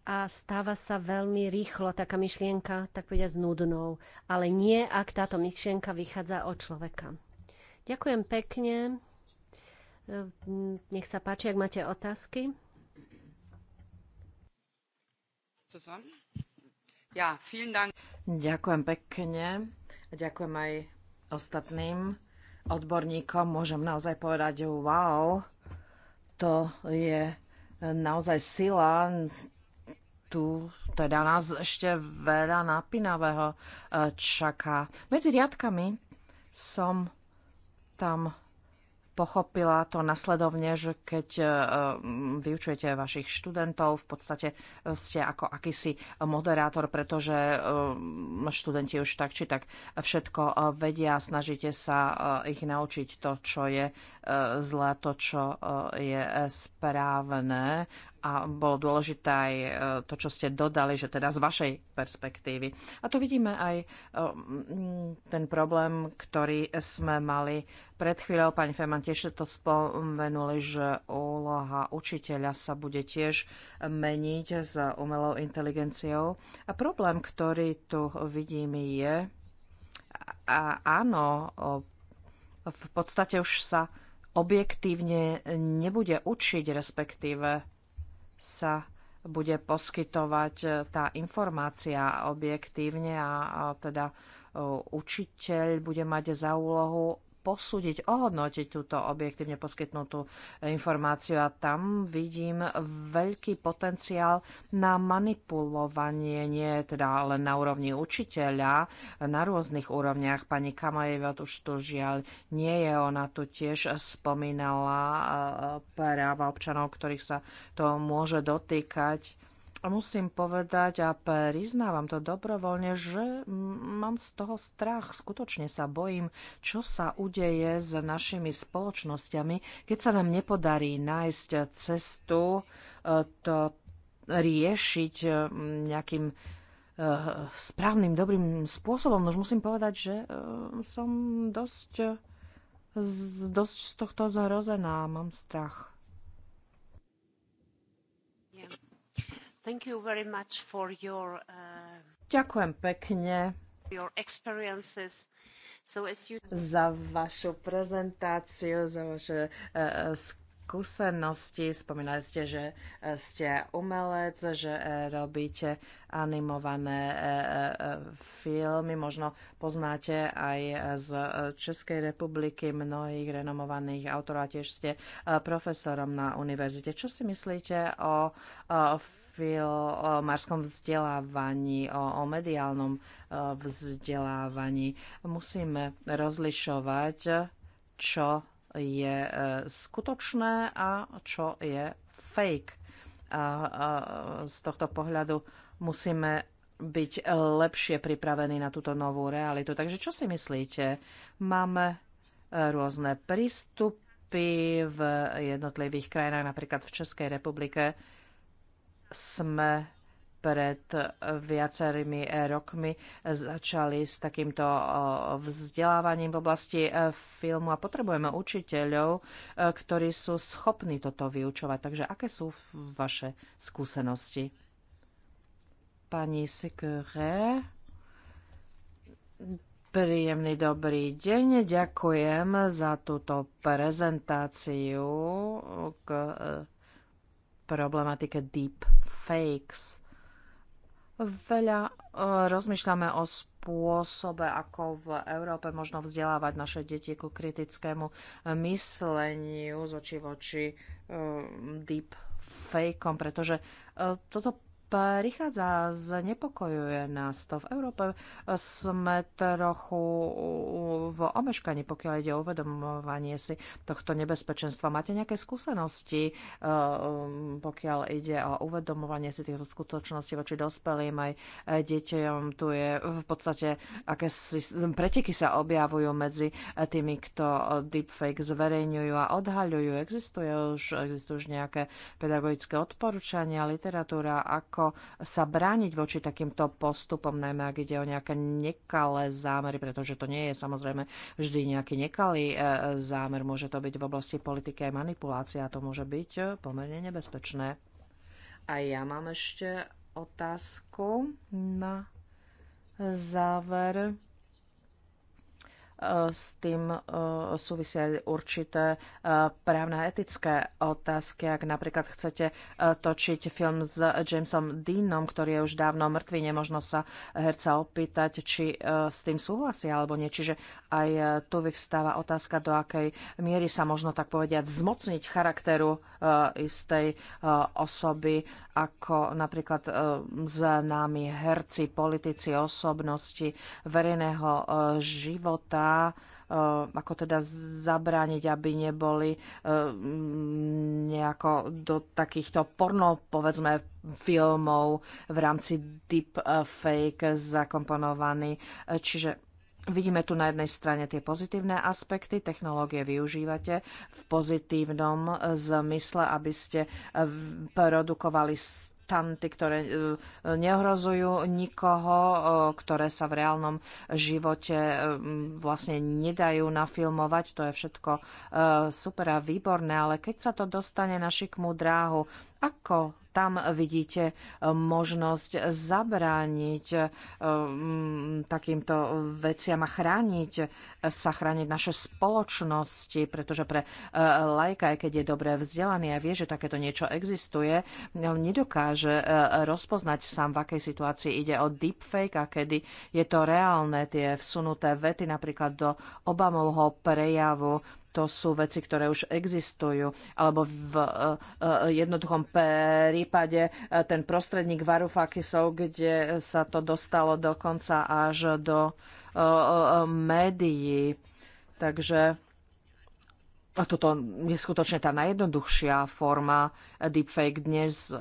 a stáva sa veľmi rýchlo taká myšlienka, tak povedať, nudnou. Ale nie, ak táto myšlienka vychádza od človeka. Ďakujem pekne. Nech sa páči, ak máte otázky. Zusammen? Ja, vielen Dank. Ďakujem pekne. Ďakujem aj ostatným odborníkom. Môžem naozaj povedať, wow, to je naozaj sila tu teda nás ešte veľa napínavého eh, čaká. Medzi riadkami som tam pochopila to nasledovne, že keď e, vyučujete vašich študentov, v podstate e, ste ako akýsi moderátor, pretože e, študenti už tak či tak všetko vedia, snažíte sa ich naučiť to, čo je zlé, to, čo je správne a bolo dôležité aj e, to, čo ste dodali, že teda z vašej perspektívy. A tu vidíme aj e, mm, ten problém, ktorý sme mali pred chvíľou. Pani Feman tiež to spomenuli, že úloha učiteľa sa bude tiež meniť s umelou inteligenciou. A problém, ktorý tu vidím, je, a áno, v podstate už sa objektívne nebude učiť, respektíve sa bude poskytovať e, tá informácia objektívne a, a teda e, učiteľ bude mať za úlohu posúdiť, ohodnotiť túto objektívne poskytnutú informáciu a tam vidím veľký potenciál na manipulovanie, nie teda len na úrovni učiteľa, na rôznych úrovniach. Pani Kamajeva už tu žiaľ nie je, ona tu tiež spomínala eh, práva občanov, ktorých sa to môže dotýkať a musím povedať a priznávam to dobrovoľne, že mám z toho strach. Skutočne sa bojím, čo sa udeje s našimi spoločnosťami, keď sa nám nepodarí nájsť cestu e, to riešiť e, nejakým e, správnym, dobrým spôsobom. Nož musím povedať, že som dosť, dosť z tohto zhrozená, mám strach. Uh, Ďakujem pekne za vašu prezentáciu, za vaše e, e, skúsenosti. Spomínali ste, že e, ste umelec, že robíte animované filmy. Možno poznáte aj z Českej republiky mnohých renomovaných autorov a tiež ste profesorom na univerzite. Čo si myslíte o, o profil o marskom vzdelávaní, o, o mediálnom e, vzdelávaní. Musíme rozlišovať, čo je e, skutočné a čo je fake. A, a z tohto pohľadu musíme byť lepšie pripravení na túto novú realitu. Takže čo si myslíte? Máme e, rôzne prístupy v jednotlivých krajinách, napríklad v Českej republike sme pred viacerými eh, rokmi začali s takýmto eh, vzdelávaním v oblasti eh, filmu a potrebujeme učiteľov, ktorí sú schopní toto vyučovať. Takže aké sú vaše skúsenosti? Pani Sikure, príjemný dobrý deň. Ďakujem za túto prezentáciu k problematike deep fakes. Veľa e, rozmýšľame o spôsobe, ako v Európe možno vzdelávať naše deti ku kritickému e, mysleniu z oči voči e, deep fakeom, pretože toto prichádza, znepokojuje nás to. V Európe sme trochu v omeškaní, pokiaľ ide o uvedomovanie si tohto nebezpečenstva. Máte nejaké skúsenosti, eh, pokiaľ ide o uvedomovanie si týchto skutočností voči dospelým aj eh, deťom? Tu je v podstate, aké si, preteky sa objavujú medzi eh, tými, kto deepfake zverejňujú a odhaľujú. Existuje už, existujú už nejaké pedagogické odporúčania, literatúra, ako ako sa brániť voči takýmto postupom, najmä ak ide o nejaké nekalé zámery, pretože to nie je samozrejme vždy nejaký nekalý e, zámer. Môže to byť v oblasti politiky aj manipulácia a to môže byť e, pomerne nebezpečné. A ja mám ešte otázku na záver. S tým e, súvisia aj určité e, právne a etické otázky. Ak napríklad chcete e, točiť film s Jamesom Deanom, ktorý je už dávno mŕtvý, nemožno sa herca opýtať, či s tým súhlasia alebo nie. Čiže aj tu vyvstáva otázka, do akej miery sa možno tak povediať zmocniť charakteru istej osoby, ako napríklad s námi herci, politici, osobnosti verejného života E, ako teda zabrániť, aby neboli e, nejako do takýchto porno, povedzme, filmov v rámci deep fake zakomponovaní. E, čiže Vidíme tu na jednej strane tie pozitívne aspekty, technológie využívate v pozitívnom zmysle, aby ste produkovali mutanty, ktoré e, e, neohrozujú nikoho, e, ktoré sa v reálnom živote vlastne nedajú nafilmovať. To je všetko super a výborné, ale keď sa to dostane na šikmú dráhu, ako tam vidíte e, možnosť zabrániť e, takýmto veciam a chrániť e, sa, chrániť naše spoločnosti, pretože pre lajka, aj keď je dobre vzdelaný a vie, že takéto niečo existuje, nedokáže rozpoznať sám, v akej situácii ide o deepfake a kedy je to reálne, tie vsunuté vety napríklad do Obamovho prejavu to sú veci, ktoré už existujú. Alebo v e, e, jednoduchom prípade e, ten prostredník Varufakisov, kde sa to dostalo dokonca až do médií. Takže a toto je skutočne tá najjednoduchšia forma deepfake. Dnes e,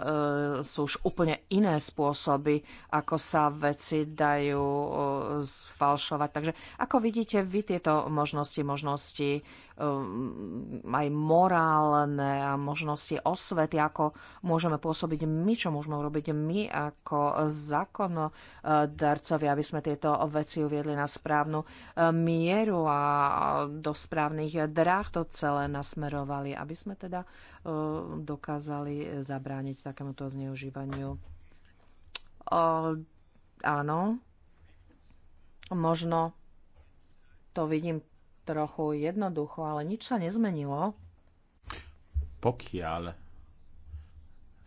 sú už úplne iné spôsoby, ako sa veci dajú sfalšovať. E, Takže ako vidíte vy tieto možnosti, možnosti e, aj morálne a možnosti osvety, ako môžeme pôsobiť my, čo môžeme urobiť my ako zákonodarcovia, aby sme tieto veci uviedli na správnu mieru a do správnych dráh to celé nasmerovali, aby sme teda dokázali dokázali e, zabrániť takémuto zneužívaniu. O, áno, možno to vidím trochu jednoducho, ale nič sa nezmenilo. Pokiaľ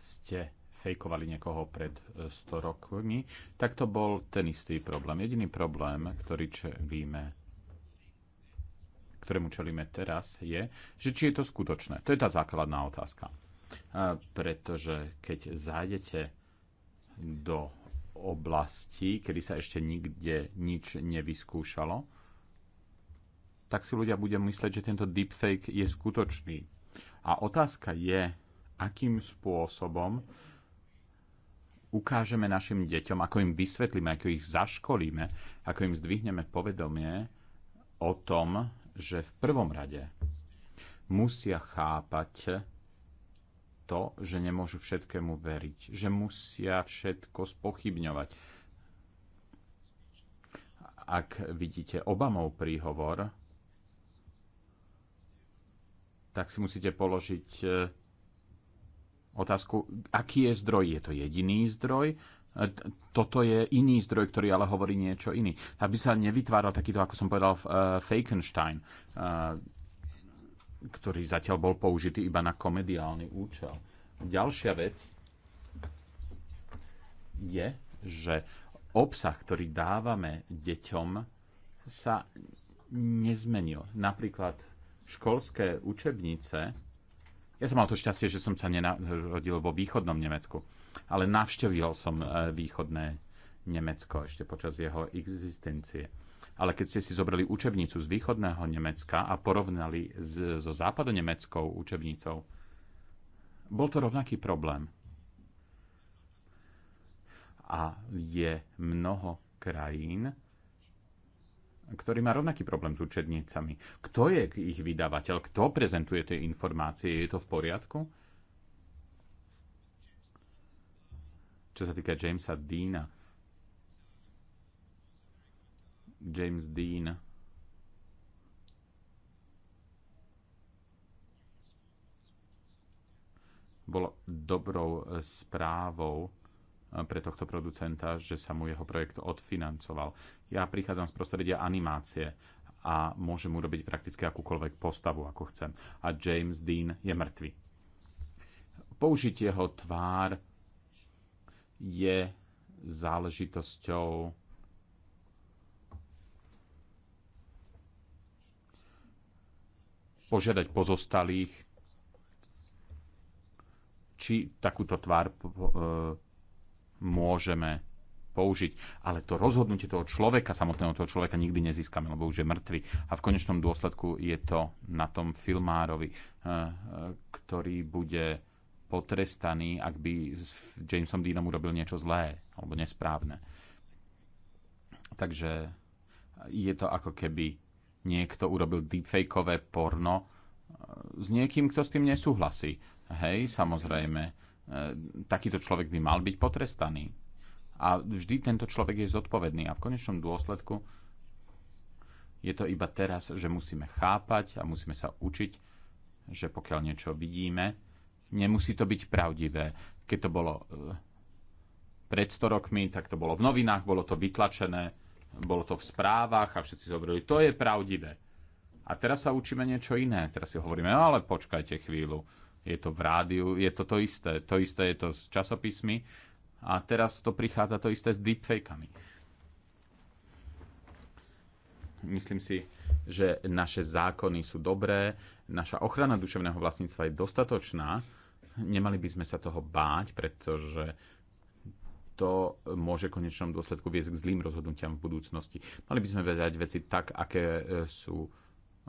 ste fejkovali niekoho pred 100 e, rokmi, tak to bol ten istý problém. Jediný problém, ktorý čelíme, ktorému čelíme teraz, je, že či je to skutočné. To je tá základná otázka pretože keď zájdete do oblasti, kedy sa ešte nikde nič nevyskúšalo, tak si ľudia budú mysleť, že tento deepfake je skutočný. A otázka je, akým spôsobom ukážeme našim deťom, ako im vysvetlíme, ako ich zaškolíme, ako im zdvihneme povedomie o tom, že v prvom rade musia chápať to, že nemôžu všetkému veriť, že musia všetko spochybňovať. Ak vidíte Obamov príhovor, tak si musíte položiť e, otázku, aký je zdroj. Je to jediný zdroj? E, toto je iný zdroj, ktorý ale hovorí niečo iný. Aby sa nevytváral takýto, ako som povedal, e, Fakenstein, ktorý zatiaľ bol použitý iba na komediálny účel. Ďalšia vec je, že obsah, ktorý dávame deťom, sa nezmenil. Napríklad školské učebnice. Ja som mal to šťastie, že som sa nenarodil vo východnom Nemecku, ale navštevil som e, východné Nemecko ešte počas jeho existencie ale keď ste si zobrali učebnicu z východného Nemecka a porovnali s, so západonemeckou učebnicou, bol to rovnaký problém. A je mnoho krajín, ktorý má rovnaký problém s učebnicami. Kto je ich vydavateľ? Kto prezentuje tie informácie? Je to v poriadku? Čo sa týka Jamesa Deana, James Dean. Bolo dobrou e, správou e, pre tohto producenta, že sa mu jeho projekt odfinancoval. Ja prichádzam z prostredia animácie a môžem urobiť prakticky akúkoľvek postavu, ako chcem. A James Dean je mŕtvy. Použitie jeho tvár je záležitosťou požiadať pozostalých, či takúto tvár e, môžeme použiť. Ale to rozhodnutie toho človeka, samotného toho človeka nikdy nezískame, lebo už je mŕtvy. A v konečnom dôsledku je to na tom filmárovi, e, e, ktorý bude potrestaný, ak by s Jamesom Deanom urobil niečo zlé alebo nesprávne. Takže je to ako keby niekto urobil deepfakeové porno e, s niekým, kto s tým nesúhlasí. Hej, samozrejme, e, takýto človek by mal byť potrestaný. A vždy tento človek je zodpovedný. A v konečnom dôsledku je to iba teraz, že musíme chápať a musíme sa učiť, že pokiaľ niečo vidíme, nemusí to byť pravdivé. Keď to bolo e, pred 100 rokmi, tak to bolo v novinách, bolo to vytlačené bolo to v správach a všetci hovorili, to je pravdivé. A teraz sa učíme niečo iné. Teraz si hovoríme, no ale počkajte chvíľu, je to v rádiu, je to to isté. To isté je to s časopismi a teraz to prichádza to isté s deepfakami. Myslím si, že naše zákony sú dobré, naša ochrana duševného vlastníctva je dostatočná, nemali by sme sa toho báť, pretože to môže v konečnom dôsledku viesť k zlým rozhodnutiam v budúcnosti. Mali by sme vedať veci tak, aké e, sú. E,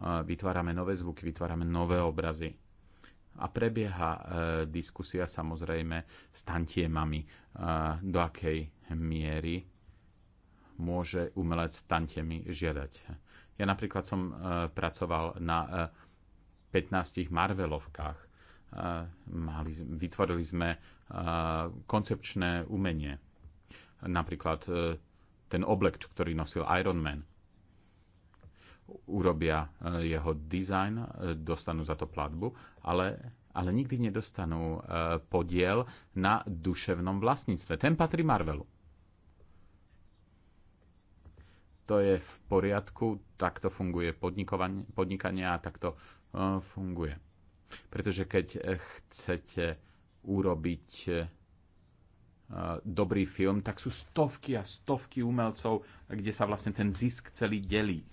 vytvárame nové zvuky, vytvárame nové obrazy. A prebieha e, diskusia samozrejme s tantiemami, do akej miery môže umelec tantiemy žiadať. Ja napríklad som pracoval na 15 Marvelovkách mali, vytvorili sme koncepčné umenie. Napríklad e, ten oblek, ktorý nosil Iron Man. Urobia e, jeho design, e, dostanú za to platbu, ale, ale nikdy nedostanú podiel na duševnom vlastníctve. Ten patrí Marvelu. To je v poriadku, takto funguje podnikanie a takto funguje pretože keď eh, chcete urobiť eh, dobrý film, tak sú stovky a stovky umelcov, kde sa vlastne ten zisk celý delí.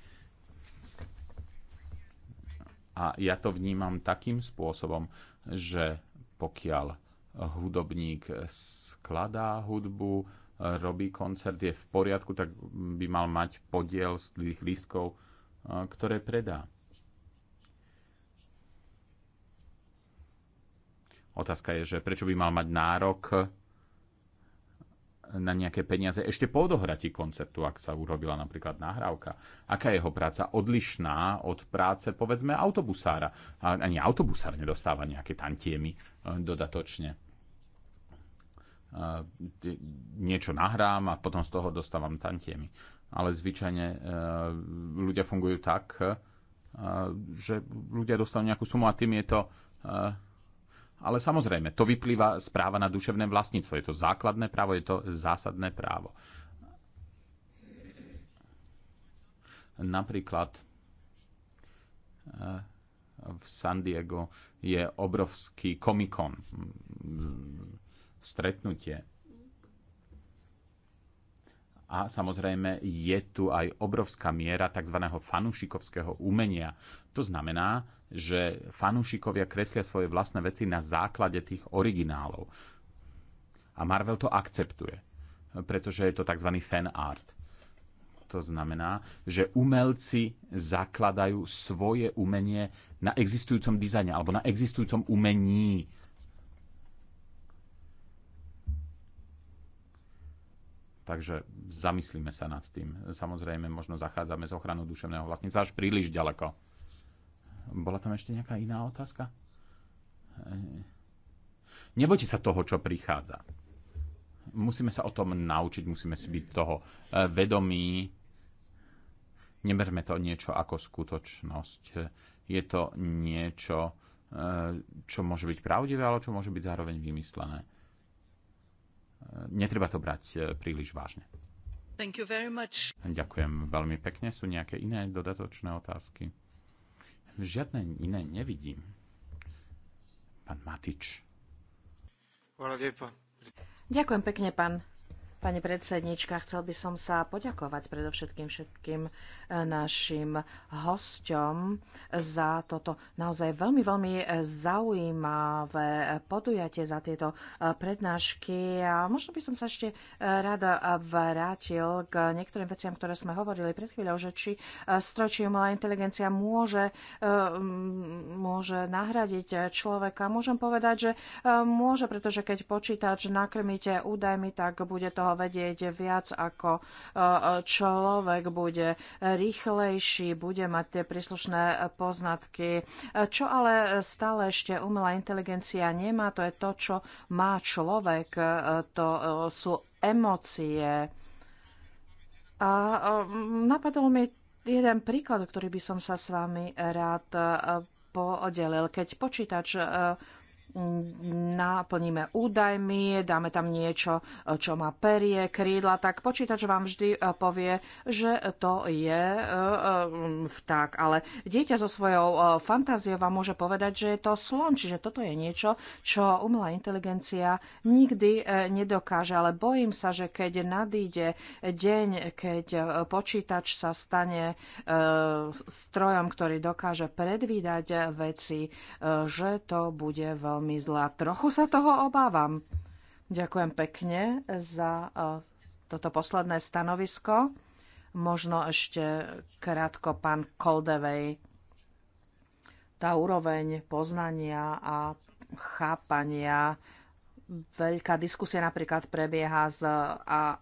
A ja to vnímam takým spôsobom, že pokiaľ hudobník skladá hudbu, robí koncert, je v poriadku, tak by mal mať podiel z tých lístkov, eh, ktoré predá. Otázka je, že prečo by mal mať nárok na nejaké peniaze ešte po odohratí koncertu, ak sa urobila napríklad nahrávka. Aká je jeho práca odlišná od práce, povedzme, autobusára? A ani autobusár nedostáva nejaké tantiemy e, dodatočne. E, niečo nahrám a potom z toho dostávam tantiemy. Ale zvyčajne e, ľudia fungujú tak, že ľudia dostanú nejakú sumu a tým je to ale samozrejme, to vyplýva z práva na duševné vlastníctvo. Je to základné právo, je to zásadné právo. Napríklad eh, v San Diego je obrovský komikon, mm, stretnutie a samozrejme je tu aj obrovská miera tzv. fanúšikovského umenia. To znamená, že fanúšikovia kreslia svoje vlastné veci na základe tých originálov. A Marvel to akceptuje, pretože je to tzv. fan art. To znamená, že umelci zakladajú svoje umenie na existujúcom dizajne alebo na existujúcom umení Takže zamyslíme sa nad tým. Samozrejme, možno zachádzame z ochranu duševného vlastníca až príliš ďaleko. Bola tam ešte nejaká iná otázka? Nebojte sa toho, čo prichádza. Musíme sa o tom naučiť, musíme si byť toho e, vedomí. Neberme to niečo ako skutočnosť. Je to niečo, e, čo môže byť pravdivé, ale čo môže byť zároveň vymyslené netreba to brať e, príliš vážne. Thank you very much. Ďakujem veľmi pekne. Sú nejaké iné dodatočné otázky? Žiadne iné nevidím. Pán Matič. Ďakujem pekne, pán Pani predsednička, chcel by som sa poďakovať predovšetkým všetkým e, našim hosťom za toto naozaj veľmi, veľmi e, zaujímavé podujatie, za tieto e, prednášky. A možno by som sa ešte rada vrátil k niektorým veciam, ktoré sme hovorili pred chvíľou, že či stročí umelá inteligencia môže, môže nahradiť človeka. Môžem povedať, že môže, pretože keď počítač nakrmíte údajmi, tak bude toho toho vedieť viac ako e, človek, bude rýchlejší, bude mať tie príslušné poznatky. E, čo ale stále ešte umelá inteligencia nemá, to je to, čo má človek, e, to sú emócie. A napadol mi jeden príklad, ktorý by som sa s vami rád podelil. Keď počítač naplníme údajmi, dáme tam niečo, čo má perie, krídla, tak počítač vám vždy e, povie, že to je e, e, vták. Ale dieťa so svojou fantáziou vám môže povedať, že je to slon, čiže toto je niečo, čo umelá inteligencia nikdy nedokáže. Ale bojím sa, že keď nadíde deň, keď počítač sa stane strojom, ktorý dokáže predvídať veci, že to bude veľmi veľmi zlá. Trochu sa toho obávam. Ďakujem pekne za e, toto posledné stanovisko. Možno ešte krátko pán Koldevej. Tá úroveň poznania a chápania veľká diskusia napríklad prebieha s e,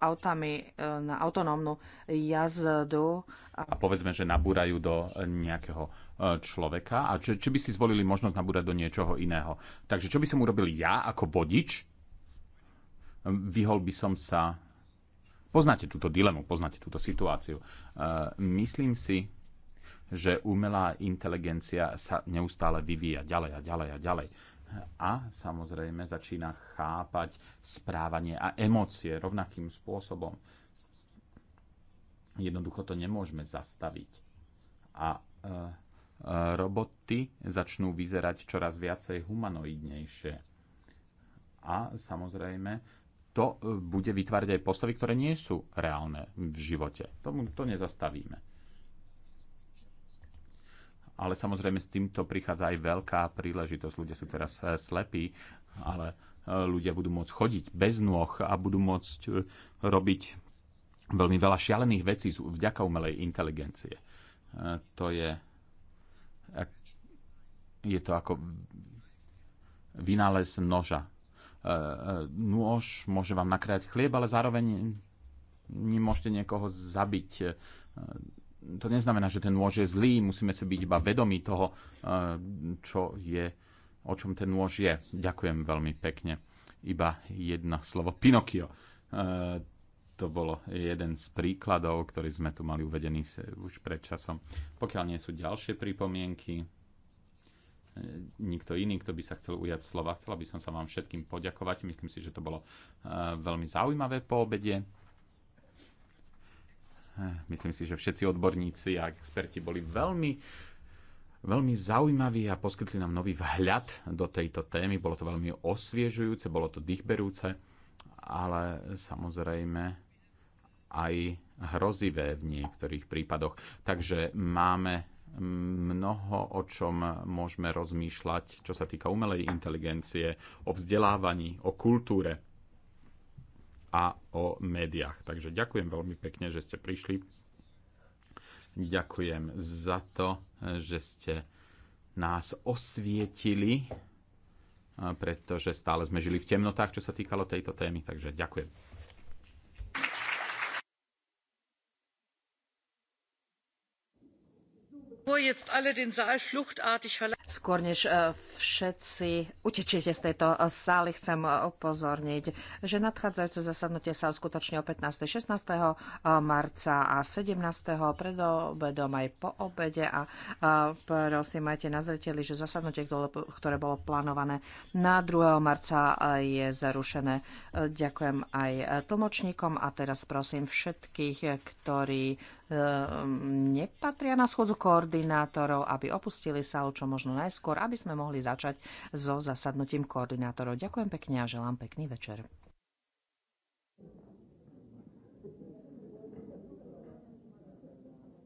autami e, na autonómnu jazdu. A povedzme, že nabúrajú do nejakého E, človeka a či, či by si zvolili možnosť nabúrať do niečoho iného. Takže čo by som urobil ja ako vodič? E, vyhol by som sa... Poznáte túto dilemu, poznáte túto situáciu. E, myslím si, že umelá inteligencia sa neustále vyvíja ďalej a ďalej a ďalej. A samozrejme začína chápať správanie a emócie rovnakým spôsobom. Jednoducho to nemôžeme zastaviť. A roboty začnú vyzerať čoraz viacej humanoidnejšie. A samozrejme, to e, bude vytvárať aj postavy, ktoré nie sú reálne v živote. Tomu to nezastavíme. Ale samozrejme s týmto prichádza aj veľká príležitosť. Ľudia sú teraz e, slepí, ale e, ľudia budú môcť chodiť bez nôh a budú môcť robiť veľmi veľa šialených vecí vďaka umelej inteligencie. To je je to ako vynález noža. E, e, nôž môže vám nakrájať chlieb, ale zároveň nemôžete niekoho zabiť. E, to neznamená, že ten nôž je zlý, musíme si byť iba vedomí toho, čo je, o čom ten nôž je. Ďakujem veľmi pekne. Iba jedno slovo. Pinokio to bolo jeden z príkladov, ktorý sme tu mali uvedený už pred časom. Pokiaľ nie sú ďalšie pripomienky, e, nikto iný, kto by sa chcel ujať slova, chcela by som sa vám všetkým poďakovať. Myslím si, že to bolo e, veľmi zaujímavé po obede. E, myslím si, že všetci odborníci a experti boli veľmi veľmi zaujímaví a poskytli nám nový vhľad do tejto témy. Bolo to veľmi osviežujúce, bolo to dýchberúce, ale samozrejme aj hrozivé v niektorých prípadoch. Takže máme mnoho, o čom môžeme rozmýšľať, čo sa týka umelej inteligencie, o vzdelávaní, o kultúre a o médiách. Takže ďakujem veľmi pekne, že ste prišli. Ďakujem za to, že ste nás osvietili, pretože stále sme žili v temnotách, čo sa týkalo tejto témy. Takže ďakujem. Skôr než e, všetci utečete z tejto e, sály, chcem e, upozorniť, že nadchádzajúce zasadnutie sa uskutoční o 15. 16. marca a 17. pred obedom aj po obede a prosím, majte na zreteli, že zasadnutie, ktoré bolo plánované na 2. marca je zarušené. Ďakujem aj tlmočníkom a teraz prosím všetkých, ktorí Ehm, nepatria na schodzu koordinátorov, aby opustili sálu čo možno najskôr, aby sme mohli začať so zasadnutím koordinátorov. Ďakujem pekne a želám pekný večer.